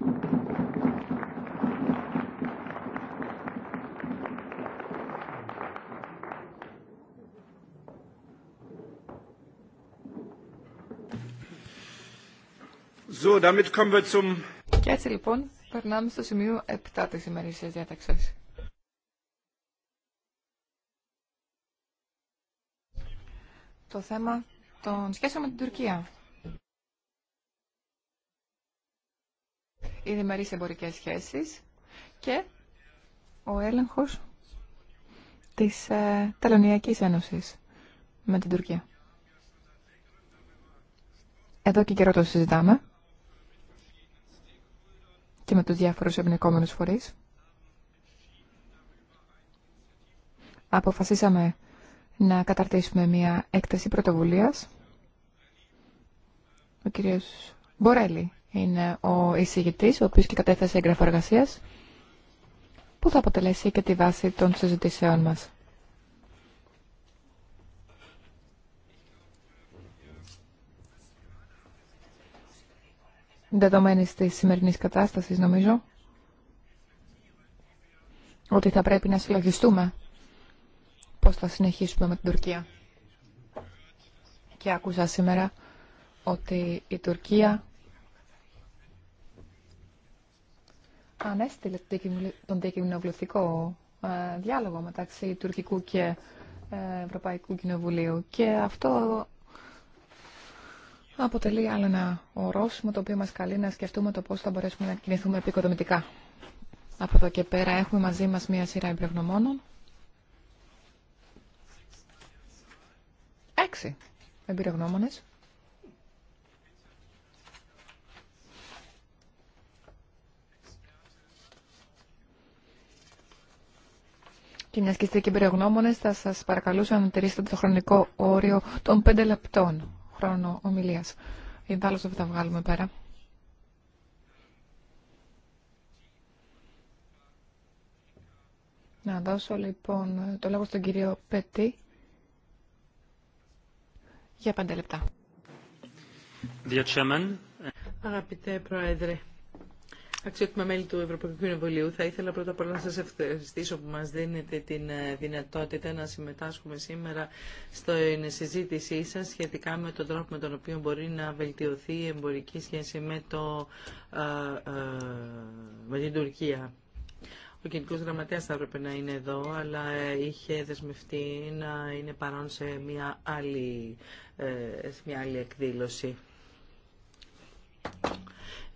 Και έτσι λοιπόν περνάμε στο σημείο 7 της ημερήσιας διάταξης. Το θέμα των σχέσεων με την Τουρκία. οι διμερείς εμπορικές σχέσεις και ο έλεγχος της ε, Τελωνιακής Ένωσης με την Τουρκία. Εδώ και καιρό το συζητάμε και με τους διάφορους εμπνεκόμενους φορείς. Αποφασίσαμε να καταρτήσουμε μια έκθεση πρωτοβουλίας. Ο κύριος Μπορέλη είναι ο εισηγητής, ο οποίος και κατέθεσε έγγραφο εργασία, που θα αποτελέσει και τη βάση των συζητήσεών μας. Δεδομένη τη σημερινή κατάσταση, νομίζω ότι θα πρέπει να συλλογιστούμε πώς θα συνεχίσουμε με την Τουρκία. Και άκουσα σήμερα ότι η Τουρκία ανέστηλε τον διακοινοβουλευτικό ε, διάλογο μεταξύ τουρκικού και ε, Ευρωπαϊκού Κοινοβουλίου. Και αυτό αποτελεί άλλο ένα ορόσημο το οποίο μας καλεί να σκεφτούμε το πώς θα μπορέσουμε να κινηθούμε επικοδομητικά. Από εδώ και πέρα έχουμε μαζί μας μία σειρά εμπειρογνωμόνων. Έξι εμπειρογνώμονες Και μια και είστε και θα σα παρακαλούσα να τηρήσετε το χρονικό όριο των πέντε λεπτών χρόνο ομιλίας. Ιδάλλως δεν θα βγάλουμε πέρα. Να δώσω λοιπόν το λόγο στον κύριο Πέτη για πέντε λεπτά. Αγαπητέ Πρόεδρε, Αξιότιμα μέλη του Ευρωπαϊκού Κοινοβουλίου, θα ήθελα πρώτα απ' όλα να σας ευχαριστήσω που μας δίνετε τη ε, δυνατότητα να συμμετάσχουμε σήμερα στην συζήτησή σας σχετικά με τον τρόπο με τον οποίο μπορεί να βελτιωθεί η εμπορική σχέση με, το, ε, ε, με την Τουρκία. Ο Γενικό Γραμματέα θα έπρεπε να είναι εδώ, αλλά είχε δεσμευτεί να είναι παρόν σε μια άλλη εκδήλωση.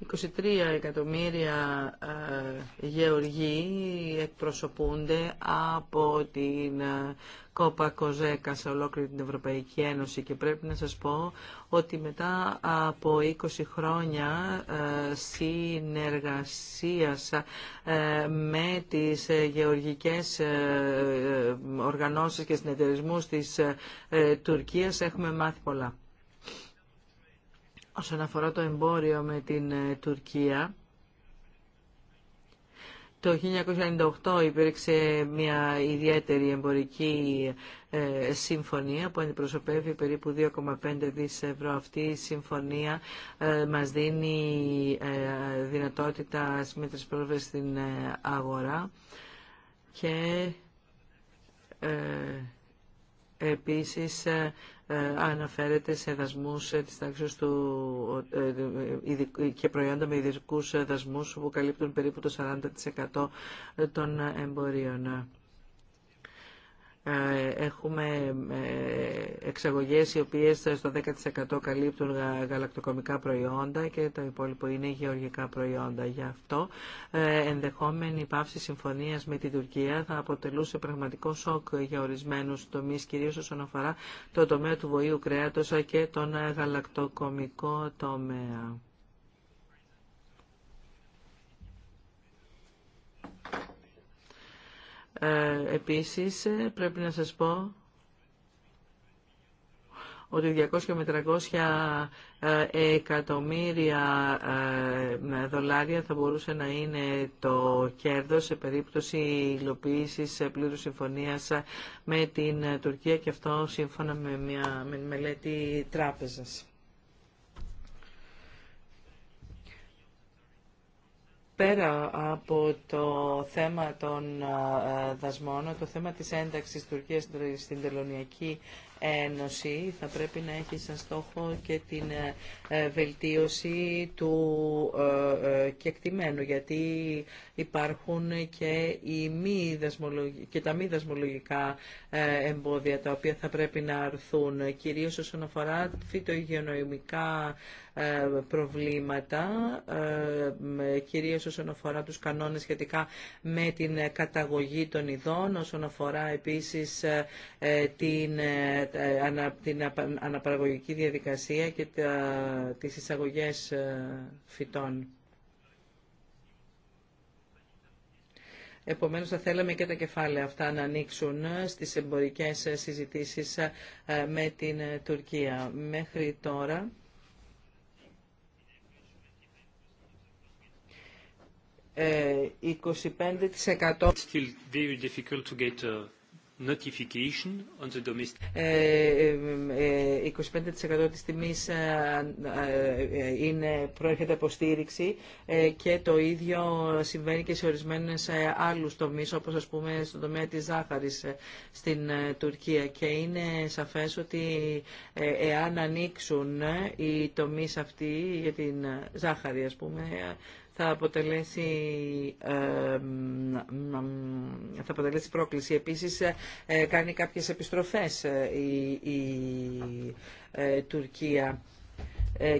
23 εκατομμύρια ε, γεωργοί εκπροσωπούνται από την ε, κόπα κοζέκα σε ολόκληρη την Ευρωπαϊκή Ένωση και πρέπει να σας πω ότι μετά από 20 χρόνια ε, συνεργασίας με τις γεωργικές οργανώσεις και συνεταιρισμούς της Τουρκίας έχουμε μάθει πολλά όσον αφορά το εμπόριο με την ε, Τουρκία. Το 1998 υπήρξε μια ιδιαίτερη εμπορική ε, συμφωνία που αντιπροσωπεύει περίπου 2,5 δις ευρώ. Αυτή η συμφωνία ε, μας δίνει δυνατότητα συμμετρής πρόσβασης στην αγορά και Επίσης ε, ε, αναφέρεται σε δασμούς ε, της τάξης του και προϊόντα με ειδικού δασμούς που καλύπτουν περίπου το 40% των εμπορίων. Έχουμε ε, εξαγωγές οι οποίες στο 10% καλύπτουν γαλακτοκομικά προϊόντα και το υπόλοιπο είναι γεωργικά προϊόντα. Γι' αυτό ε, ενδεχόμενη πάυση συμφωνίας με την Τουρκία θα αποτελούσε πραγματικό σοκ για ορισμένους τομείς, κυρίως όσον αφορά το τομέα του βοήου κρέατος και τον γαλακτοκομικό τομέα. Ε, επίσης ε, πρέπει να σας πω ότι 200 με 300 ε, εκατομμύρια δολάρια θα μπορούσε να είναι το κέρδος σε περίπτωση υλοποίηση πλήρους συμφωνίας με την Τουρκία και αυτό σύμφωνα με μια μελέτη τράπεζας. Πέρα από το θέμα των ε, δασμών, το θέμα της ένταξης Τουρκίας στην Τελωνιακή Ένωση θα πρέπει να έχει σαν στόχο και την ε, ε, βελτίωση του κεκτημένου, γιατί υπάρχουν και, οι μη τα μη δασμολογικά εμπόδια τα οποία θα πρέπει να αρθούν, κυρίως όσον αφορά φυτοϊγειονομικά ε, προβλήματα, ε, κυρίως όσον αφορά τους κανόνες σχετικά με την καταγωγή των ειδών, όσον αφορά επίσης ε, την, αναπαραγωγική διαδικασία και τις εισαγωγές φυτών. Επομένως θα θέλαμε και τα κεφάλαια αυτά να ανοίξουν στις εμπορικές συζητήσεις με την Τουρκία. Μέχρι τώρα... 25%. Ε, ε, ε, της τιμής είναι, προέρχεται από στήριξη και το ίδιο συμβαίνει και σε ορισμένες άλλους τομείς όπως ας πούμε στον τομέα της ζάχαρης στην Τουρκία και είναι σαφές ότι εάν ανοίξουν οι τομείς αυτοί για την ζάχαρη ας πούμε θα αποτελέσει, θα αποτελέσει πρόκληση. Επίσης ε, κάνει κάποιες επιστροφές ε, η, η ε, Τουρκία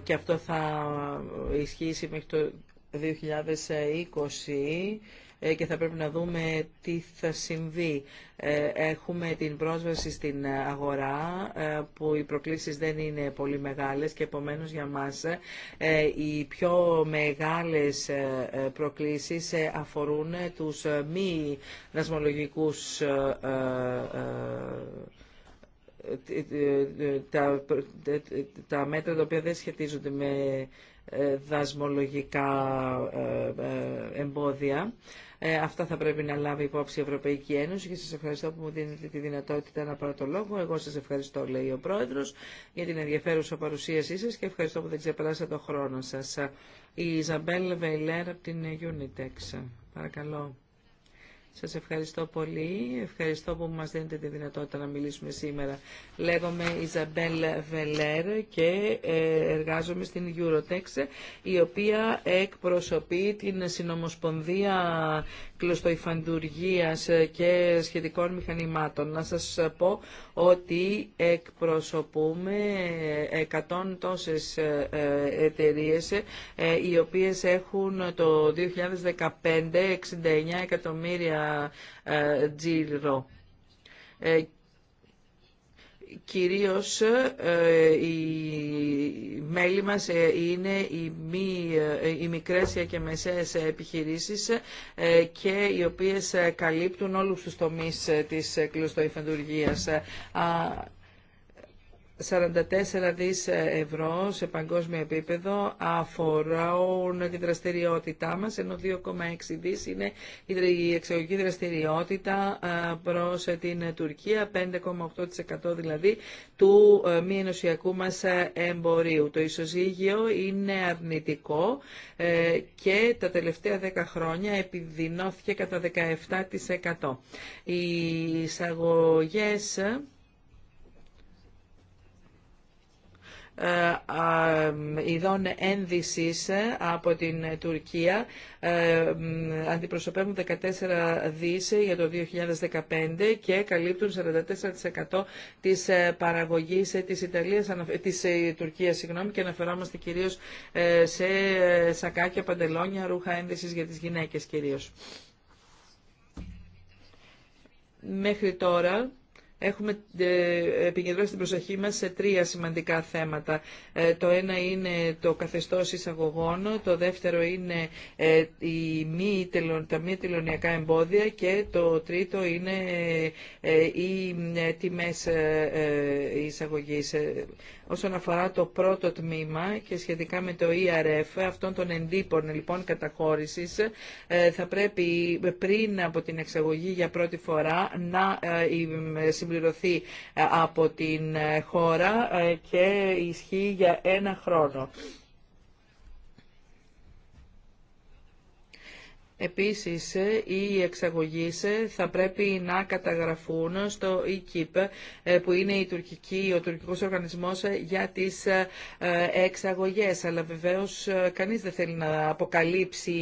και αυτό θα ισχύσει μέχρι το 2020 ε, και θα πρέπει να δούμε τι θα συμβεί. Ε, έχουμε την πρόσβαση στην αγορά ε, που οι προκλήσεις δεν είναι πολύ μεγάλες και επομένως για μας οι πιο μεγάλες προκλήσεις αφορούν τους μη δασμολογικούς τα, τα μέτρα τα οποία δεν σχετίζονται με δασμολογικά εμπόδια ε, αυτά θα πρέπει να λάβει υπόψη η Ευρωπαϊκή Ένωση και σας ευχαριστώ που μου δίνετε τη δυνατότητα να πάρω το λόγο. Εγώ σας ευχαριστώ, λέει ο Πρόεδρος, για την ενδιαφέρουσα παρουσίασή σας και ευχαριστώ που δεν ξεπεράσατε το χρόνο σας. Η Ιζαμπέλ Βεϊλέρ από την Unitex. Παρακαλώ. Σας ευχαριστώ πολύ. Ευχαριστώ που μας δίνετε τη δυνατότητα να μιλήσουμε σήμερα. Λέγομαι Ιζαμπέλ Βελέρ και ε, εργάζομαι στην Eurotex, η οποία εκπροσωπεί την Συνομοσπονδία κύκλος υφαντουργίας ε, και σχετικών μηχανημάτων. Να σας πω ότι εκπροσωπούμε 100 ε, τόσες ε, εταιρείες οι οποίες έχουν το 2015 69 εκατομμύρια τζίρο Κυρίως ε, οι μέλη μας ε, είναι οι, μη, ε, μικρές και μεσαίες επιχειρήσεις και οι οποίες καλύπτουν όλους τους τομείς της κλωστοϊφαντουργίας. 44 δις ε, ευρώ σε παγκόσμιο επίπεδο αφορούν τη δραστηριότητά μας, ενώ 2,6 δις είναι η εξαγωγική δραστηριότητα ε, προς ε, την Τουρκία, 5,8% δηλαδή του μη ενωσιακού μας εμπορίου. Το ισοζύγιο είναι αρνητικό και τα τελευταία 10 χρόνια επιδεινώθηκε κατά 17%. Οι εισαγωγές Ε, ειδών ένδυσης ε, από την Τουρκία ε, αντιπροσωπεύουν 14 δις για το 2015 και καλύπτουν 44% της παραγωγής της, Ιταλίας, της Τουρκίας συγγνώμη, και αναφερόμαστε κυρίως σε σακάκια, παντελόνια, ρούχα ένδυσης για τις γυναίκες κυρίως. Μέχρι τώρα Έχουμε ε, επικεντρώσει την προσοχή μας σε τρία σημαντικά θέματα. Ε, το ένα είναι το καθεστώς εισαγωγών, το δεύτερο είναι ε, η τα μη τελωνιακά εμπόδια και το τρίτο είναι οι τιμές εισαγωγής. Όσον αφορά το πρώτο τμήμα και σχετικά με το ERF, αυτών των εντύπων λοιπόν καταχώρησης, θα πρέπει πριν από την εξαγωγή για πρώτη φορά να συμπληρωθεί ε, από την ε, χώρα ε, και ισχύει για ένα χρόνο. Επίσης, οι εξαγωγείς θα πρέπει να καταγραφούν στο e ΕΚΙΠ που είναι η τουρκική, ο τουρκικός οργανισμός για τις ε, εξαγωγές. Αλλά βεβαίως ε, κανείς δεν θέλει να αποκαλύψει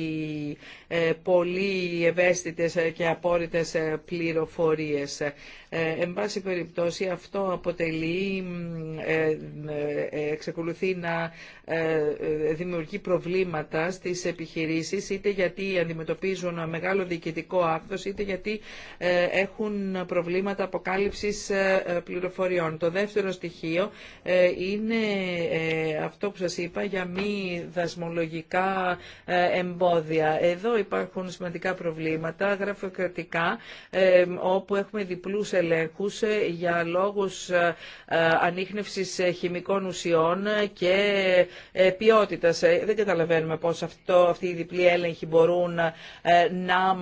ε, πολύ ευαίσθητες και απόρριτες πληροφορίες. Εν πάση περιπτώσει, αυτό αποτελεί, εξακολουθεί να δημιουργεί προβλήματα στις επιχειρήσεις, είτε γιατί αντιμετωπίζουν αντιμετωπίζουν μεγάλο διοικητικό άκρο είτε γιατί ε, έχουν προβλήματα αποκάλυψης ε, ε, πληροφοριών. Το δεύτερο στοιχείο είναι αυτό που σας είπα για μη δασμολογικά εμπόδια. Εδώ υπάρχουν σημαντικά προβλήματα γραφειοκρατικά, όπου έχουμε διπλούς ελέγχους για λόγους ανείχνευσης χημικών ουσιών και ποιότητας. Δεν καταλαβαίνουμε πω αυτοί οι διπλοί έλεγχοι μπορούν ε, να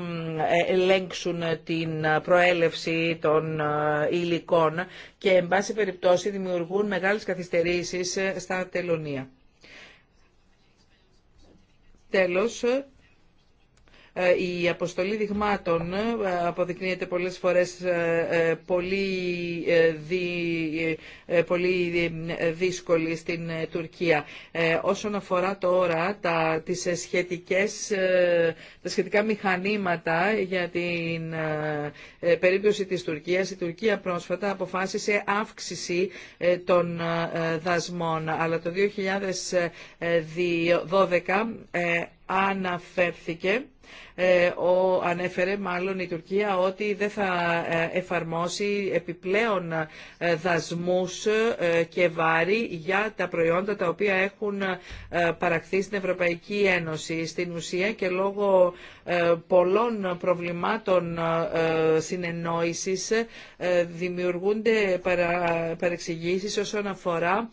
ε, ελέγξουν την προέλευση των ε, υλικών και, εν πάση περιπτώσει, δημιουργούν μεγάλες καθυστερήσεις στα τελωνία. Τέλος, ε, η αποστολή δειγμάτων ε, αποδεικνύεται πολλές φορές ε, πολύ, πολύ δύσκολη στην Τουρκία. Όσον αφορά τώρα τα, τις σχετικές, τα σχετικά μηχανήματα για την περίπτωση της Τουρκίας, η Τουρκία πρόσφατα αποφάσισε αύξηση των δασμών, αλλά το 2012 αναφέρθηκε ε, ο, ανέφερε μάλλον η Τουρκία ότι δεν θα ε, εφαρμόσει επιπλέον ε, δασμούς και βάρη για τα προϊόντα τα οποία έχουν παραχθεί στην Ευρωπαϊκή Ένωση. Στην ουσία και λόγω πολλών προβλημάτων συνεννόησης δημιουργούνται παρεξηγήσεις όσον αφορά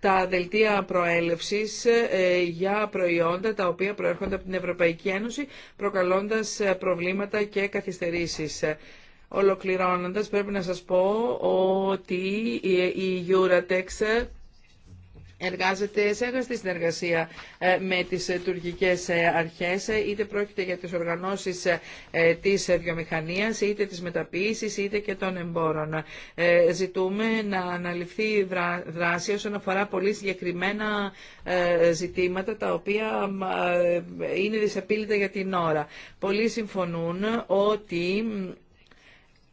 τα δελτία προέλευσης ε, για προϊόντα τα οποία προέρχονται από την Ευρωπαϊκή Ένωση, προκαλώντας ε, προβλήματα και καθυστερήσεις. Ολοκληρώνοντας, πρέπει να σας πω ότι η Eurotex εργάζεται σε εργαστή συνεργασία ε, με τις ε, τουρκικές ε, αρχές, είτε πρόκειται για τις οργανώσεις της βιομηχανίας, είτε τις μεταποίησης, είτε και των εμπόρων. Ζητούμε να αναλυφθεί δράση όσον αφορά πολύ συγκεκριμένα ζητήματα, τα οποία είναι δυσαπείλητα για την ώρα. Πολλοί συμφωνούν ότι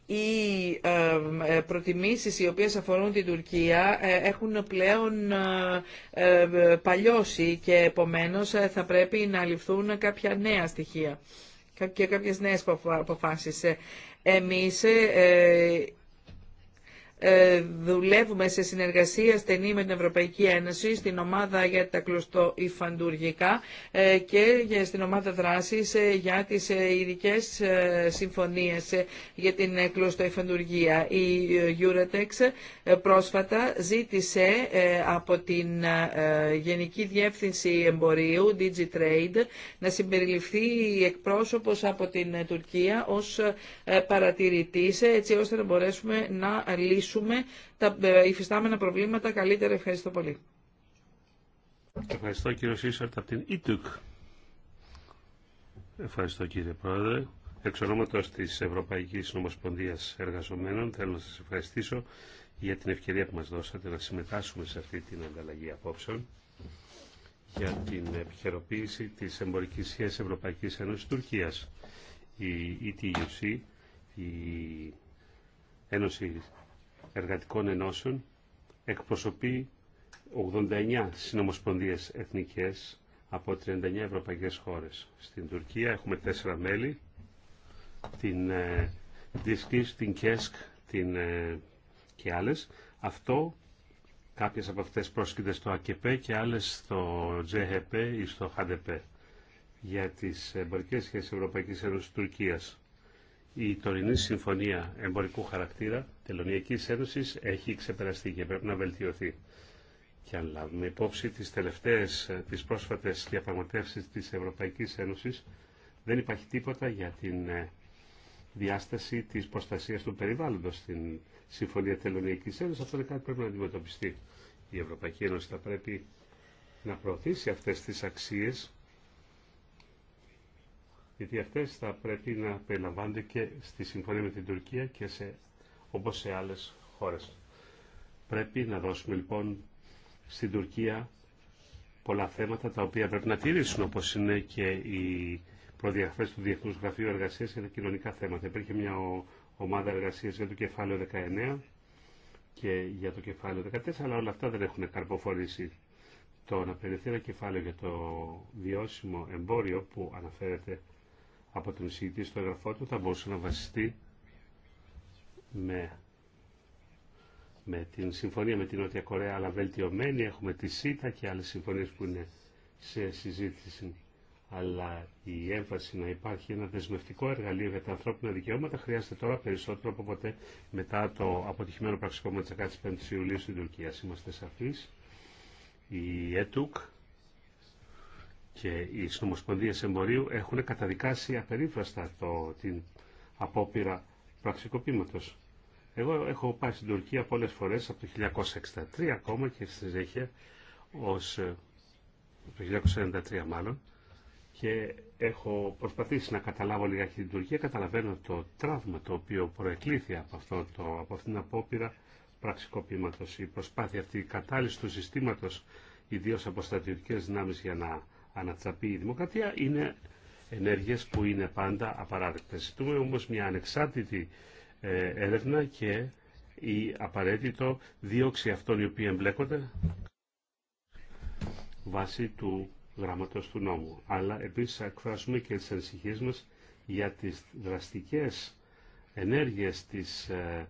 οι ε, ε, προτιμήσεις οι οποίες αφορούν την Τουρκία ε, έχουν πλέον παλιώσει και επομένως θα πρέπει να ληφθούν κάποια νέα στοιχεία και κάποιες νέες αποφάσεις. Εμείς ε, δουλεύουμε σε συνεργασία στενή με την Ευρωπαϊκή Ένωση στην ομάδα για τα κλωστοϊφαντουργικά ε, και στην ομάδα δράσης ε, για τις ειδικέ συμφωνίες για την κλωστοϊφαντουργία. Η Eurotex πρόσφατα ζήτησε από την Γενική Διεύθυνση Εμπορίου, DigiTrade, να συμπεριληφθεί εκπρόσωπος από την Τουρκία ως παρατηρητής έτσι ώστε να μπορέσουμε να λύσουμε λύσουμε τα ε, υφιστάμενα προβλήματα καλύτερα. Ευχαριστώ πολύ. Ευχαριστώ κύριο Σίσαρτ από την ΙΤΟΚ. Ευχαριστώ κύριε Πρόεδρε. Εξ ονόματος της Ευρωπαϊκής Νομοσπονδίας Εργαζομένων θέλω να σας ευχαριστήσω για την ευκαιρία που μας δώσατε να συμμετάσχουμε σε αυτή την ανταλλαγή απόψεων για την επιχειροποίηση της εμπορικής σχέσης Ευρωπαϊκής Ένωσης Τουρκίας. Η ETUC, η Ένωση εργατικών ενώσεων εκπροσωπεί 89 συνομοσπονδίες εθνικές από 39 ευρωπαϊκές χώρες. Στην Τουρκία έχουμε τέσσερα μέλη, την ε, ΔΙΣΚΙΣ, την Κέσκ την, ε, και άλλες. Αυτό, κάποιες από αυτές πρόσκειται στο ΑΚΕΠΕ και άλλες στο ΖΕΠ ή στο ΧΑΔΕΠ για τις εμπορικές σχέσεις Ευρωπαϊκής Ένωσης Τουρκίας η τωρινή συμφωνία εμπορικού χαρακτήρα Τελωνιακής Ένωσης έχει ξεπεραστεί και πρέπει να βελτιωθεί. Και αν λάβουμε υπόψη τις τελευταίες, τις πρόσφατες διαπραγματεύσεις της Ευρωπαϊκής Ένωσης, δεν υπάρχει τίποτα για την ε, διάσταση της προστασίας του περιβάλλοντος στην Συμφωνία Τελωνιακής Ένωσης. Αυτό είναι κάτι που πρέπει να αντιμετωπιστεί. Η Ευρωπαϊκή Ένωση θα πρέπει να προωθήσει αυτές τις αξίες γιατί αυτές θα πρέπει να περιλαμβάνονται και στη συμφωνία με την Τουρκία και σε, όπως σε άλλες χώρες. Πρέπει να δώσουμε λοιπόν στην Τουρκία πολλά θέματα τα οποία πρέπει να τηρήσουν όπως είναι και οι προδιαγραφέ του Διεθνούς Γραφείου Εργασίας για τα κοινωνικά θέματα. Υπήρχε μια ομάδα εργασίας για το κεφάλαιο 19 και για το κεφάλαιο 14, αλλά όλα αυτά δεν έχουν καρποφορήσει. Το να ένα κεφάλαιο για το βιώσιμο εμπόριο που αναφέρεται από τον εισηγητή στο εγγραφό του θα μπορούσε να βασιστεί με, με την συμφωνία με την Νότια Κορέα αλλά βελτιωμένη. Έχουμε τη ΣΥΤΑ και άλλες συμφωνίες που είναι σε συζήτηση. Αλλά η έμφαση να υπάρχει ένα δεσμευτικό εργαλείο για τα ανθρώπινα δικαιώματα χρειάζεται τώρα περισσότερο από ποτέ μετά το αποτυχημένο πραξικόπημα της 15ης Ιουλίου στην Τουρκία. Είμαστε σαφείς. Η ΕΤΟΚ και οι συνομοσπονδίες εμπορίου έχουν καταδικάσει απερίφραστα το, την απόπειρα πραξικοπήματος. Εγώ έχω πάει στην Τουρκία πολλές φορές από το 1963 ακόμα και στη συνέχεια ως ε, το 1993 μάλλον και έχω προσπαθήσει να καταλάβω λιγάκι την Τουρκία. Καταλαβαίνω το τραύμα το οποίο προεκλήθη από, αυτό το, από αυτήν την απόπειρα πραξικοπήματος. Η προσπάθεια αυτή η κατάλυση του συστήματος ιδίως από στρατιωτικές δυνάμεις για να Ανατσαπεί η δημοκρατία είναι ενέργειες που είναι πάντα απαράδεκτες. Ζητούμε όμως μια ανεξάρτητη ε, έρευνα και η απαραίτητο δίωξη αυτών οι οποίοι εμπλέκονται βάσει του γράμματος του νόμου. Αλλά επίσης εκφράζουμε και τις ανησυχίες μας για τις δραστικές ενέργειες της ε,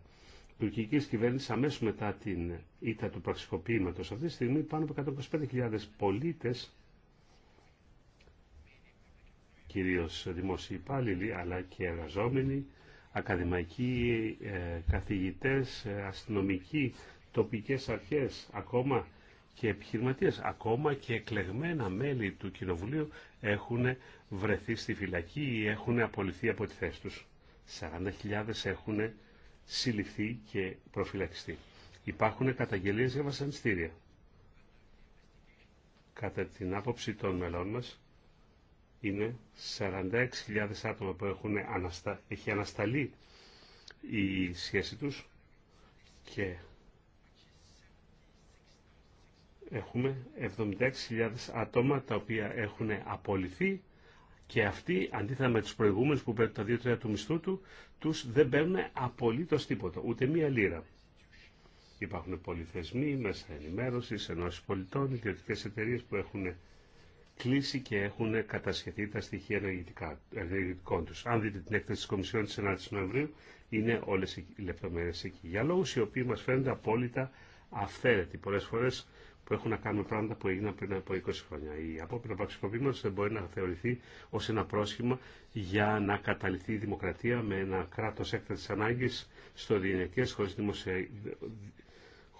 τουρκικής κυβέρνησης αμέσως μετά την ήττα του πραξικοποιήματος. Αυτή τη στιγμή πάνω από 125.000 πολίτες κυρίως δημόσιοι υπάλληλοι, αλλά και εργαζόμενοι, ακαδημαϊκοί ε, καθηγητές, ε, αστυνομικοί, τοπικές αρχές, ακόμα και επιχειρηματίες, ακόμα και εκλεγμένα μέλη του Κοινοβουλίου έχουν βρεθεί στη φυλακή ή έχουν απολυθεί από τη θέση τους. 40.000 έχουν συλληφθεί και προφυλακιστεί. Υπάρχουν καταγγελίες για βασανιστήρια. Κατά την άποψη των μελών μας, είναι 46.000 άτομα που έχουν αναστα... έχει ανασταλεί η σχέση τους και έχουμε 76.000 άτομα τα οποία έχουν απολυθεί και αυτοί, αντίθετα με τους προηγούμενους που παίρνουν τα 2-3 του μισθού του, τους δεν παίρνουν απολύτως τίποτα, ούτε μία λίρα. Υπάρχουν πολυθεσμοί, μέσα ενημέρωσης, ενώσεις πολιτών, ιδιωτικές εταιρείες που έχουν κλείσει και έχουν κατασχεθεί τα στοιχεία ενεργητικών του. Αν δείτε την έκθεση τη Κομισιόν τη 9 η Νοεμβρίου, είναι ολε οι λεπτομερειε εκεί. Για λογου οι οποίοι μα φαίνονται απόλυτα αυθαίρετοι πολλε φορε που έχουν να κάνουν πράγματα που έγιναν πριν από 20 χρόνια. Η απόπειρα πραξικοπήματος δεν μπορεί να θεωρηθεί ω ένα πρόσχημα για να καταληθεί η δημοκρατία με ένα κράτο έκτατης ανάγκη στο διενετικές χωρί δημοσια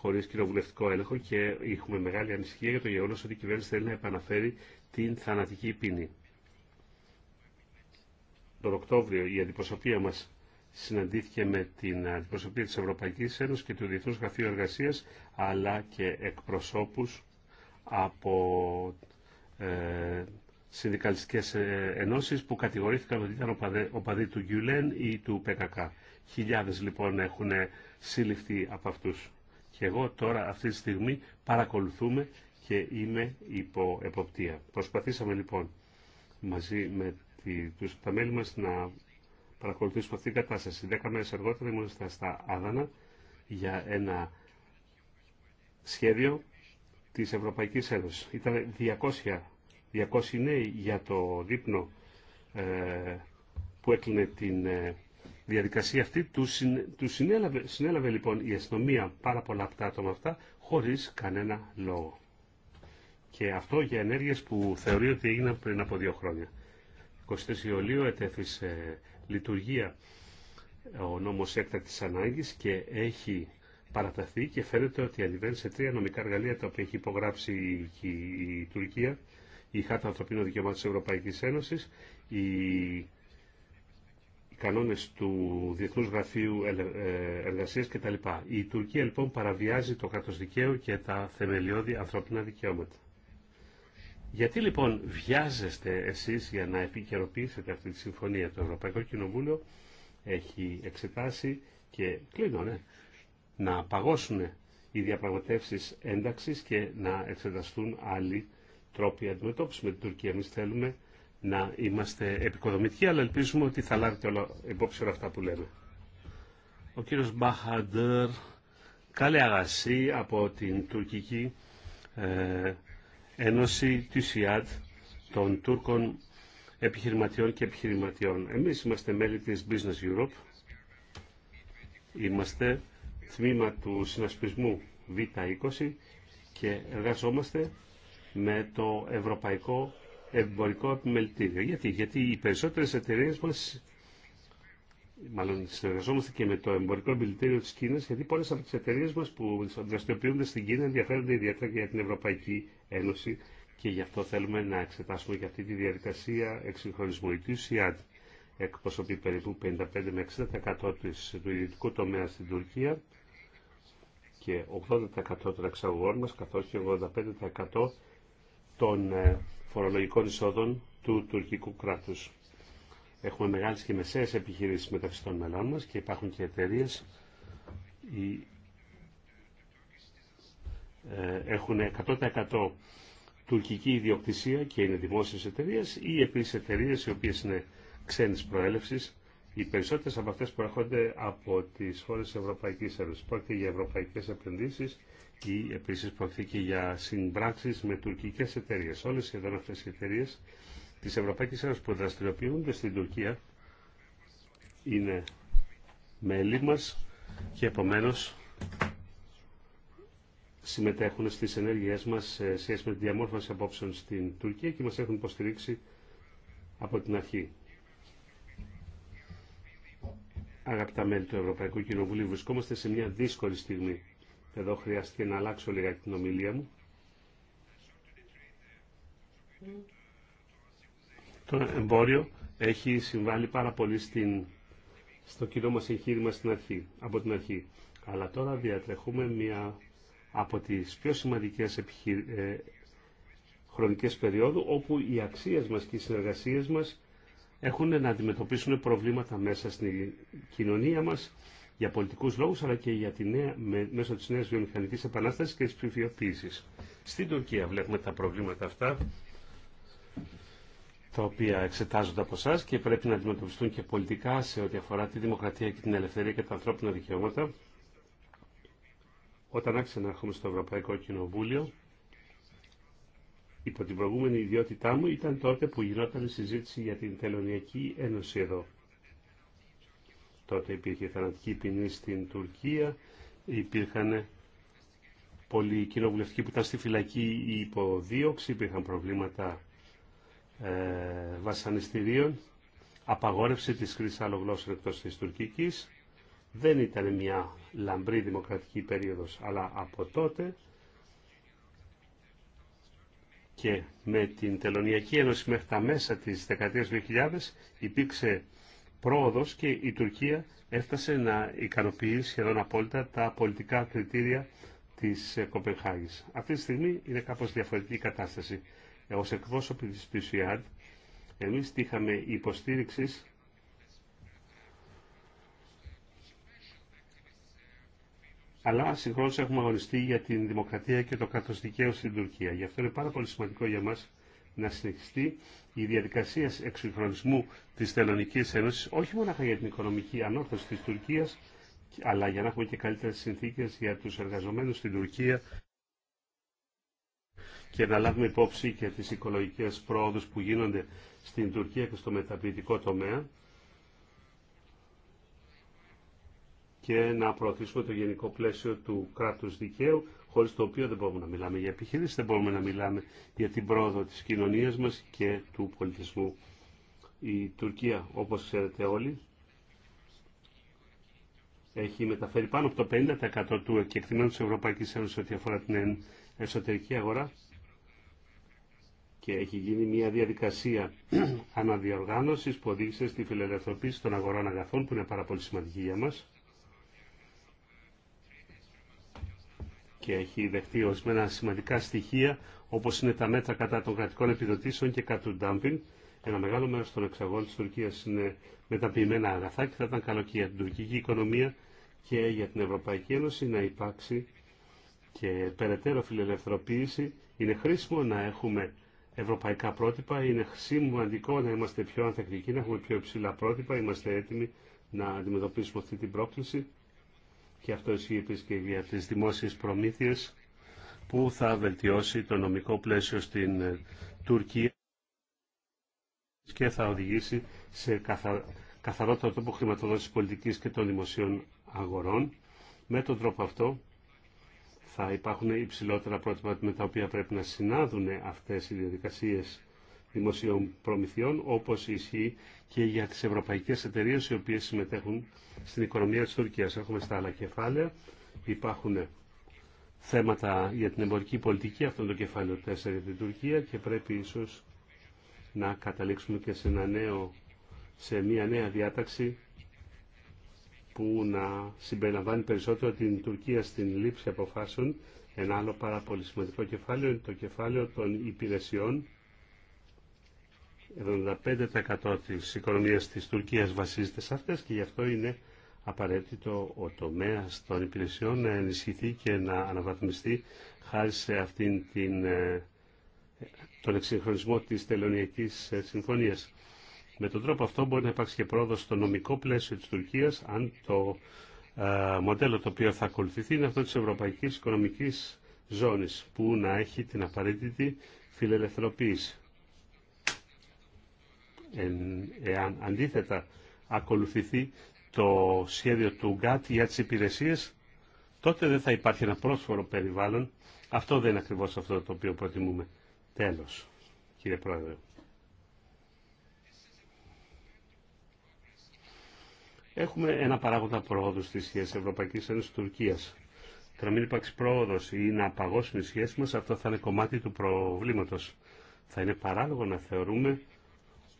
χωρίς κοινοβουλευτικό έλεγχο και έχουμε μεγάλη ανησυχία για το γεγονό ότι η κυβέρνηση θέλει να επαναφέρει την θανατική ποινή. Τον Οκτώβριο η αντιπροσωπεία μας συναντήθηκε με την αντιπροσωπεία της Ευρωπαϊκής Ένωσης και του Διεθνούς Γραφείου Εργασίας αλλά και εκπροσώπους από ε, συνδικαλιστικές ε, ενώσεις που κατηγορήθηκαν ότι ήταν οπαδοί του Γιουλέν ή του ΠΚΚ. Χιλιάδες λοιπόν έχουν συλληφθεί από αυτούς. Και εγώ τώρα αυτή τη στιγμή παρακολουθούμε και είναι υπό εποπτεία. Προσπαθήσαμε λοιπόν μαζί με τη, τους, τα μέλη μας να παρακολουθήσουμε αυτή την κατάσταση. Δέκα μέρες αργότερα ήμουν στα Άδανα για ένα σχέδιο της Ευρωπαϊκής Ένωσης. Ήταν 200, 200 νέοι για το δείπνο ε, που έκλεινε την ε, διαδικασία αυτή. Του, του συνέλαβε, συνέλαβε λοιπόν η αστυνομία πάρα πολλά από τα άτομα αυτά χωρίς κανένα λόγο. Και αυτό για ενέργειε που θεωρεί ότι έγιναν πριν από δύο χρόνια. 24 Ιουλίου ετέθησε λειτουργία ο νόμο έκτακτη ανάγκη και έχει παραταθεί και φαίνεται ότι αντιβαίνει σε τρία νομικά εργαλεία τα οποία έχει υπογράψει η, η, η Τουρκία, η Χάρτα Ανθρωπίνων Δικαιωμάτων τη Ευρωπαϊκής Ένωσης, οι κανόνε του Διεθνού Γραφείου ε, Εργασία κτλ. Η Τουρκία λοιπόν παραβιάζει το κράτο δικαίου και τα θεμελιώδη ανθρώπινα δικαιώματα. Γιατί λοιπόν βιάζεστε εσείς για να επικαιροποιήσετε αυτή τη συμφωνία. Το Ευρωπαϊκό Κοινοβούλιο έχει εξετάσει και κλείνω, ναι, να παγώσουν οι διαπραγματεύσεις ένταξης και να εξεταστούν άλλοι τρόποι αντιμετώπισης με την Τουρκία. Εμείς θέλουμε να είμαστε επικοδομητικοί, αλλά ελπίζουμε ότι θα λάβετε όλα, υπόψη όλα αυτά που λέμε. Ο κύριος Μπαχαντέρ, καλή αγασή από την τουρκική ε, Ένωση του ΣΥΑΤ των Τούρκων επιχειρηματιών και επιχειρηματιών. Εμείς είμαστε μέλη της Business Europe, είμαστε τμήμα του συνασπισμού Β20 και εργαζόμαστε με το Ευρωπαϊκό Εμπορικό Επιμελητήριο. Γιατί, Γιατί οι περισσότερες εταιρείε μας Μάλλον συνεργαζόμαστε και με το εμπορικό επιμελητήριο τη Κίνα, γιατί πολλέ από τι εταιρείε μα που δραστηριοποιούνται στην Κίνα ενδιαφέρονται ιδιαίτερα για την ευρωπαϊκή Ένωση και γι' αυτό θέλουμε να εξετάσουμε και αυτή τη διαδικασία εξυγχρονισμού. Η εκπροσωπεί περίπου 55 με 60% του ιδιωτικού τομέα στην Τουρκία και 80% των εξαγωγών μας καθώς και 85% των ε, φορολογικών εισόδων του τουρκικού κράτους. Έχουμε μεγάλες και μεσαίες επιχειρήσεις μεταξύ των μελών μας και υπάρχουν και εταιρείε ε, έχουν 100% τουρκική ιδιοκτησία και είναι δημόσιες εταιρείες ή επίσης εταιρείες οι οποίες είναι ξένης προέλευσης. Οι περισσότερες από αυτές προέρχονται από τις χώρες Ευρωπαϊκής Ένωσης. Πρόκειται για ευρωπαϊκές επενδύσεις ή επίσης πρόκειται και για συμπράξεις με τουρκικές εταιρείες. Όλες εδώ αυτές οι εταιρείες της Ευρωπαϊκής Ένωσης που δραστηριοποιούνται στην Τουρκία είναι μέλη μας και επομένως συμμετέχουν στις ενέργειές μας σε σχέση με τη διαμόρφωση απόψεων στην Τουρκία και μας έχουν υποστηρίξει από την αρχή. Αγαπητά μέλη του Ευρωπαϊκού Κοινοβουλίου, βρισκόμαστε σε μια δύσκολη στιγμή. Εδώ χρειάστηκε να αλλάξω λίγα την ομιλία μου. Το εμπόριο έχει συμβάλει πάρα πολύ στην, στο κοινό μας εγχείρημα στην αρχή, από την αρχή. Αλλά τώρα διατρεχούμε μια από τις πιο σημαντικές επιχει... Ε, χρονικές περίοδου όπου οι αξίες μας και οι συνεργασίες μας έχουν να αντιμετωπίσουν προβλήματα μέσα στην κοινωνία μας για πολιτικούς λόγους αλλά και για τη νέα, με, μέσω της νέας βιομηχανικής επανάστασης και της ψηφιοποίησης. Στην Τουρκία βλέπουμε τα προβλήματα αυτά τα οποία εξετάζονται από εσά και πρέπει να αντιμετωπιστούν και πολιτικά σε ό,τι αφορά τη δημοκρατία και την ελευθερία και τα ανθρώπινα δικαιώματα. Όταν άρχισα να έρχομαι στο Ευρωπαϊκό Κοινοβούλιο, υπό την προηγούμενη ιδιότητά μου ήταν τότε που γινόταν η συζήτηση για την Τελωνιακή Ένωση εδώ. Τότε υπήρχε θανατική ποινή στην Τουρκία, υπήρχαν πολλοί κοινοβουλευτικοί που ήταν στη φυλακή υποδίωξη, υπήρχαν προβλήματα ε, βασανιστήριων, απαγόρευση της χρήσης άλλων γλώσσων εκτός της τουρκικής δεν ήταν μια λαμπρή δημοκρατική περίοδος, αλλά από τότε και με την Τελωνιακή Ένωση μέχρι τα μέσα της δεκαετίας 2000 υπήρξε πρόοδος και η Τουρκία έφτασε να ικανοποιεί σχεδόν απόλυτα τα πολιτικά κριτήρια της Κοπενχάγης. Αυτή τη στιγμή είναι κάπως διαφορετική η κατάσταση. Ως εκπρόσωποι της PCR, εμείς είχαμε υποστήριξης αλλά συγχρόνω έχουμε αγωνιστεί για την δημοκρατία και το κράτο δικαίου στην Τουρκία. Γι' αυτό είναι πάρα πολύ σημαντικό για μα να συνεχιστεί η διαδικασία εξυγχρονισμού τη Θελωνική Ένωση, όχι μόνο για την οικονομική ανόρθωση τη Τουρκία, αλλά για να έχουμε και καλύτερε συνθήκε για του εργαζομένου στην Τουρκία και να λάβουμε υπόψη και τις οικολογικές πρόοδους που γίνονται στην Τουρκία και στο μεταπληκτικό τομέα. και να προωθήσουμε το γενικό πλαίσιο του κράτους δικαίου, χωρίς το οποίο δεν μπορούμε να μιλάμε για επιχείρηση, δεν μπορούμε να μιλάμε για την πρόοδο της κοινωνίας μας και του πολιτισμού. Η Τουρκία, όπως ξέρετε όλοι, έχει μεταφέρει πάνω από το 50% του εκεκτημένου της Ευρωπαϊκής Ένωσης ό,τι αφορά την εσωτερική αγορά και έχει γίνει μια διαδικασία αναδιοργάνωσης που οδήγησε στη φιλελευθερωποίηση των αγορών αγαθών που είναι πάρα πολύ σημαντική για μας. και έχει δεχτεί ορισμένα σημαντικά στοιχεία όπως είναι τα μέτρα κατά των κρατικών επιδοτήσεων και κατά του ντάμπινγκ. Ένα μεγάλο μέρος των εξαγών της Τουρκίας είναι μεταποιημένα αγαθά και θα ήταν καλό και για την τουρκική οικονομία και για την Ευρωπαϊκή Ένωση να υπάρξει και περαιτέρω φιλελευθερωποίηση. Είναι χρήσιμο να έχουμε ευρωπαϊκά πρότυπα, είναι σημαντικό να είμαστε πιο ανθεκτικοί, να έχουμε πιο υψηλά πρότυπα, είμαστε έτοιμοι να αντιμετωπίσουμε αυτή την πρόκληση και αυτό ισχύει επίσης και για τις δημόσιες προμήθειες που θα βελτιώσει το νομικό πλαίσιο στην ε, Τουρκία και θα οδηγήσει σε καθα... καθαρότερο τρόπο χρηματοδότησης πολιτικής και των δημοσίων αγορών. Με τον τρόπο αυτό θα υπάρχουν υψηλότερα πρότυπα με τα οποία πρέπει να συνάδουν αυτές οι διαδικασίες δημοσίων προμηθειών, όπως ισχύει και για τις ευρωπαϊκές εταιρείες οι οποίες συμμετέχουν στην οικονομία της Τουρκίας. Έχουμε στα άλλα κεφάλαια, υπάρχουν θέματα για την εμπορική πολιτική, αυτό είναι το κεφάλαιο 4 για την Τουρκία και πρέπει ίσως να καταλήξουμε και σε, ένα νέο, σε μια νέα διάταξη που να συμπεριλαμβάνει περισσότερο την Τουρκία στην λήψη αποφάσεων. Ένα άλλο πάρα πολύ σημαντικό κεφάλαιο είναι το κεφάλαιο των υπηρεσιών 75% της οικονομίας της Τουρκίας βασίζεται σε αυτές και γι' αυτό είναι απαραίτητο ο τομέας των υπηρεσιών να ενισχυθεί και να αναβαθμιστεί χάρη σε αυτήν την, ε, τον εξυγχρονισμό της Τελωνιακή ε, συμφωνίας. Με τον τρόπο αυτό μπορεί να υπάρξει και πρόοδο στο νομικό πλαίσιο της Τουρκίας αν το ε, μοντέλο το οποίο θα ακολουθηθεί είναι αυτό της Ευρωπαϊκής Οικονομικής Ζώνης που να έχει την απαραίτητη φιλελευθερωποίηση εάν αντίθετα ακολουθηθεί το σχέδιο του ΓΚΑΤ για τις υπηρεσίες, τότε δεν θα υπάρχει ένα πρόσφορο περιβάλλον. Αυτό δεν είναι ακριβώς αυτό το οποίο προτιμούμε. Τέλος, κύριε Πρόεδρε. Έχουμε ένα παράγοντα πρόοδου στις σχέσεις Ευρωπαϊκής Ένωσης Τουρκίας. Το να μην υπάρξει πρόοδο ή να παγώσουν οι σχέσεις μα, αυτό θα είναι κομμάτι του προβλήματος Θα είναι παράλογο να θεωρούμε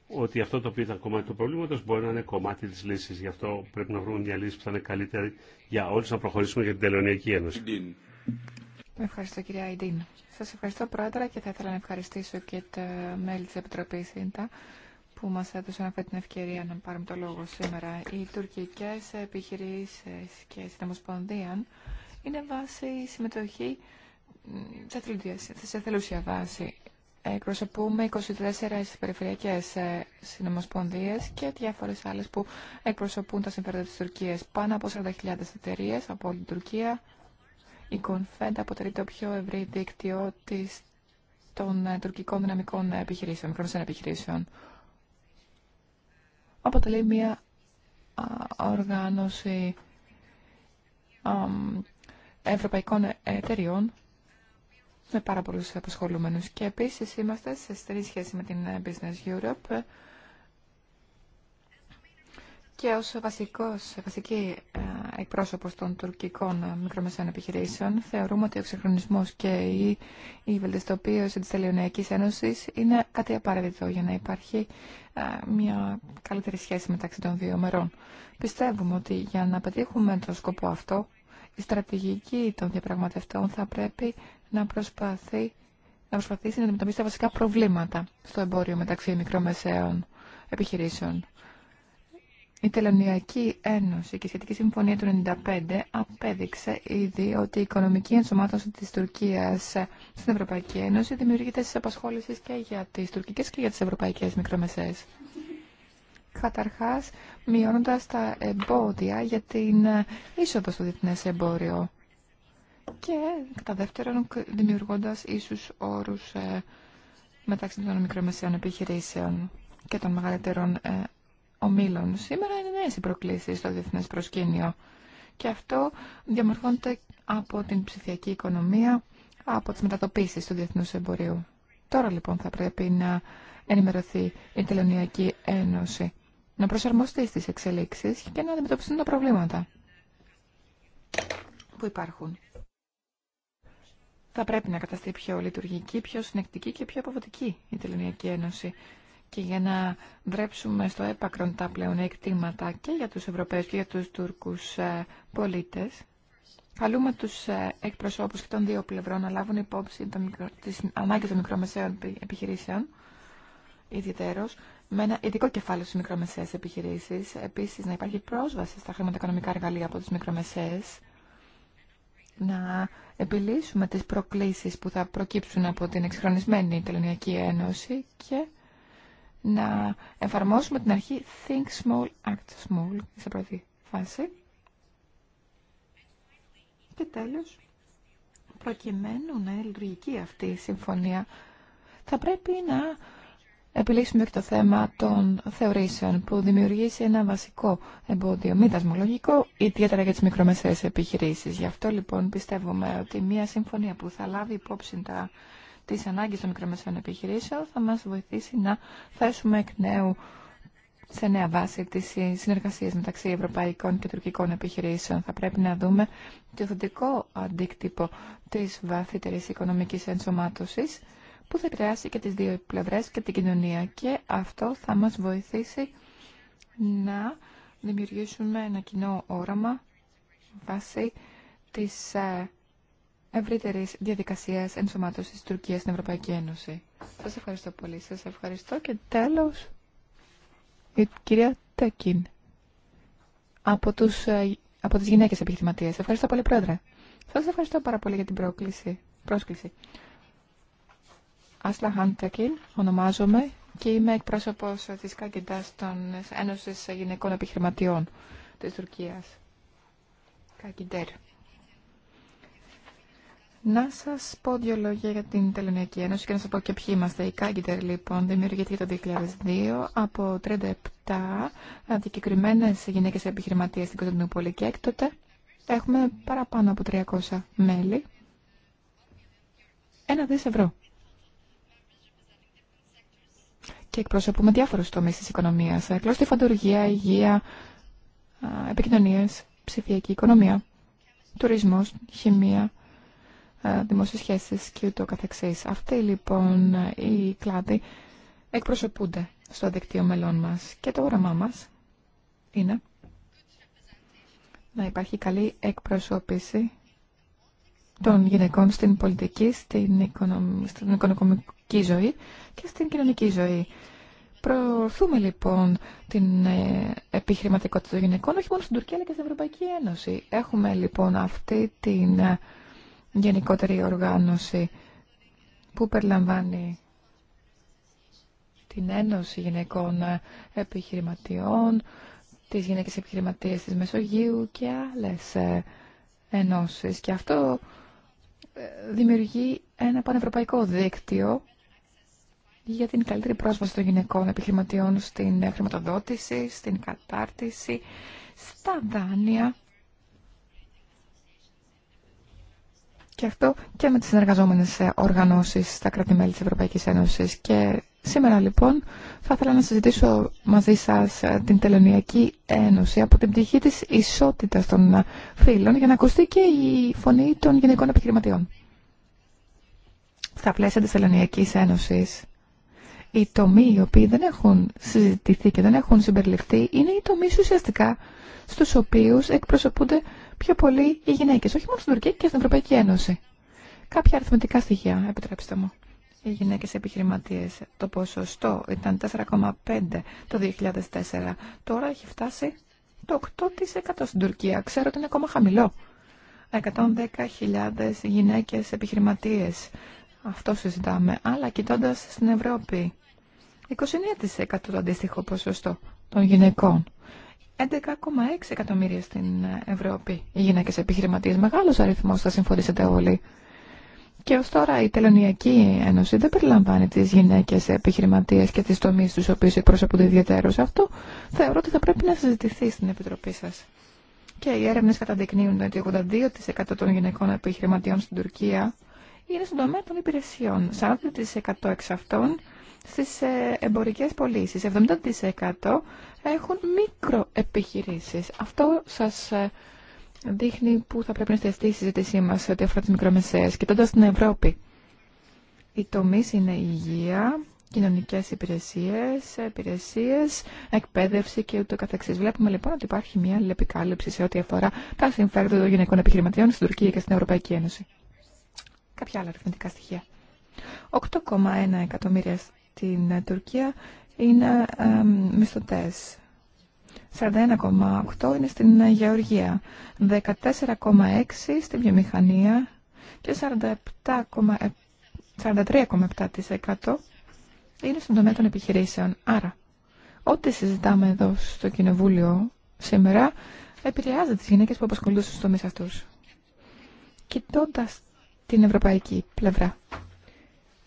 ότι αυτό το οποίο ήταν κομμάτι του προβλήματο μπορεί να είναι κομμάτι τη λύση. Γι' αυτό πρέπει να βρούμε μια λύση που θα είναι καλύτερη για όλου να προχωρήσουμε για την Τελωνιακή Ένωση. Ευχαριστώ κυρία Αιντίν. Σα ευχαριστώ πρώτα και θα ήθελα να ευχαριστήσω και τα μέλη τη Επιτροπή ΣΥΝΤΑ που μα έδωσαν αυτή την ευκαιρία να πάρουμε το λόγο σήμερα. Οι τουρκικέ επιχειρήσει και η Συνομοσπονδία είναι βάση συμμετοχή σε θελούσια βάση εκπροσωπούμε 24 περιφερειακές ε, συνομοσπονδίες και διάφορες άλλες που εκπροσωπούν τα συμφέροντα της Τουρκίας. Πάνω από 40.000 εταιρείε από όλη την Τουρκία. Η Κονφέντα αποτελεί το πιο ευρύ δίκτυο της των ε, τουρκικών δυναμικών επιχειρήσεων, μικρών επιχειρήσεων. Αποτελεί μια οργάνωση ευρωπαϊκών εταιριών με πάρα πολλούς απασχολούμενους. Και επίσης είμαστε σε στενή σχέση με την Business Europe και ως βασικός, βασική ε, εκπρόσωπος των τουρκικών μικρομεσαίων επιχειρήσεων θεωρούμε ότι ο εξυγχρονισμός και η, η βελτιστοποίηση της Τελειωνιακής Ένωσης είναι κάτι απαραίτητο για να υπάρχει ε, μια καλύτερη σχέση μεταξύ των δύο μερών. Πιστεύουμε ότι για να πετύχουμε τον σκοπό αυτό η στρατηγική των διαπραγματευτών θα πρέπει να προσπαθεί να προσπαθήσει να αντιμετωπίσει τα βασικά προβλήματα στο εμπόριο μεταξύ μικρομεσαίων επιχειρήσεων. Η Τελωνιακή Ένωση και η Σχετική Συμφωνία του 1995 απέδειξε ήδη ότι η οικονομική ενσωμάτωση της Τουρκίας στην Ευρωπαϊκή Ένωση δημιουργεί θέσεις απασχόλησης και για τις τουρκικές και για τις ευρωπαϊκές μικρομεσαίες καταρχάς μειώνοντας τα εμπόδια για την ε, είσοδο στο διεθνές εμπόριο και κατά δεύτερον δημιουργώντας ίσους όρους ε, μεταξύ των μικρομεσαίων επιχειρήσεων και των μεγαλύτερων ε, ομίλων. Σήμερα είναι νέες οι προκλήσεις στο διεθνές προσκήνιο και αυτό διαμορφώνεται από την ψηφιακή οικονομία, από τις μετατοπίσεις του διεθνούς εμπορίου. Τώρα λοιπόν θα πρέπει να ενημερωθεί η Τελωνιακή Ένωση να προσαρμοστεί στις εξελίξεις και να αντιμετωπιστούν τα προβλήματα που υπάρχουν. Θα πρέπει να καταστεί πιο λειτουργική, πιο συνεκτική και πιο αποδοτική η Τελωνιακή Ένωση και για να δρέψουμε στο έπακρον τα πλέον εκτήματα και για τους Ευρωπαίους και για τους Τούρκους ε, πολίτες. Καλούμε τους ε, εκπροσώπους και των δύο πλευρών να λάβουν υπόψη τις ανάγκες των μικρομεσαίων επιχειρήσεων ιδιαιτέρως με ένα ειδικό κεφάλαιο στις μικρομεσαίες επιχειρήσεις. Επίσης, να υπάρχει πρόσβαση στα χρηματοοικονομικά εργαλεία από τις μικρομεσαίες. Να επιλύσουμε τις προκλήσεις που θα προκύψουν από την εξχρονισμένη Τελωνιακή Ένωση και να εφαρμόσουμε την αρχή Think Small, Act Small σε πρώτη φάση. Και τέλος, προκειμένου να είναι λειτουργική αυτή η συμφωνία, θα πρέπει να επιλύσουμε και το θέμα των θεωρήσεων που δημιουργήσει ένα βασικό εμπόδιο μη δασμολογικό, ιδιαίτερα για τις μικρομεσαίες επιχειρήσεις. Γι' αυτό λοιπόν πιστεύουμε ότι μια συμφωνία που θα λάβει υπόψη τα, τις ανάγκες των μικρομεσαίων επιχειρήσεων θα μας βοηθήσει να θέσουμε εκ νέου σε νέα βάση τι συνεργασίε μεταξύ ευρωπαϊκών και τουρκικών επιχειρήσεων. Θα πρέπει να δούμε το θετικό αντίκτυπο της βαθύτερης οικονομικής ενσωμάτωσης που θα επηρεάσει και τις δύο πλευρές και την κοινωνία. Και αυτό θα μας βοηθήσει να δημιουργήσουμε ένα κοινό όραμα βάσει της ε, ευρύτερη διαδικασία ενσωμάτωσης τη Τουρκία στην Ευρωπαϊκή Ένωση. Σα ευχαριστώ πολύ. Σα ευχαριστώ και τέλο η κυρία Τέκιν από, τους, ε, από τι γυναίκε επιχειρηματίε. Ευχαριστώ πολύ, Πρόεδρε. Σα ευχαριστώ πάρα πολύ για την πρόσκληση. Άσλα Χάντακιν, ονομάζομαι και είμαι εκπρόσωπος της Κάκεντας των Ένωση Γυναικών Επιχειρηματιών της Τουρκίας. Κάγκεντέρ. Να σας πω δύο λόγια για την Τελωνιακή Ένωση και να σας πω και ποιοι είμαστε. Η Κάγκεντέρ, λοιπόν δημιουργήθηκε το 2002 από 37 αντικεκριμένες γυναίκες επιχειρηματίες στην Κωνσταντινούπολη και έκτοτε έχουμε παραπάνω από 300 μέλη. Ένα δις ευρώ και εκπροσωπούμε διάφορους τομείς της οικονομίας. τη φαντουργία, υγεία, επικοινωνίες, ψηφιακή οικονομία, τουρισμός, χημεία, δημόσιες σχέσεις και ούτω καθεξής. Αυτοί λοιπόν οι κλάδοι εκπροσωπούνται στο δικτύο μελών μας και το όραμά μας είναι να υπάρχει καλή εκπροσώπηση των γυναικών στην πολιτική, στην, οικονομική πολιτική ζωή και στην κοινωνική ζωή. Προωθούμε λοιπόν την ε, επιχειρηματικότητα των γυναικών όχι μόνο στην Τουρκία αλλά και στην Ευρωπαϊκή Ένωση. Έχουμε λοιπόν αυτή την ε, γενικότερη οργάνωση που περιλαμβάνει την Ένωση Γυναικών ε, Επιχειρηματιών, τις γυναίκες επιχειρηματίες της Μεσογείου και άλλες ενώσεις. Και αυτό δημιουργεί ένα πανευρωπαϊκό δίκτυο για την καλύτερη πρόσβαση των γυναικών επιχειρηματιών στην χρηματοδότηση, στην κατάρτιση, στα δάνεια. Και αυτό και με τις συνεργαζόμενες οργανώσεις στα κράτη-μέλη της Ευρωπαϊκής Ένωσης. Και σήμερα λοιπόν θα ήθελα να συζητήσω μαζί σας την Τελωνιακή Ένωση από την πτυχή της ισότητας των φίλων για να ακουστεί και η φωνή των γυναικών επιχειρηματιών. Στα πλαίσια της Τελωνιακής Ένωσης οι τομεί οι οποίοι δεν έχουν συζητηθεί και δεν έχουν συμπεριληφθεί είναι οι τομεί ουσιαστικά στους οποίους εκπροσωπούνται πιο πολύ οι γυναίκες, όχι μόνο στην Τουρκία και στην Ευρωπαϊκή Ένωση. Κάποια αριθμητικά στοιχεία, επιτρέψτε μου. Οι γυναίκες επιχειρηματίες, το ποσοστό ήταν 4,5 το 2004. Τώρα έχει φτάσει το 8% στην Τουρκία. Ξέρω ότι είναι ακόμα χαμηλό. 110.000 γυναίκες επιχειρηματίες αυτό συζητάμε. Αλλά κοιτώντα στην Ευρώπη, 29% το αντίστοιχο ποσοστό των γυναικών. 11,6 εκατομμύρια στην Ευρώπη. Οι γυναίκε επιχειρηματίε, μεγάλο αριθμό, θα συμφωνήσετε όλοι. Και ω τώρα η Τελωνιακή Ένωση δεν περιλαμβάνει τι γυναίκε επιχειρηματίε και τι τομεί του οποίου εκπροσωπούνται ιδιαίτερω. Αυτό θεωρώ ότι θα πρέπει να συζητηθεί στην Επιτροπή σα. Και οι έρευνε καταδεικνύουν ότι 82% των γυναικών επιχειρηματιών στην Τουρκία είναι στον τομέα των υπηρεσιών. 40% εξ αυτών στις ε, εμπορικές πωλήσει. 70% έχουν μικροεπιχειρήσεις. Αυτό σας ε, δείχνει που θα πρέπει να εστιαστεί η συζήτησή μας ό,τι αφορά τις μικρομεσαίες. Κοιτώντας την Ευρώπη, οι τομείς είναι η υγεία, κοινωνικές υπηρεσίες, υπηρεσίες, εκπαίδευση και ούτω καθεξής. Βλέπουμε λοιπόν ότι υπάρχει μια αλληλεπικάλυψη σε ό,τι αφορά τα συμφέροντα των γυναικών επιχειρηματιών στην Τουρκία και στην Ευρωπαϊκή Ένωση κάποια άλλα αριθμητικά στοιχεία. 8,1 εκατομμύρια στην ε, Τουρκία είναι ε, μισθωτές. 41,8 είναι στην ε, γεωργία, 14,6 στην βιομηχανία και 43,7% είναι στον τομέα των επιχειρήσεων. Άρα, ό,τι συζητάμε εδώ στο Κοινοβούλιο σήμερα επηρεάζει τις γυναίκες που απασχολούνται στους τομείς αυτούς. Κοιτώντας την ευρωπαϊκή πλευρά.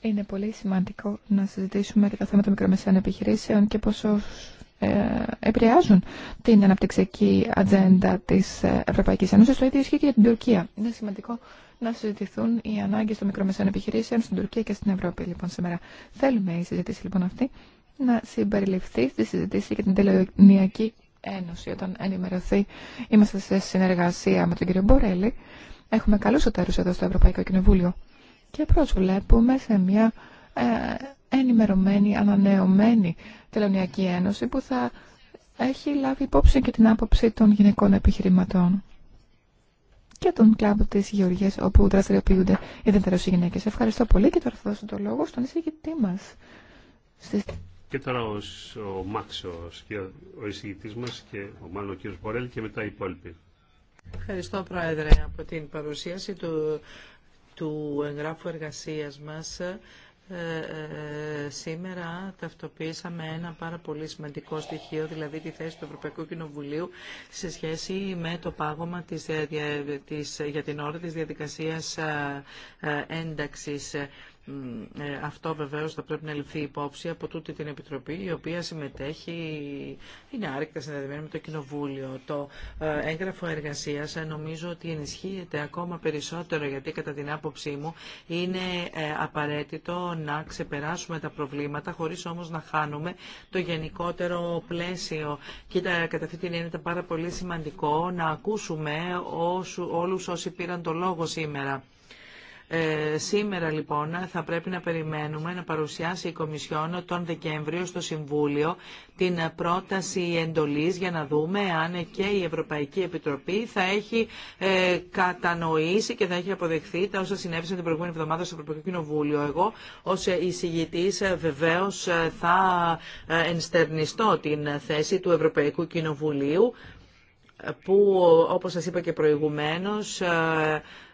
Είναι πολύ σημαντικό να συζητήσουμε και τα θέματα μικρομεσαίων επιχειρήσεων και πόσο ε, επηρεάζουν την αναπτυξιακή ατζέντα της ε, Ευρωπαϊκής Ένωσης. Το ίδιο ισχύει και για την Τουρκία. Είναι σημαντικό να συζητηθούν οι ανάγκες των μικρομεσαίων επιχειρήσεων στην Τουρκία και στην Ευρώπη λοιπόν σήμερα. Θέλουμε η συζήτηση λοιπόν αυτή να συμπεριληφθεί στη συζήτηση για την Τελωνιακή Ένωση όταν ενημερωθεί. Είμαστε σε συνεργασία με τον κύριο Μπορέλη Έχουμε καλούς εταίρους εδώ στο Ευρωπαϊκό Κοινοβούλιο και προσβλέπουμε σε μια ε, ενημερωμένη, ανανεωμένη τελωνιακή ένωση που θα έχει λάβει υπόψη και την άποψη των γυναικών επιχειρηματών και τον κλάδο της γεωργίας όπου δραστηριοποιούνται ιδιαίτερως οι γυναίκες. Ευχαριστώ πολύ και τώρα θα δώσω το λόγο στον εισηγητή μας. Και τώρα ο, Μάξος και ο, εισηγητής μας και ο μάλλον ο κύριος Μπορέλ και μετά οι υπόλοιποι. Ευχαριστώ, Πρόεδρε, από την παρουσίαση του, του εγγράφου εργασίας μας. Ε, ε, σήμερα ταυτοποίησαμε ένα πάρα πολύ σημαντικό στοιχείο, δηλαδή τη θέση του Ευρωπαϊκού Κοινοβουλίου σε σχέση με το πάγωμα της, ε, της για την ώρα της διαδικασίας ε, ένταξης. Ε, αυτό βεβαίως θα πρέπει να ληφθεί υπόψη από τούτη την Επιτροπή η οποία συμμετέχει, είναι άρρηκτα συνδεδεμένη με το Κοινοβούλιο. Το ε, έγγραφο εργασίας ε, νομίζω ότι ενισχύεται ακόμα περισσότερο γιατί κατά την άποψή μου είναι απαραίτητο να ξεπεράσουμε τα προβλήματα χωρίς όμως να χάνουμε το γενικότερο πλαίσιο. Και κατά αυτή την έννοια ήταν πάρα πολύ σημαντικό να ακούσουμε όλου όσοι πήραν το λόγο σήμερα. Ε, σήμερα λοιπόν θα πρέπει να περιμένουμε να παρουσιάσει η Κομισιόν τον Δεκέμβριο στο Συμβούλιο την πρόταση εντολής για να δούμε αν και η Ευρωπαϊκή Επιτροπή θα έχει ε, κατανοήσει και θα έχει αποδεχθεί τα όσα συνέβησαν την προηγούμενη εβδομάδα στο Ευρωπαϊκό Κοινοβούλιο. Εγώ ως εισηγητής ε, βεβαίως θα ενστερνιστώ την θέση του Ευρωπαϊκού Κοινοβουλίου που όπως σας είπα και προηγουμένως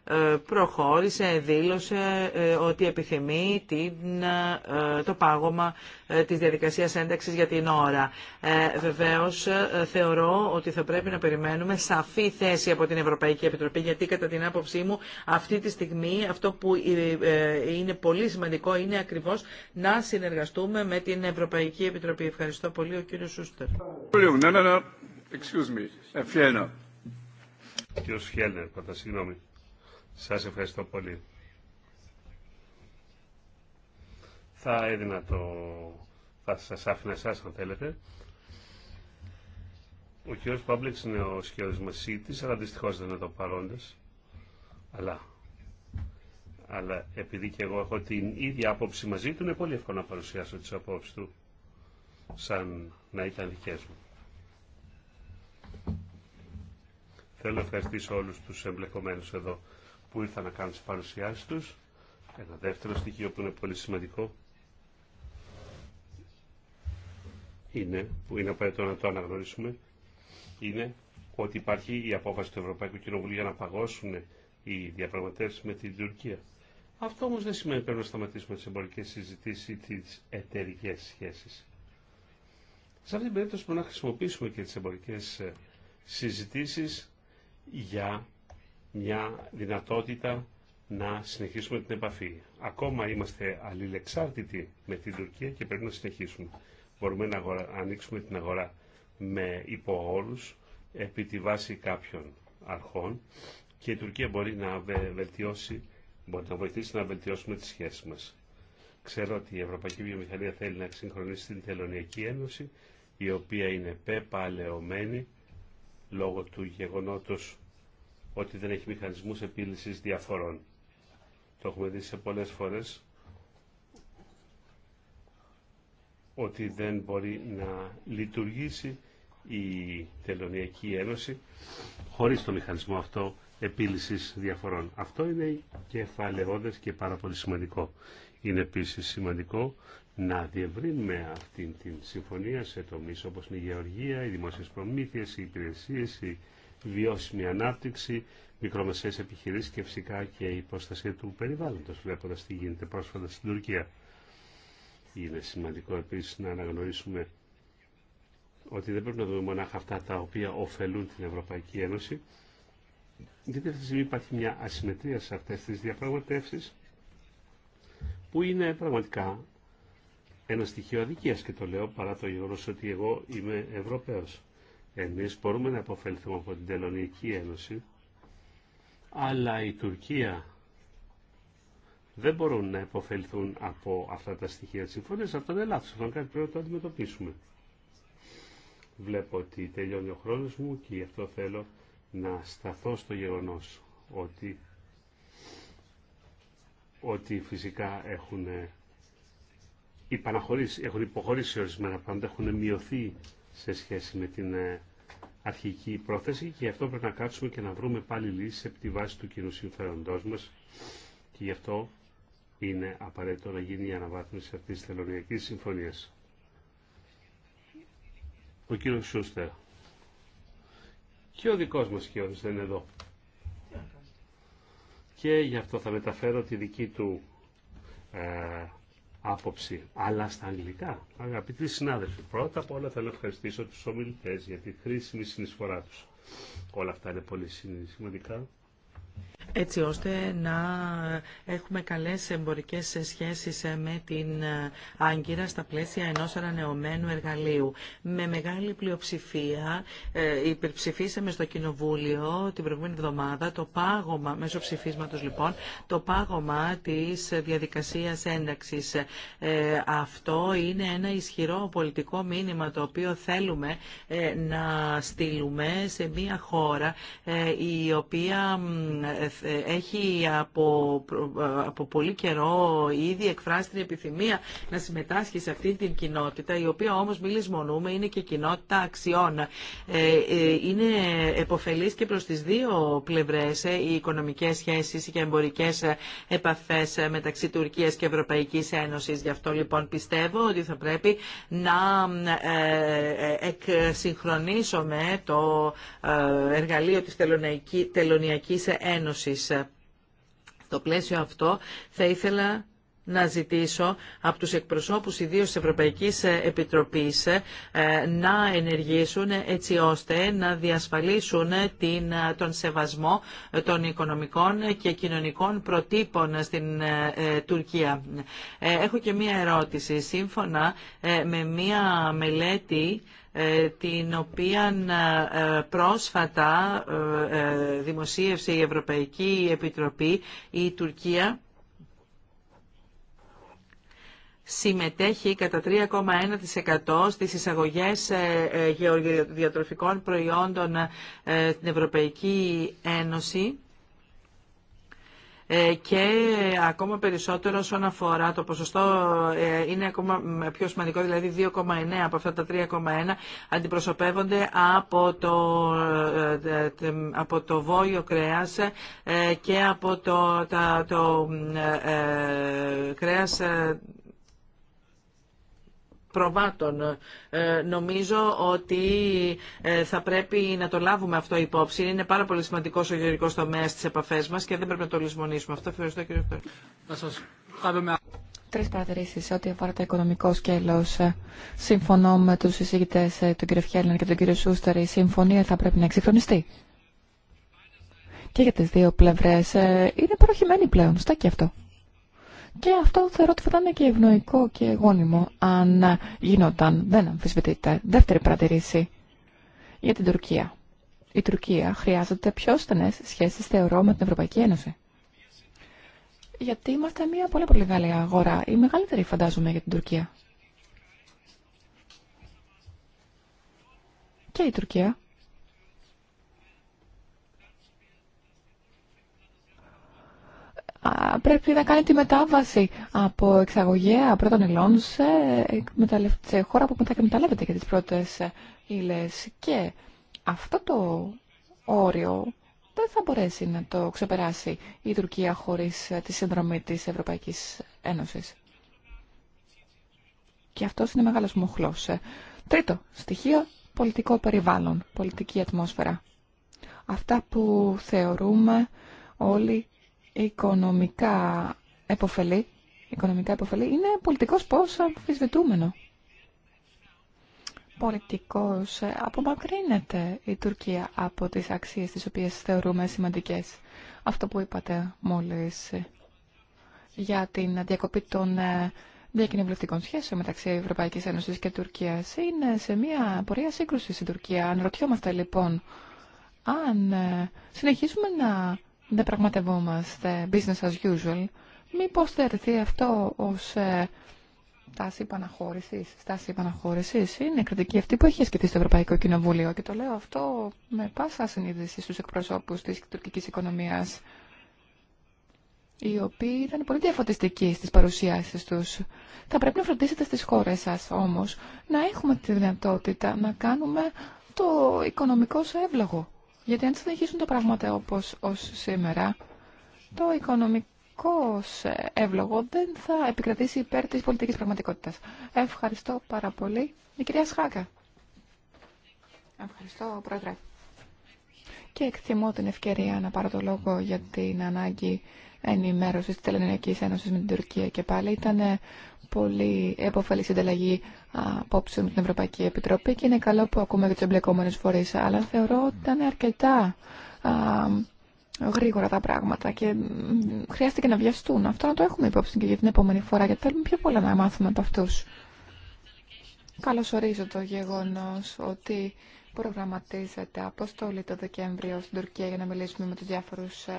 ε, προχώρησε, δήλωσε ε, ότι επιθυμεί την, ε, το πάγωμα της διαδικασίας ένταξης για την ώρα. Βεβαίως θεωρώ ότι θα πρέπει να περιμένουμε σαφή θέση από την Ευρωπαϊκή Επιτροπή γιατί κατά την άποψή μου αυτή τη στιγμή αυτό που είναι πολύ σημαντικό είναι ακριβώς να συνεργαστούμε με την Ευρωπαϊκή Επιτροπή. Ευχαριστώ πολύ ο κύριος Σούστερ. Ναι, ναι, ναι. Excuse me. Κύριος συγγνώμη. Σας ευχαριστώ πολύ. Θα έδινα το... θα σας άφηνα εσάς αν θέλετε. Ο κ. Παμπλεξ είναι ο μας τη, αλλά δυστυχώς δεν είναι εδώ παρόντες. Αλλά... Αλλά επειδή και εγώ έχω την ίδια άποψη μαζί του, είναι πολύ εύκολο να παρουσιάσω τις απόψεις του, σαν να ήταν δικές μου. Θέλω να ευχαριστήσω όλους τους εμπλεκομένους εδώ που ήρθαν να κάνουν τις παρουσιάσεις τους. Ένα δεύτερο στοιχείο που είναι πολύ σημαντικό είναι, που είναι απαραίτητο να το αναγνωρίσουμε, είναι ότι υπάρχει η απόφαση του Ευρωπαϊκού Κοινοβουλίου για να παγώσουν οι διαπραγματεύσει με την Τουρκία. Αυτό όμω δεν σημαίνει πρέπει να σταματήσουμε τι εμπορικέ συζητήσει ή τι εταιρικέ σχέσει. Σε αυτή την περίπτωση μπορούμε να χρησιμοποιήσουμε και τι εμπορικέ ε, συζητήσει για μια δυνατότητα να συνεχίσουμε την επαφή. Ακόμα είμαστε αλληλεξάρτητοι με την Τουρκία και πρέπει να συνεχίσουμε. Μπορούμε να ανοίξουμε την αγορά με υποόρους επί τη βάση κάποιων αρχών και η Τουρκία μπορεί να βελτιώσει μπορεί να βοηθήσει να βελτιώσουμε τις σχέσεις μας. Ξέρω ότι η Ευρωπαϊκή Βιομηχανία θέλει να εξυγχρονίσει την Τελωνιακή Ένωση, η οποία είναι πεπαλαιωμένη λόγω του γεγονότος ότι δεν έχει μηχανισμούς επίλυσης διαφορών. Το έχουμε δει σε πολλές φορές ότι δεν μπορεί να λειτουργήσει η Τελωνιακή Ένωση χωρίς το μηχανισμό αυτό επίλυσης διαφορών. Αυτό είναι κεφαλαιόδες και πάρα πολύ σημαντικό. Είναι επίσης σημαντικό να διευρύνουμε αυτή την συμφωνία σε τομείς όπως είναι η γεωργία, οι δημόσιες προμήθειες, οι υπηρεσίες, βιώσιμη ανάπτυξη, μικρομεσαίε επιχειρήσει και φυσικά και η προστασία του περιβάλλοντο, βλέποντα τι γίνεται πρόσφατα στην Τουρκία. Είναι σημαντικό επίση να αναγνωρίσουμε ότι δεν πρέπει να δούμε μονάχα αυτά τα οποία ωφελούν την Ευρωπαϊκή Ένωση, γιατί αυτή τη στιγμή υπάρχει μια ασυμμετρία σε αυτέ τι διαπραγματεύσει που είναι πραγματικά ένα στοιχείο αδικίας και το λέω παρά το γεγονός ότι εγώ είμαι Ευρωπαίος. Εμείς μπορούμε να αποφελθούμε από την Τελωνική Ένωση, αλλά η Τουρκία δεν μπορούν να υποφελθούν από αυτά τα στοιχεία της συμφωνίας. Αυτό είναι λάθος. Αυτό είναι κάτι πρέπει να το αντιμετωπίσουμε. Βλέπω ότι τελειώνει ο χρόνος μου και γι' αυτό θέλω να σταθώ στο γεγονός ότι, ότι φυσικά έχουν, ε, έχουν υποχωρήσει ορισμένα πάντα, έχουν μειωθεί σε σχέση με την ε, αρχική πρόθεση και γι' αυτό πρέπει να κάτσουμε και να βρούμε πάλι λύσεις επί τη βάση του κοινού συμφέροντός μας και γι' αυτό είναι απαραίτητο να γίνει η αναβάθμιση αυτής της θελωνιακής συμφωνίας. Ο κύριος Σούστερ. Και ο δικός μας κύριος δεν είναι εδώ. Και γι' αυτό θα μεταφέρω τη δική του ε, άποψη, αλλά στα αγγλικά. Αγαπητοί συνάδελφοι, πρώτα απ' όλα θέλω να ευχαριστήσω τους ομιλητές για τη χρήσιμη συνεισφορά τους. Όλα αυτά είναι πολύ σημαντικά έτσι ώστε να έχουμε καλές εμπορικές σχέσεις με την Άγκυρα στα πλαίσια ενός ανανεωμένου εργαλείου. Με μεγάλη πλειοψηφία ε, υπερψηφίσαμε στο Κοινοβούλιο την προηγούμενη εβδομάδα το πάγωμα, μέσω ψηφίσματος λοιπόν, το πάγωμα της διαδικασίας ένταξης. Ε, αυτό είναι ένα ισχυρό πολιτικό μήνυμα το οποίο θέλουμε ε, να στείλουμε σε μια χώρα η οποία ε, έχει από, ε, από πολύ καιρό ήδη εκφράσει την επιθυμία να συμμετάσχει σε αυτή την κοινότητα, η οποία όμως μη είναι και κοινότητα αξιών. Ε, είναι εποφελής και προς τις δύο πλευρές οι οικονομικές σχέσεις και εμπορικές επαφές μεταξύ Τουρκίας και Ευρωπαϊκής Ένωσης. Γι' αυτό λοιπόν πιστεύω ότι θα πρέπει να εκσυγχρονίσουμε το εργαλείο της Τελωνιακής Ένωσης ε, το Στο πλαίσιο αυτό θα ήθελα να ζητήσω από τους εκπροσώπους ιδίως της Ευρωπαϊκής ε, Επιτροπής ε, να ενεργήσουν έτσι ώστε να διασφαλίσουν την, τον σεβασμό των οικονομικών και κοινωνικών προτύπων στην Τουρκία. Έχω και μία ερώτηση. Σύμφωνα με μία μελέτη ε, την οποία ε, ε, πρόσφατα δημοσίευσε η Ευρωπαϊκή Επιτροπή η Τουρκία συμμετέχει κατά 3,1% στις εισαγωγές γεωδιατροφικών προϊόντων στην Ευρωπαϊκή Ένωση ε, και ακόμα περισσότερο όσον αφορά το ποσοστό ε, είναι ακόμα πιο σημαντικό, δηλαδή 2,9 από αυτά τα 3,1 αντιπροσωπεύονται από το, ε, από το βόλιο κρέας και από το, τα, το κρέας προβάτων. Ε, νομίζω ότι ε, θα πρέπει να το λάβουμε αυτό υπόψη. Είναι πάρα πολύ σημαντικό ο γεωργικό τομέα στι επαφέ μα και δεν πρέπει να το λησμονήσουμε. Αυτό ευχαριστώ κύριε Φτώχη. Τρει παρατηρήσει ό,τι αφορά το οικονομικό σκέλο. Ε, συμφωνώ με του συζητητέ, τον κύριο Φιέλνερ και τον κύριο Σούστερ. Η συμφωνία θα πρέπει να εξυγχρονιστεί. Και για τι δύο πλευρέ είναι παροχημένη πλέον. Στά και αυτό. Και αυτό θεωρώ ότι θα ήταν και ευνοϊκό και γόνιμο αν γινόταν. Δεν αμφισβητείτε, Δεύτερη παρατηρήση για την Τουρκία. Η Τουρκία χρειάζεται πιο στενέ σχέσεις, θεωρώ, με την Ευρωπαϊκή Ένωση. Γιατί είμαστε μια πολύ πολύ μεγάλη αγορά. Η μεγαλύτερη φαντάζομαι για την Τουρκία. Και η Τουρκία πρέπει να κάνει τη μετάβαση από εξαγωγέα πρώτων υλών σε, χώρα που μετά για τις πρώτες ε, ύλες. Και αυτό το όριο δεν θα μπορέσει να το ξεπεράσει η Τουρκία χωρίς ε, τη συνδρομή της Ευρωπαϊκής Ένωσης. Και αυτό είναι μεγάλος μοχλός. Ε. Τρίτο στοιχείο, πολιτικό περιβάλλον, πολιτική ατμόσφαιρα. Αυτά που θεωρούμε όλοι οικονομικά επωφελή, οικονομικά είναι πολιτικός πώς αμφισβητούμενο. Πολιτικός ε, απομακρύνεται η Τουρκία από τις αξίες τις οποίες θεωρούμε σημαντικές. Αυτό που είπατε μόλις ε, για την διακοπή των ε, διακοινοβουλευτικών σχέσεων μεταξύ Ευρωπαϊκής Ένωσης και Τουρκίας είναι σε μια πορεία σύγκρουση στην Τουρκία. Αν ρωτιόμαστε λοιπόν αν συνεχίσουμε να δεν πραγματευόμαστε business as usual, μήπως θεωρηθεί αυτό ως τάση ε, υπαναχώρησης. Στάση υπαναχώρησης είναι κριτική αυτή που έχει ασκηθεί στο Ευρωπαϊκό Κοινοβούλιο και το λέω αυτό με πάσα συνείδηση στους εκπροσώπους της τουρκικής οικονομίας οι οποίοι ήταν πολύ διαφωτιστικοί στις παρουσιάσεις τους. Θα πρέπει να φροντίσετε στις χώρες σας όμως να έχουμε τη δυνατότητα να κάνουμε το οικονομικό σε εύλογο. Γιατί αν συνεχίσουν τα πράγματα όπως ως σήμερα, το οικονομικό εύλογο δεν θα επικρατήσει υπέρ της πολιτικής πραγματικότητας. Ευχαριστώ πάρα πολύ. Η κυρία Σχάκα. Ευχαριστώ, Πρόεδρε. Και εκτιμώ την ευκαιρία να πάρω το λόγο για την ανάγκη ενημέρωση τη της Ένωση με την Τουρκία και πάλι. Ήταν πολύ επωφελή συνταλλαγή απόψε με την Ευρωπαϊκή Επιτροπή και είναι καλό που ακούμε για του εμπλεκόμενου φορεί. Αλλά θεωρώ ότι ήταν αρκετά α, γρήγορα τα πράγματα και χρειάστηκε να βιαστούν. Αυτό να το έχουμε υπόψη και για την επόμενη φορά, γιατί θέλουμε πιο πολλά να μάθουμε από αυτού. ορίζω το γεγονό ότι προγραμματίζεται αποστολή το Δεκέμβριο στην Τουρκία για να μιλήσουμε με του διάφορου ε,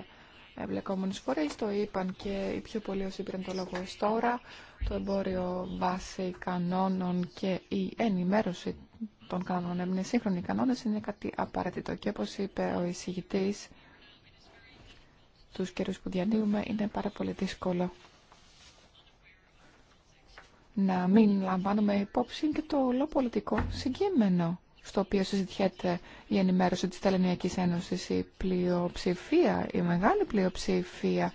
Εμπλεκόμενε φορές Το είπαν και οι πιο πολλοί όσοι πήραν το λόγο τώρα. Το εμπόριο βάση κανόνων και η ενημέρωση των κανόνων είναι σύγχρονοι κανόνες, είναι κάτι απαραίτητο. Και όπως είπε ο εισηγητής, τους καιρούς που διανύουμε είναι πάρα πολύ δύσκολο να μην λαμβάνουμε υπόψη και το ολοπολιτικό συγκείμενο στο οποίο συζητιέται η ενημέρωση της Τελωνιακή Ένωσης. Η πλειοψηφία, η μεγάλη πλειοψηφία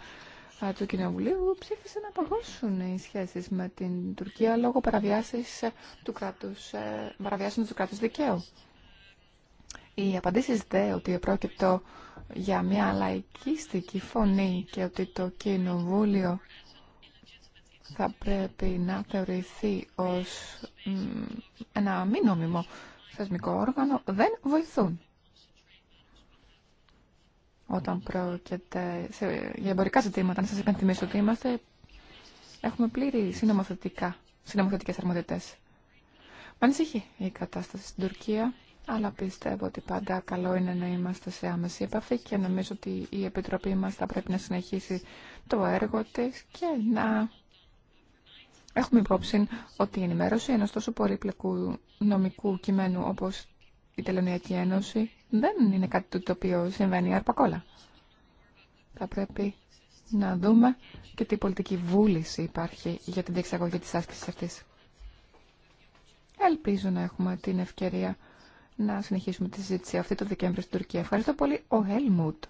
του Κοινοβουλίου ψήφισε να παγώσουν οι σχέσεις με την Τουρκία λόγω παραβιάσεις ε, του κράτους, ε, παραβιάσεων του κράτους δικαίου. Οι απαντήσεις δε ότι πρόκειται για μια λαϊκίστικη φωνή και ότι το Κοινοβούλιο θα πρέπει να θεωρηθεί ως ένα μη νόμιμο θεσμικό όργανο δεν βοηθούν. Όταν πρόκειται σε, για εμπορικά ζητήματα, να σας υπενθυμίσω ότι είμαστε, έχουμε πλήρη συνομοθετικά, συνομοθετικές αρμοδιωτές. Μα, ανησυχεί η κατάσταση στην Τουρκία, αλλά πιστεύω ότι πάντα καλό είναι να είμαστε σε άμεση επαφή και νομίζω ότι η Επιτροπή μας θα πρέπει να συνεχίσει το έργο της και να Έχουμε υπόψη ότι η ενημέρωση ενός τόσο πολύπλοκου νομικού κειμένου όπως η Τελωνιακή Ένωση δεν είναι κάτι το οποίο συμβαίνει αρπακόλα. Θα πρέπει να δούμε και τι πολιτική βούληση υπάρχει για την διεξαγωγή της άσκησης αυτής. Ελπίζω να έχουμε την ευκαιρία να συνεχίσουμε τη συζήτηση αυτή το Δεκέμβριο στην Τουρκία. Ευχαριστώ πολύ, ο Helmut.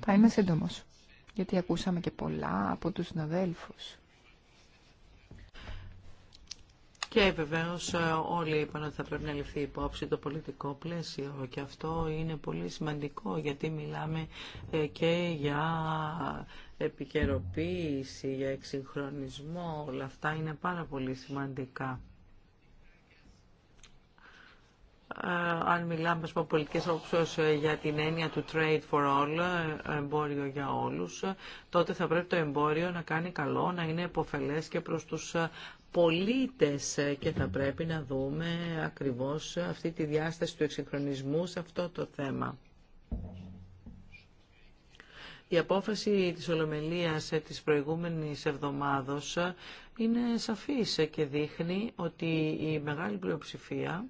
Θα είμαι σύντομο, γιατί ακούσαμε και πολλά από τους συναδέλφους. Και βεβαίω ε, όλοι είπαν ότι θα πρέπει να ληφθεί υπόψη το πολιτικό πλαίσιο και αυτό είναι πολύ σημαντικό γιατί μιλάμε ε, και για επικαιροποίηση, για εξυγχρονισμό, όλα αυτά είναι πάρα πολύ σημαντικά. Ε, αν μιλάμε από πολιτικές ε, για την έννοια του trade for all, ε, εμπόριο για όλους, τότε θα πρέπει το εμπόριο να κάνει καλό, να είναι εποφελές και προς τους πολίτες και θα πρέπει να δούμε ακριβώς αυτή τη διάσταση του εξυγχρονισμού σε αυτό το θέμα. Η απόφαση της Ολομελίας της προηγούμενης εβδομάδος είναι σαφής και δείχνει ότι η μεγάλη πλειοψηφία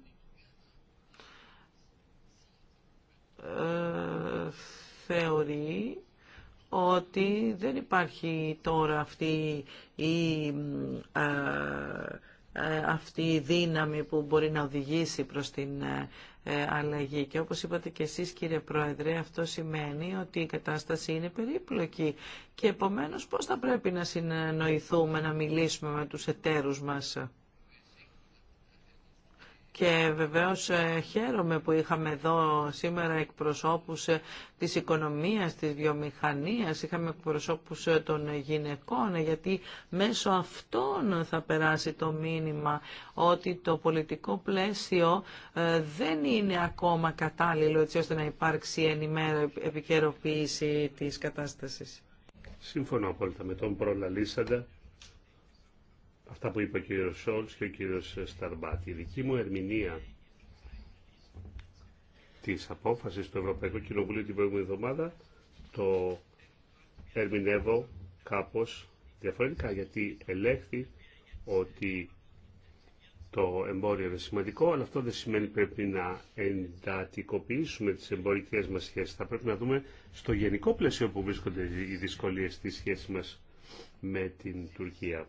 θεωρεί ότι δεν υπάρχει τώρα αυτή η, αυτή δύναμη που μπορεί να οδηγήσει προς την ε, ε, αλλαγή. Και όπως είπατε και εσείς κύριε Πρόεδρε, αυτό σημαίνει ότι η κατάσταση είναι περίπλοκη και επομένως πώς θα πρέπει να συνεννοηθούμε, να μιλήσουμε με τους εταίρους μας και βεβαίως ε, χαίρομαι που είχαμε εδώ σήμερα εκπροσώπους ε, της οικονομίας, της βιομηχανίας, είχαμε εκπροσώπους ε, των γυναικών, γιατί μέσω αυτών θα περάσει το μήνυμα ότι το πολιτικό πλαίσιο δεν είναι ακόμα κατάλληλο έτσι ώστε να υπάρξει ενημέρωση επικαιροποίηση της κατάστασης. Σύμφωνα απόλυτα με τον προλαλήσαντα αυτά που είπε ο κύριο Σόλτ και ο κύριο Σταρμπάτη. Η δική μου ερμηνεία τη απόφαση του Ευρωπαϊκού Κοινοβουλίου την προηγούμενη εβδομάδα το ερμηνεύω κάπως διαφορετικά γιατί ελέγχθη ότι το εμπόριο είναι σημαντικό, αλλά αυτό δεν σημαίνει πρέπει να εντατικοποιήσουμε τις εμπορικές μας σχέσεις. Θα πρέπει να δούμε στο γενικό πλαίσιο που βρίσκονται οι δυσκολίες στη σχέση μας με την Τουρκία.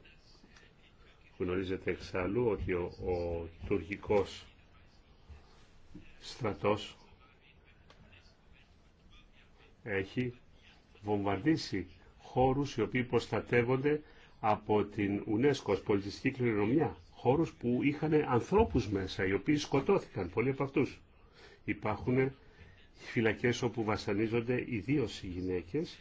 Γνωρίζετε εξάλλου ότι ο, ο τουρκικός στρατός έχει βομβαρδίσει χώρους οι οποίοι προστατεύονται από την UNESCO ως πολιτιστική κληρονομιά. Χώρους που είχαν ανθρώπους μέσα, οι οποίοι σκοτώθηκαν, πολλοί από αυτούς. Υπάρχουν φυλακές όπου βασανίζονται ιδίως οι γυναίκες.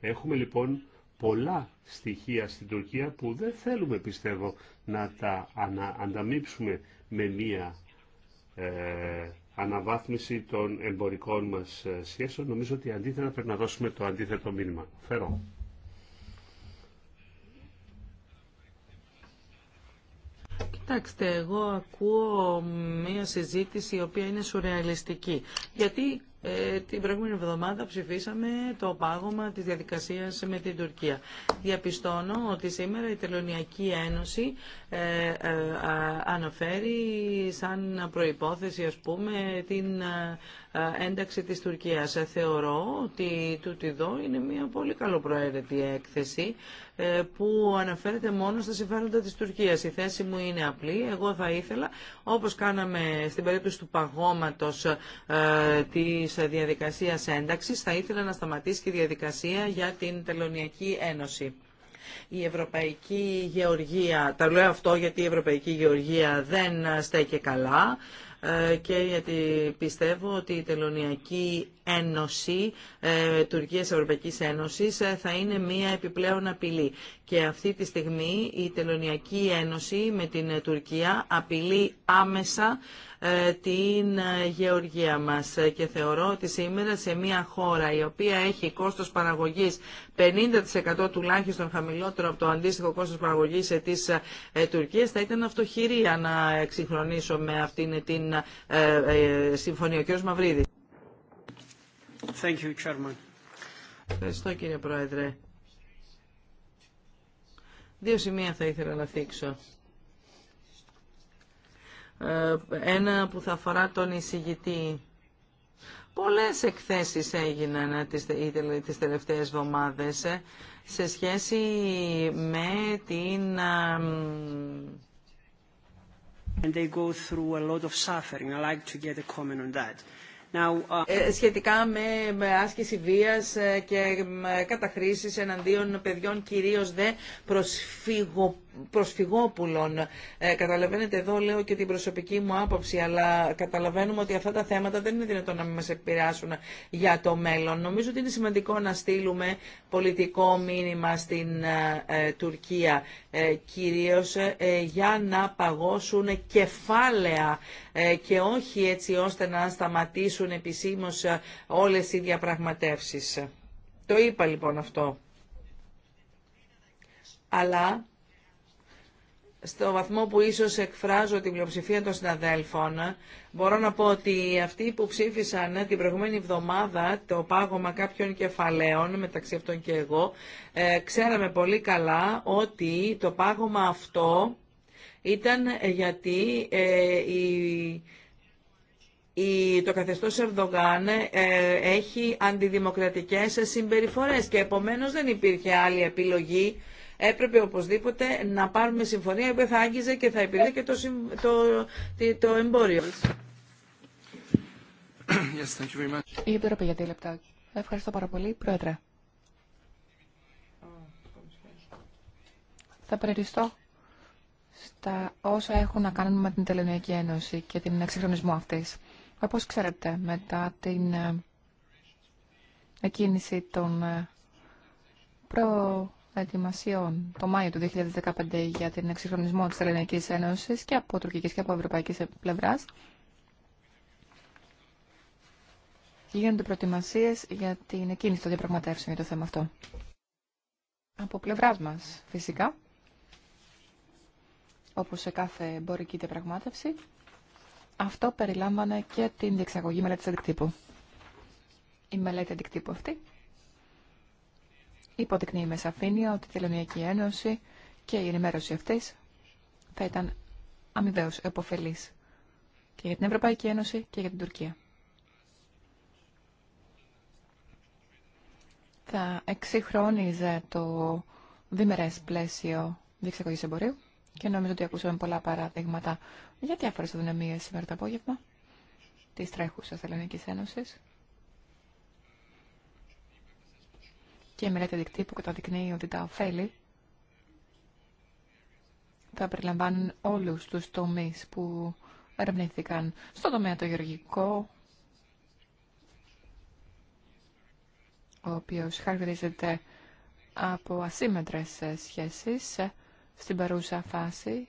Έχουμε λοιπόν πολλά στοιχεία στην Τουρκία που δεν θέλουμε πιστεύω να τα ανα, ανταμείψουμε με μία ε, αναβάθμιση των εμπορικών μας ε, σχέσεων. Νομίζω ότι αντίθετα πρέπει να δώσουμε το αντίθετο μήνυμα. Φερό. Κοιτάξτε, εγώ ακούω μία συζήτηση η οποία είναι σουρεαλιστική. Γιατί ε, την προηγούμενη εβδομάδα ψηφίσαμε το πάγωμα της διαδικασίας με την Τουρκία. Διαπιστώνω ότι σήμερα η Τελωνιακή Ένωση ε, ε, αναφέρει σαν προϋπόθεση ας πούμε την ένταξη της Τουρκίας. Θεωρώ ότι τούτη εδώ είναι μια πολύ καλοπροαίρετη έκθεση που αναφέρεται μόνο στα συμφέροντα της Τουρκίας. Η θέση μου είναι απλή. Εγώ θα ήθελα, όπως κάναμε στην περίπτωση του παγώματος της της διαδικασίας ένταξης θα ήθελα να σταματήσει και η διαδικασία για την Τελωνιακή Ένωση. Η Ευρωπαϊκή Γεωργία, τα λέω αυτό γιατί η Ευρωπαϊκή Γεωργία δεν στέκει καλά ε, και γιατί πιστεύω ότι η Τελωνιακή Ένωση ε, Τουρκίας-Ευρωπαϊκής Ένωσης ε, θα είναι μία επιπλέον απειλή. Και αυτή τη στιγμή η Τελωνιακή Ένωση με την ε, Τουρκία απειλεί άμεσα την γεωργία μας και θεωρώ ότι σήμερα σε μια χώρα η οποία έχει κόστος παραγωγής 50% τουλάχιστον χαμηλότερο από το αντίστοιχο κόστος παραγωγής της Τουρκίας θα ήταν αυτοχειρία να με αυτήν την συμφωνία. Ο κ. Μαυρίδης. Thank you, Chairman. Ευχαριστώ κύριε Πρόεδρε. Δύο σημεία θα ήθελα να θίξω. Ε, ένα που θα αφορά τον εισηγητή. Πολλές εκθέσεις έγιναν τις τελευταίες εβδομάδες ε, σε σχέση με την... And they go through a lot of suffering. I like to get a comment on that. Uh, ε, σχετικά με, άσκηση βίας ε, και ε, καταχρήσεις εναντίον παιδιών, κυρίως δε προσφυγόπουλων. καταλαβαίνετε εδώ λέω και την προσωπική μου άποψη, αλλά καταλαβαίνουμε ότι αυτά τα θέματα δεν είναι δυνατόν να μην μας επηρεάσουν για το μέλλον. Νομίζω ότι είναι σημαντικό να στείλουμε πολιτικό μήνυμα στην Τουρκία, ε, κυρίως για να παγώσουν κεφάλαια και όχι έτσι ώστε να σταματήσουν αρχίσουν επισήμως ε, όλες οι διαπραγματεύσεις. Το είπα λοιπόν αυτό. Αλλά στο βαθμό που ίσως εκφράζω την πλειοψηφία των συναδέλφων, μπορώ να πω ότι αυτοί που ψήφισαν την προηγούμενη εβδομάδα το πάγωμα κάποιων κεφαλαίων, μεταξύ αυτών και εγώ, ε, ξέραμε πολύ καλά ότι το πάγωμα αυτό ήταν γιατί ε, η το καθεστώς Ερδογάν ε, έχει αντιδημοκρατικές συμπεριφορές και επομένως δεν υπήρχε άλλη επιλογή. Έπρεπε οπωσδήποτε να πάρουμε συμφωνία που θα άγγιζε και θα επιλέγει και το, εμπόριο. Η Επιτροπή για Ευχαριστώ πάρα πολύ, Πρόεδρε. Θα περιοριστώ στα όσα έχουν να κάνουν με την Τελωνιακή Ένωση και την εξυγχρονισμό αυτής. Όπως ξέρετε, μετά την ε, εκκίνηση των ε, προετοιμασιών το Μάιο του 2015 για την εξυγχρονισμό της Ελληνικής Ένωσης και από τουρκικής και από ευρωπαϊκής πλευράς, γίνονται προετοιμασίες για την εκκίνηση των διαπραγματεύσεων για το θέμα αυτό. Από πλευράς μας, φυσικά, όπως σε κάθε εμπορική διαπραγμάτευση, αυτό περιλάμβανε και την διεξαγωγή μελέτη αντικτύπου. Η μελέτη αντικτύπου αυτή υποδεικνύει με σαφήνεια ότι η Τελωνιακή Ένωση και η ενημέρωση αυτή θα ήταν αμοιβαίω επωφελή και για την Ευρωπαϊκή Ένωση και για την Τουρκία. Θα εξυγχρονίζε το διμερές πλαίσιο διεξαγωγής εμπορίου και νομίζω ότι ακούσαμε πολλά παραδείγματα για διάφορες αδυναμίε σήμερα το απόγευμα της τρέχουσας Ελληνικής Ένωσης και η μελέτη δικτύπου που καταδεικνύει ότι τα ωφέλη θα περιλαμβάνουν όλους τους τομείς που ερευνήθηκαν στο τομέα το γεωργικό, ο οποίος χαρακτηρίζεται από ασύμμετρες σχέσεις στην παρούσα φάση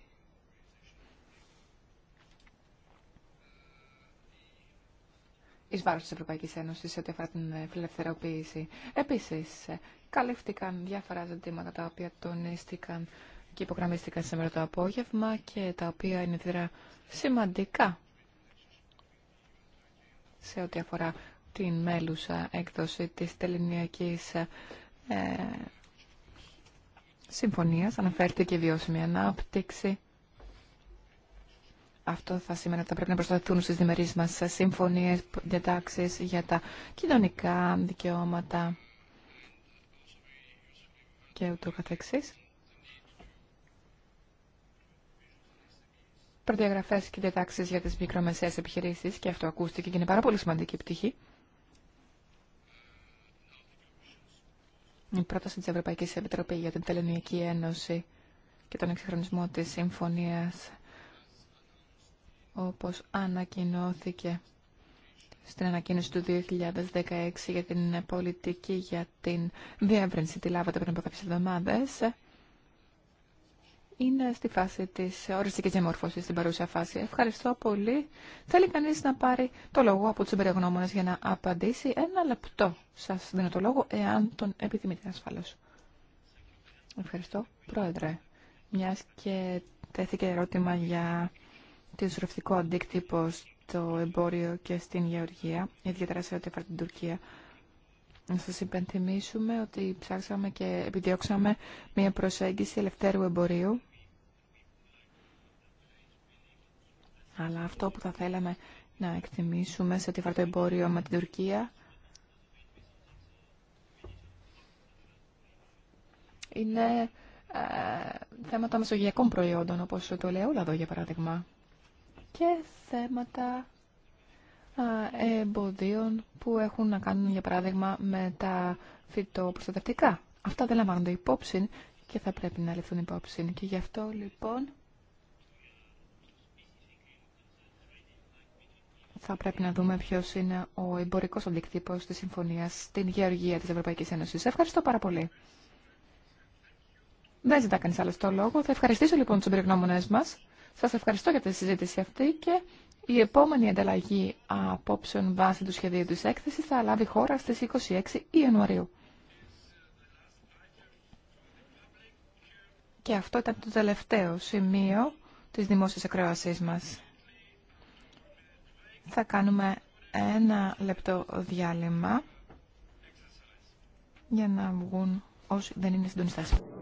εις βάρος της Ευρωπαϊκής Ένωσης σε ό,τι αφορά την ε, φιλελευθεροποίηση. Επίσης, ε, καλύφθηκαν διάφορα ζητήματα τα οποία τονίστηκαν και υπογραμμίστηκαν σήμερα το απόγευμα και τα οποία είναι ιδιαίτερα σημαντικά σε ό,τι αφορά την μέλουσα έκδοση της Τελωνιακής ε, ε Συμφωνίας. Αναφέρθηκε και βιώσιμη ανάπτυξη αυτό θα σημαίνει ότι θα πρέπει να προσταθούν στις διμερείς μας συμφωνίες, διατάξεις για τα κοινωνικά δικαιώματα και ούτω καθεξής. Προδιαγραφές και διατάξεις για τις μικρομεσαίες επιχειρήσεις και αυτό ακούστηκε και είναι πάρα πολύ σημαντική πτυχή. Η πρόταση της Ευρωπαϊκής Επιτροπής για την Τελωνιακή Ένωση και τον εξυγχρονισμό της Συμφωνίας όπως ανακοινώθηκε στην ανακοίνωση του 2016 για την πολιτική για την διεύρυνση, τη λάβατε πριν από κάποιες εβδομάδες, είναι στη φάση της οριστικής διαμορφώσης στην παρούσα φάση. Ευχαριστώ πολύ. Θέλει κανείς να πάρει το λόγο από τους εμπεριογνώμονες για να απαντήσει. Ένα λεπτό σας δίνω το λόγο, εάν τον επιθυμείτε ασφαλώς. Ευχαριστώ, Πρόεδρε. Μιας και τέθηκε ερώτημα για ισορρευτικό αντίκτυπο στο εμπόριο και στην γεωργία, ιδιαίτερα σε ό,τι αφορά την Τουρκία. Να σας υπενθυμίσουμε ότι ψάξαμε και επιδιώξαμε μια προσέγγιση ελευθέρου εμπορίου. Αλλά αυτό που θα θέλαμε να εκτιμήσουμε σε ό,τι αφορά το εμπόριο με την Τουρκία είναι ε, θέματα μεσογειακών προϊόντων, όπως το ελαιόλαδο, για παράδειγμα και θέματα εμποδίων που έχουν να κάνουν, για παράδειγμα, με τα φυτοπροστατευτικά. Αυτά δεν λαμβάνονται υπόψη και θα πρέπει να ληφθούν υπόψη. Και γι' αυτό, λοιπόν, θα πρέπει να δούμε ποιος είναι ο εμπορικός αντικτύπος της συμφωνίας στην γεωργία της Ευρωπαϊκής Ένωσης. Ευχαριστώ πάρα πολύ. Δεν ζητά κανείς άλλο το λόγο. Θα ευχαριστήσω λοιπόν τους εμπειρογνώμονες μας σας ευχαριστώ για τη συζήτηση αυτή και η επόμενη ανταλλαγή απόψεων βάσει του σχεδίου της έκθεσης θα λάβει χώρα στις 26 Ιανουαρίου. Και αυτό ήταν το τελευταίο σημείο της δημόσιας ακρόασής μας. Θα κάνουμε ένα λεπτό διάλειμμα για να βγουν όσοι δεν είναι συντονιστές.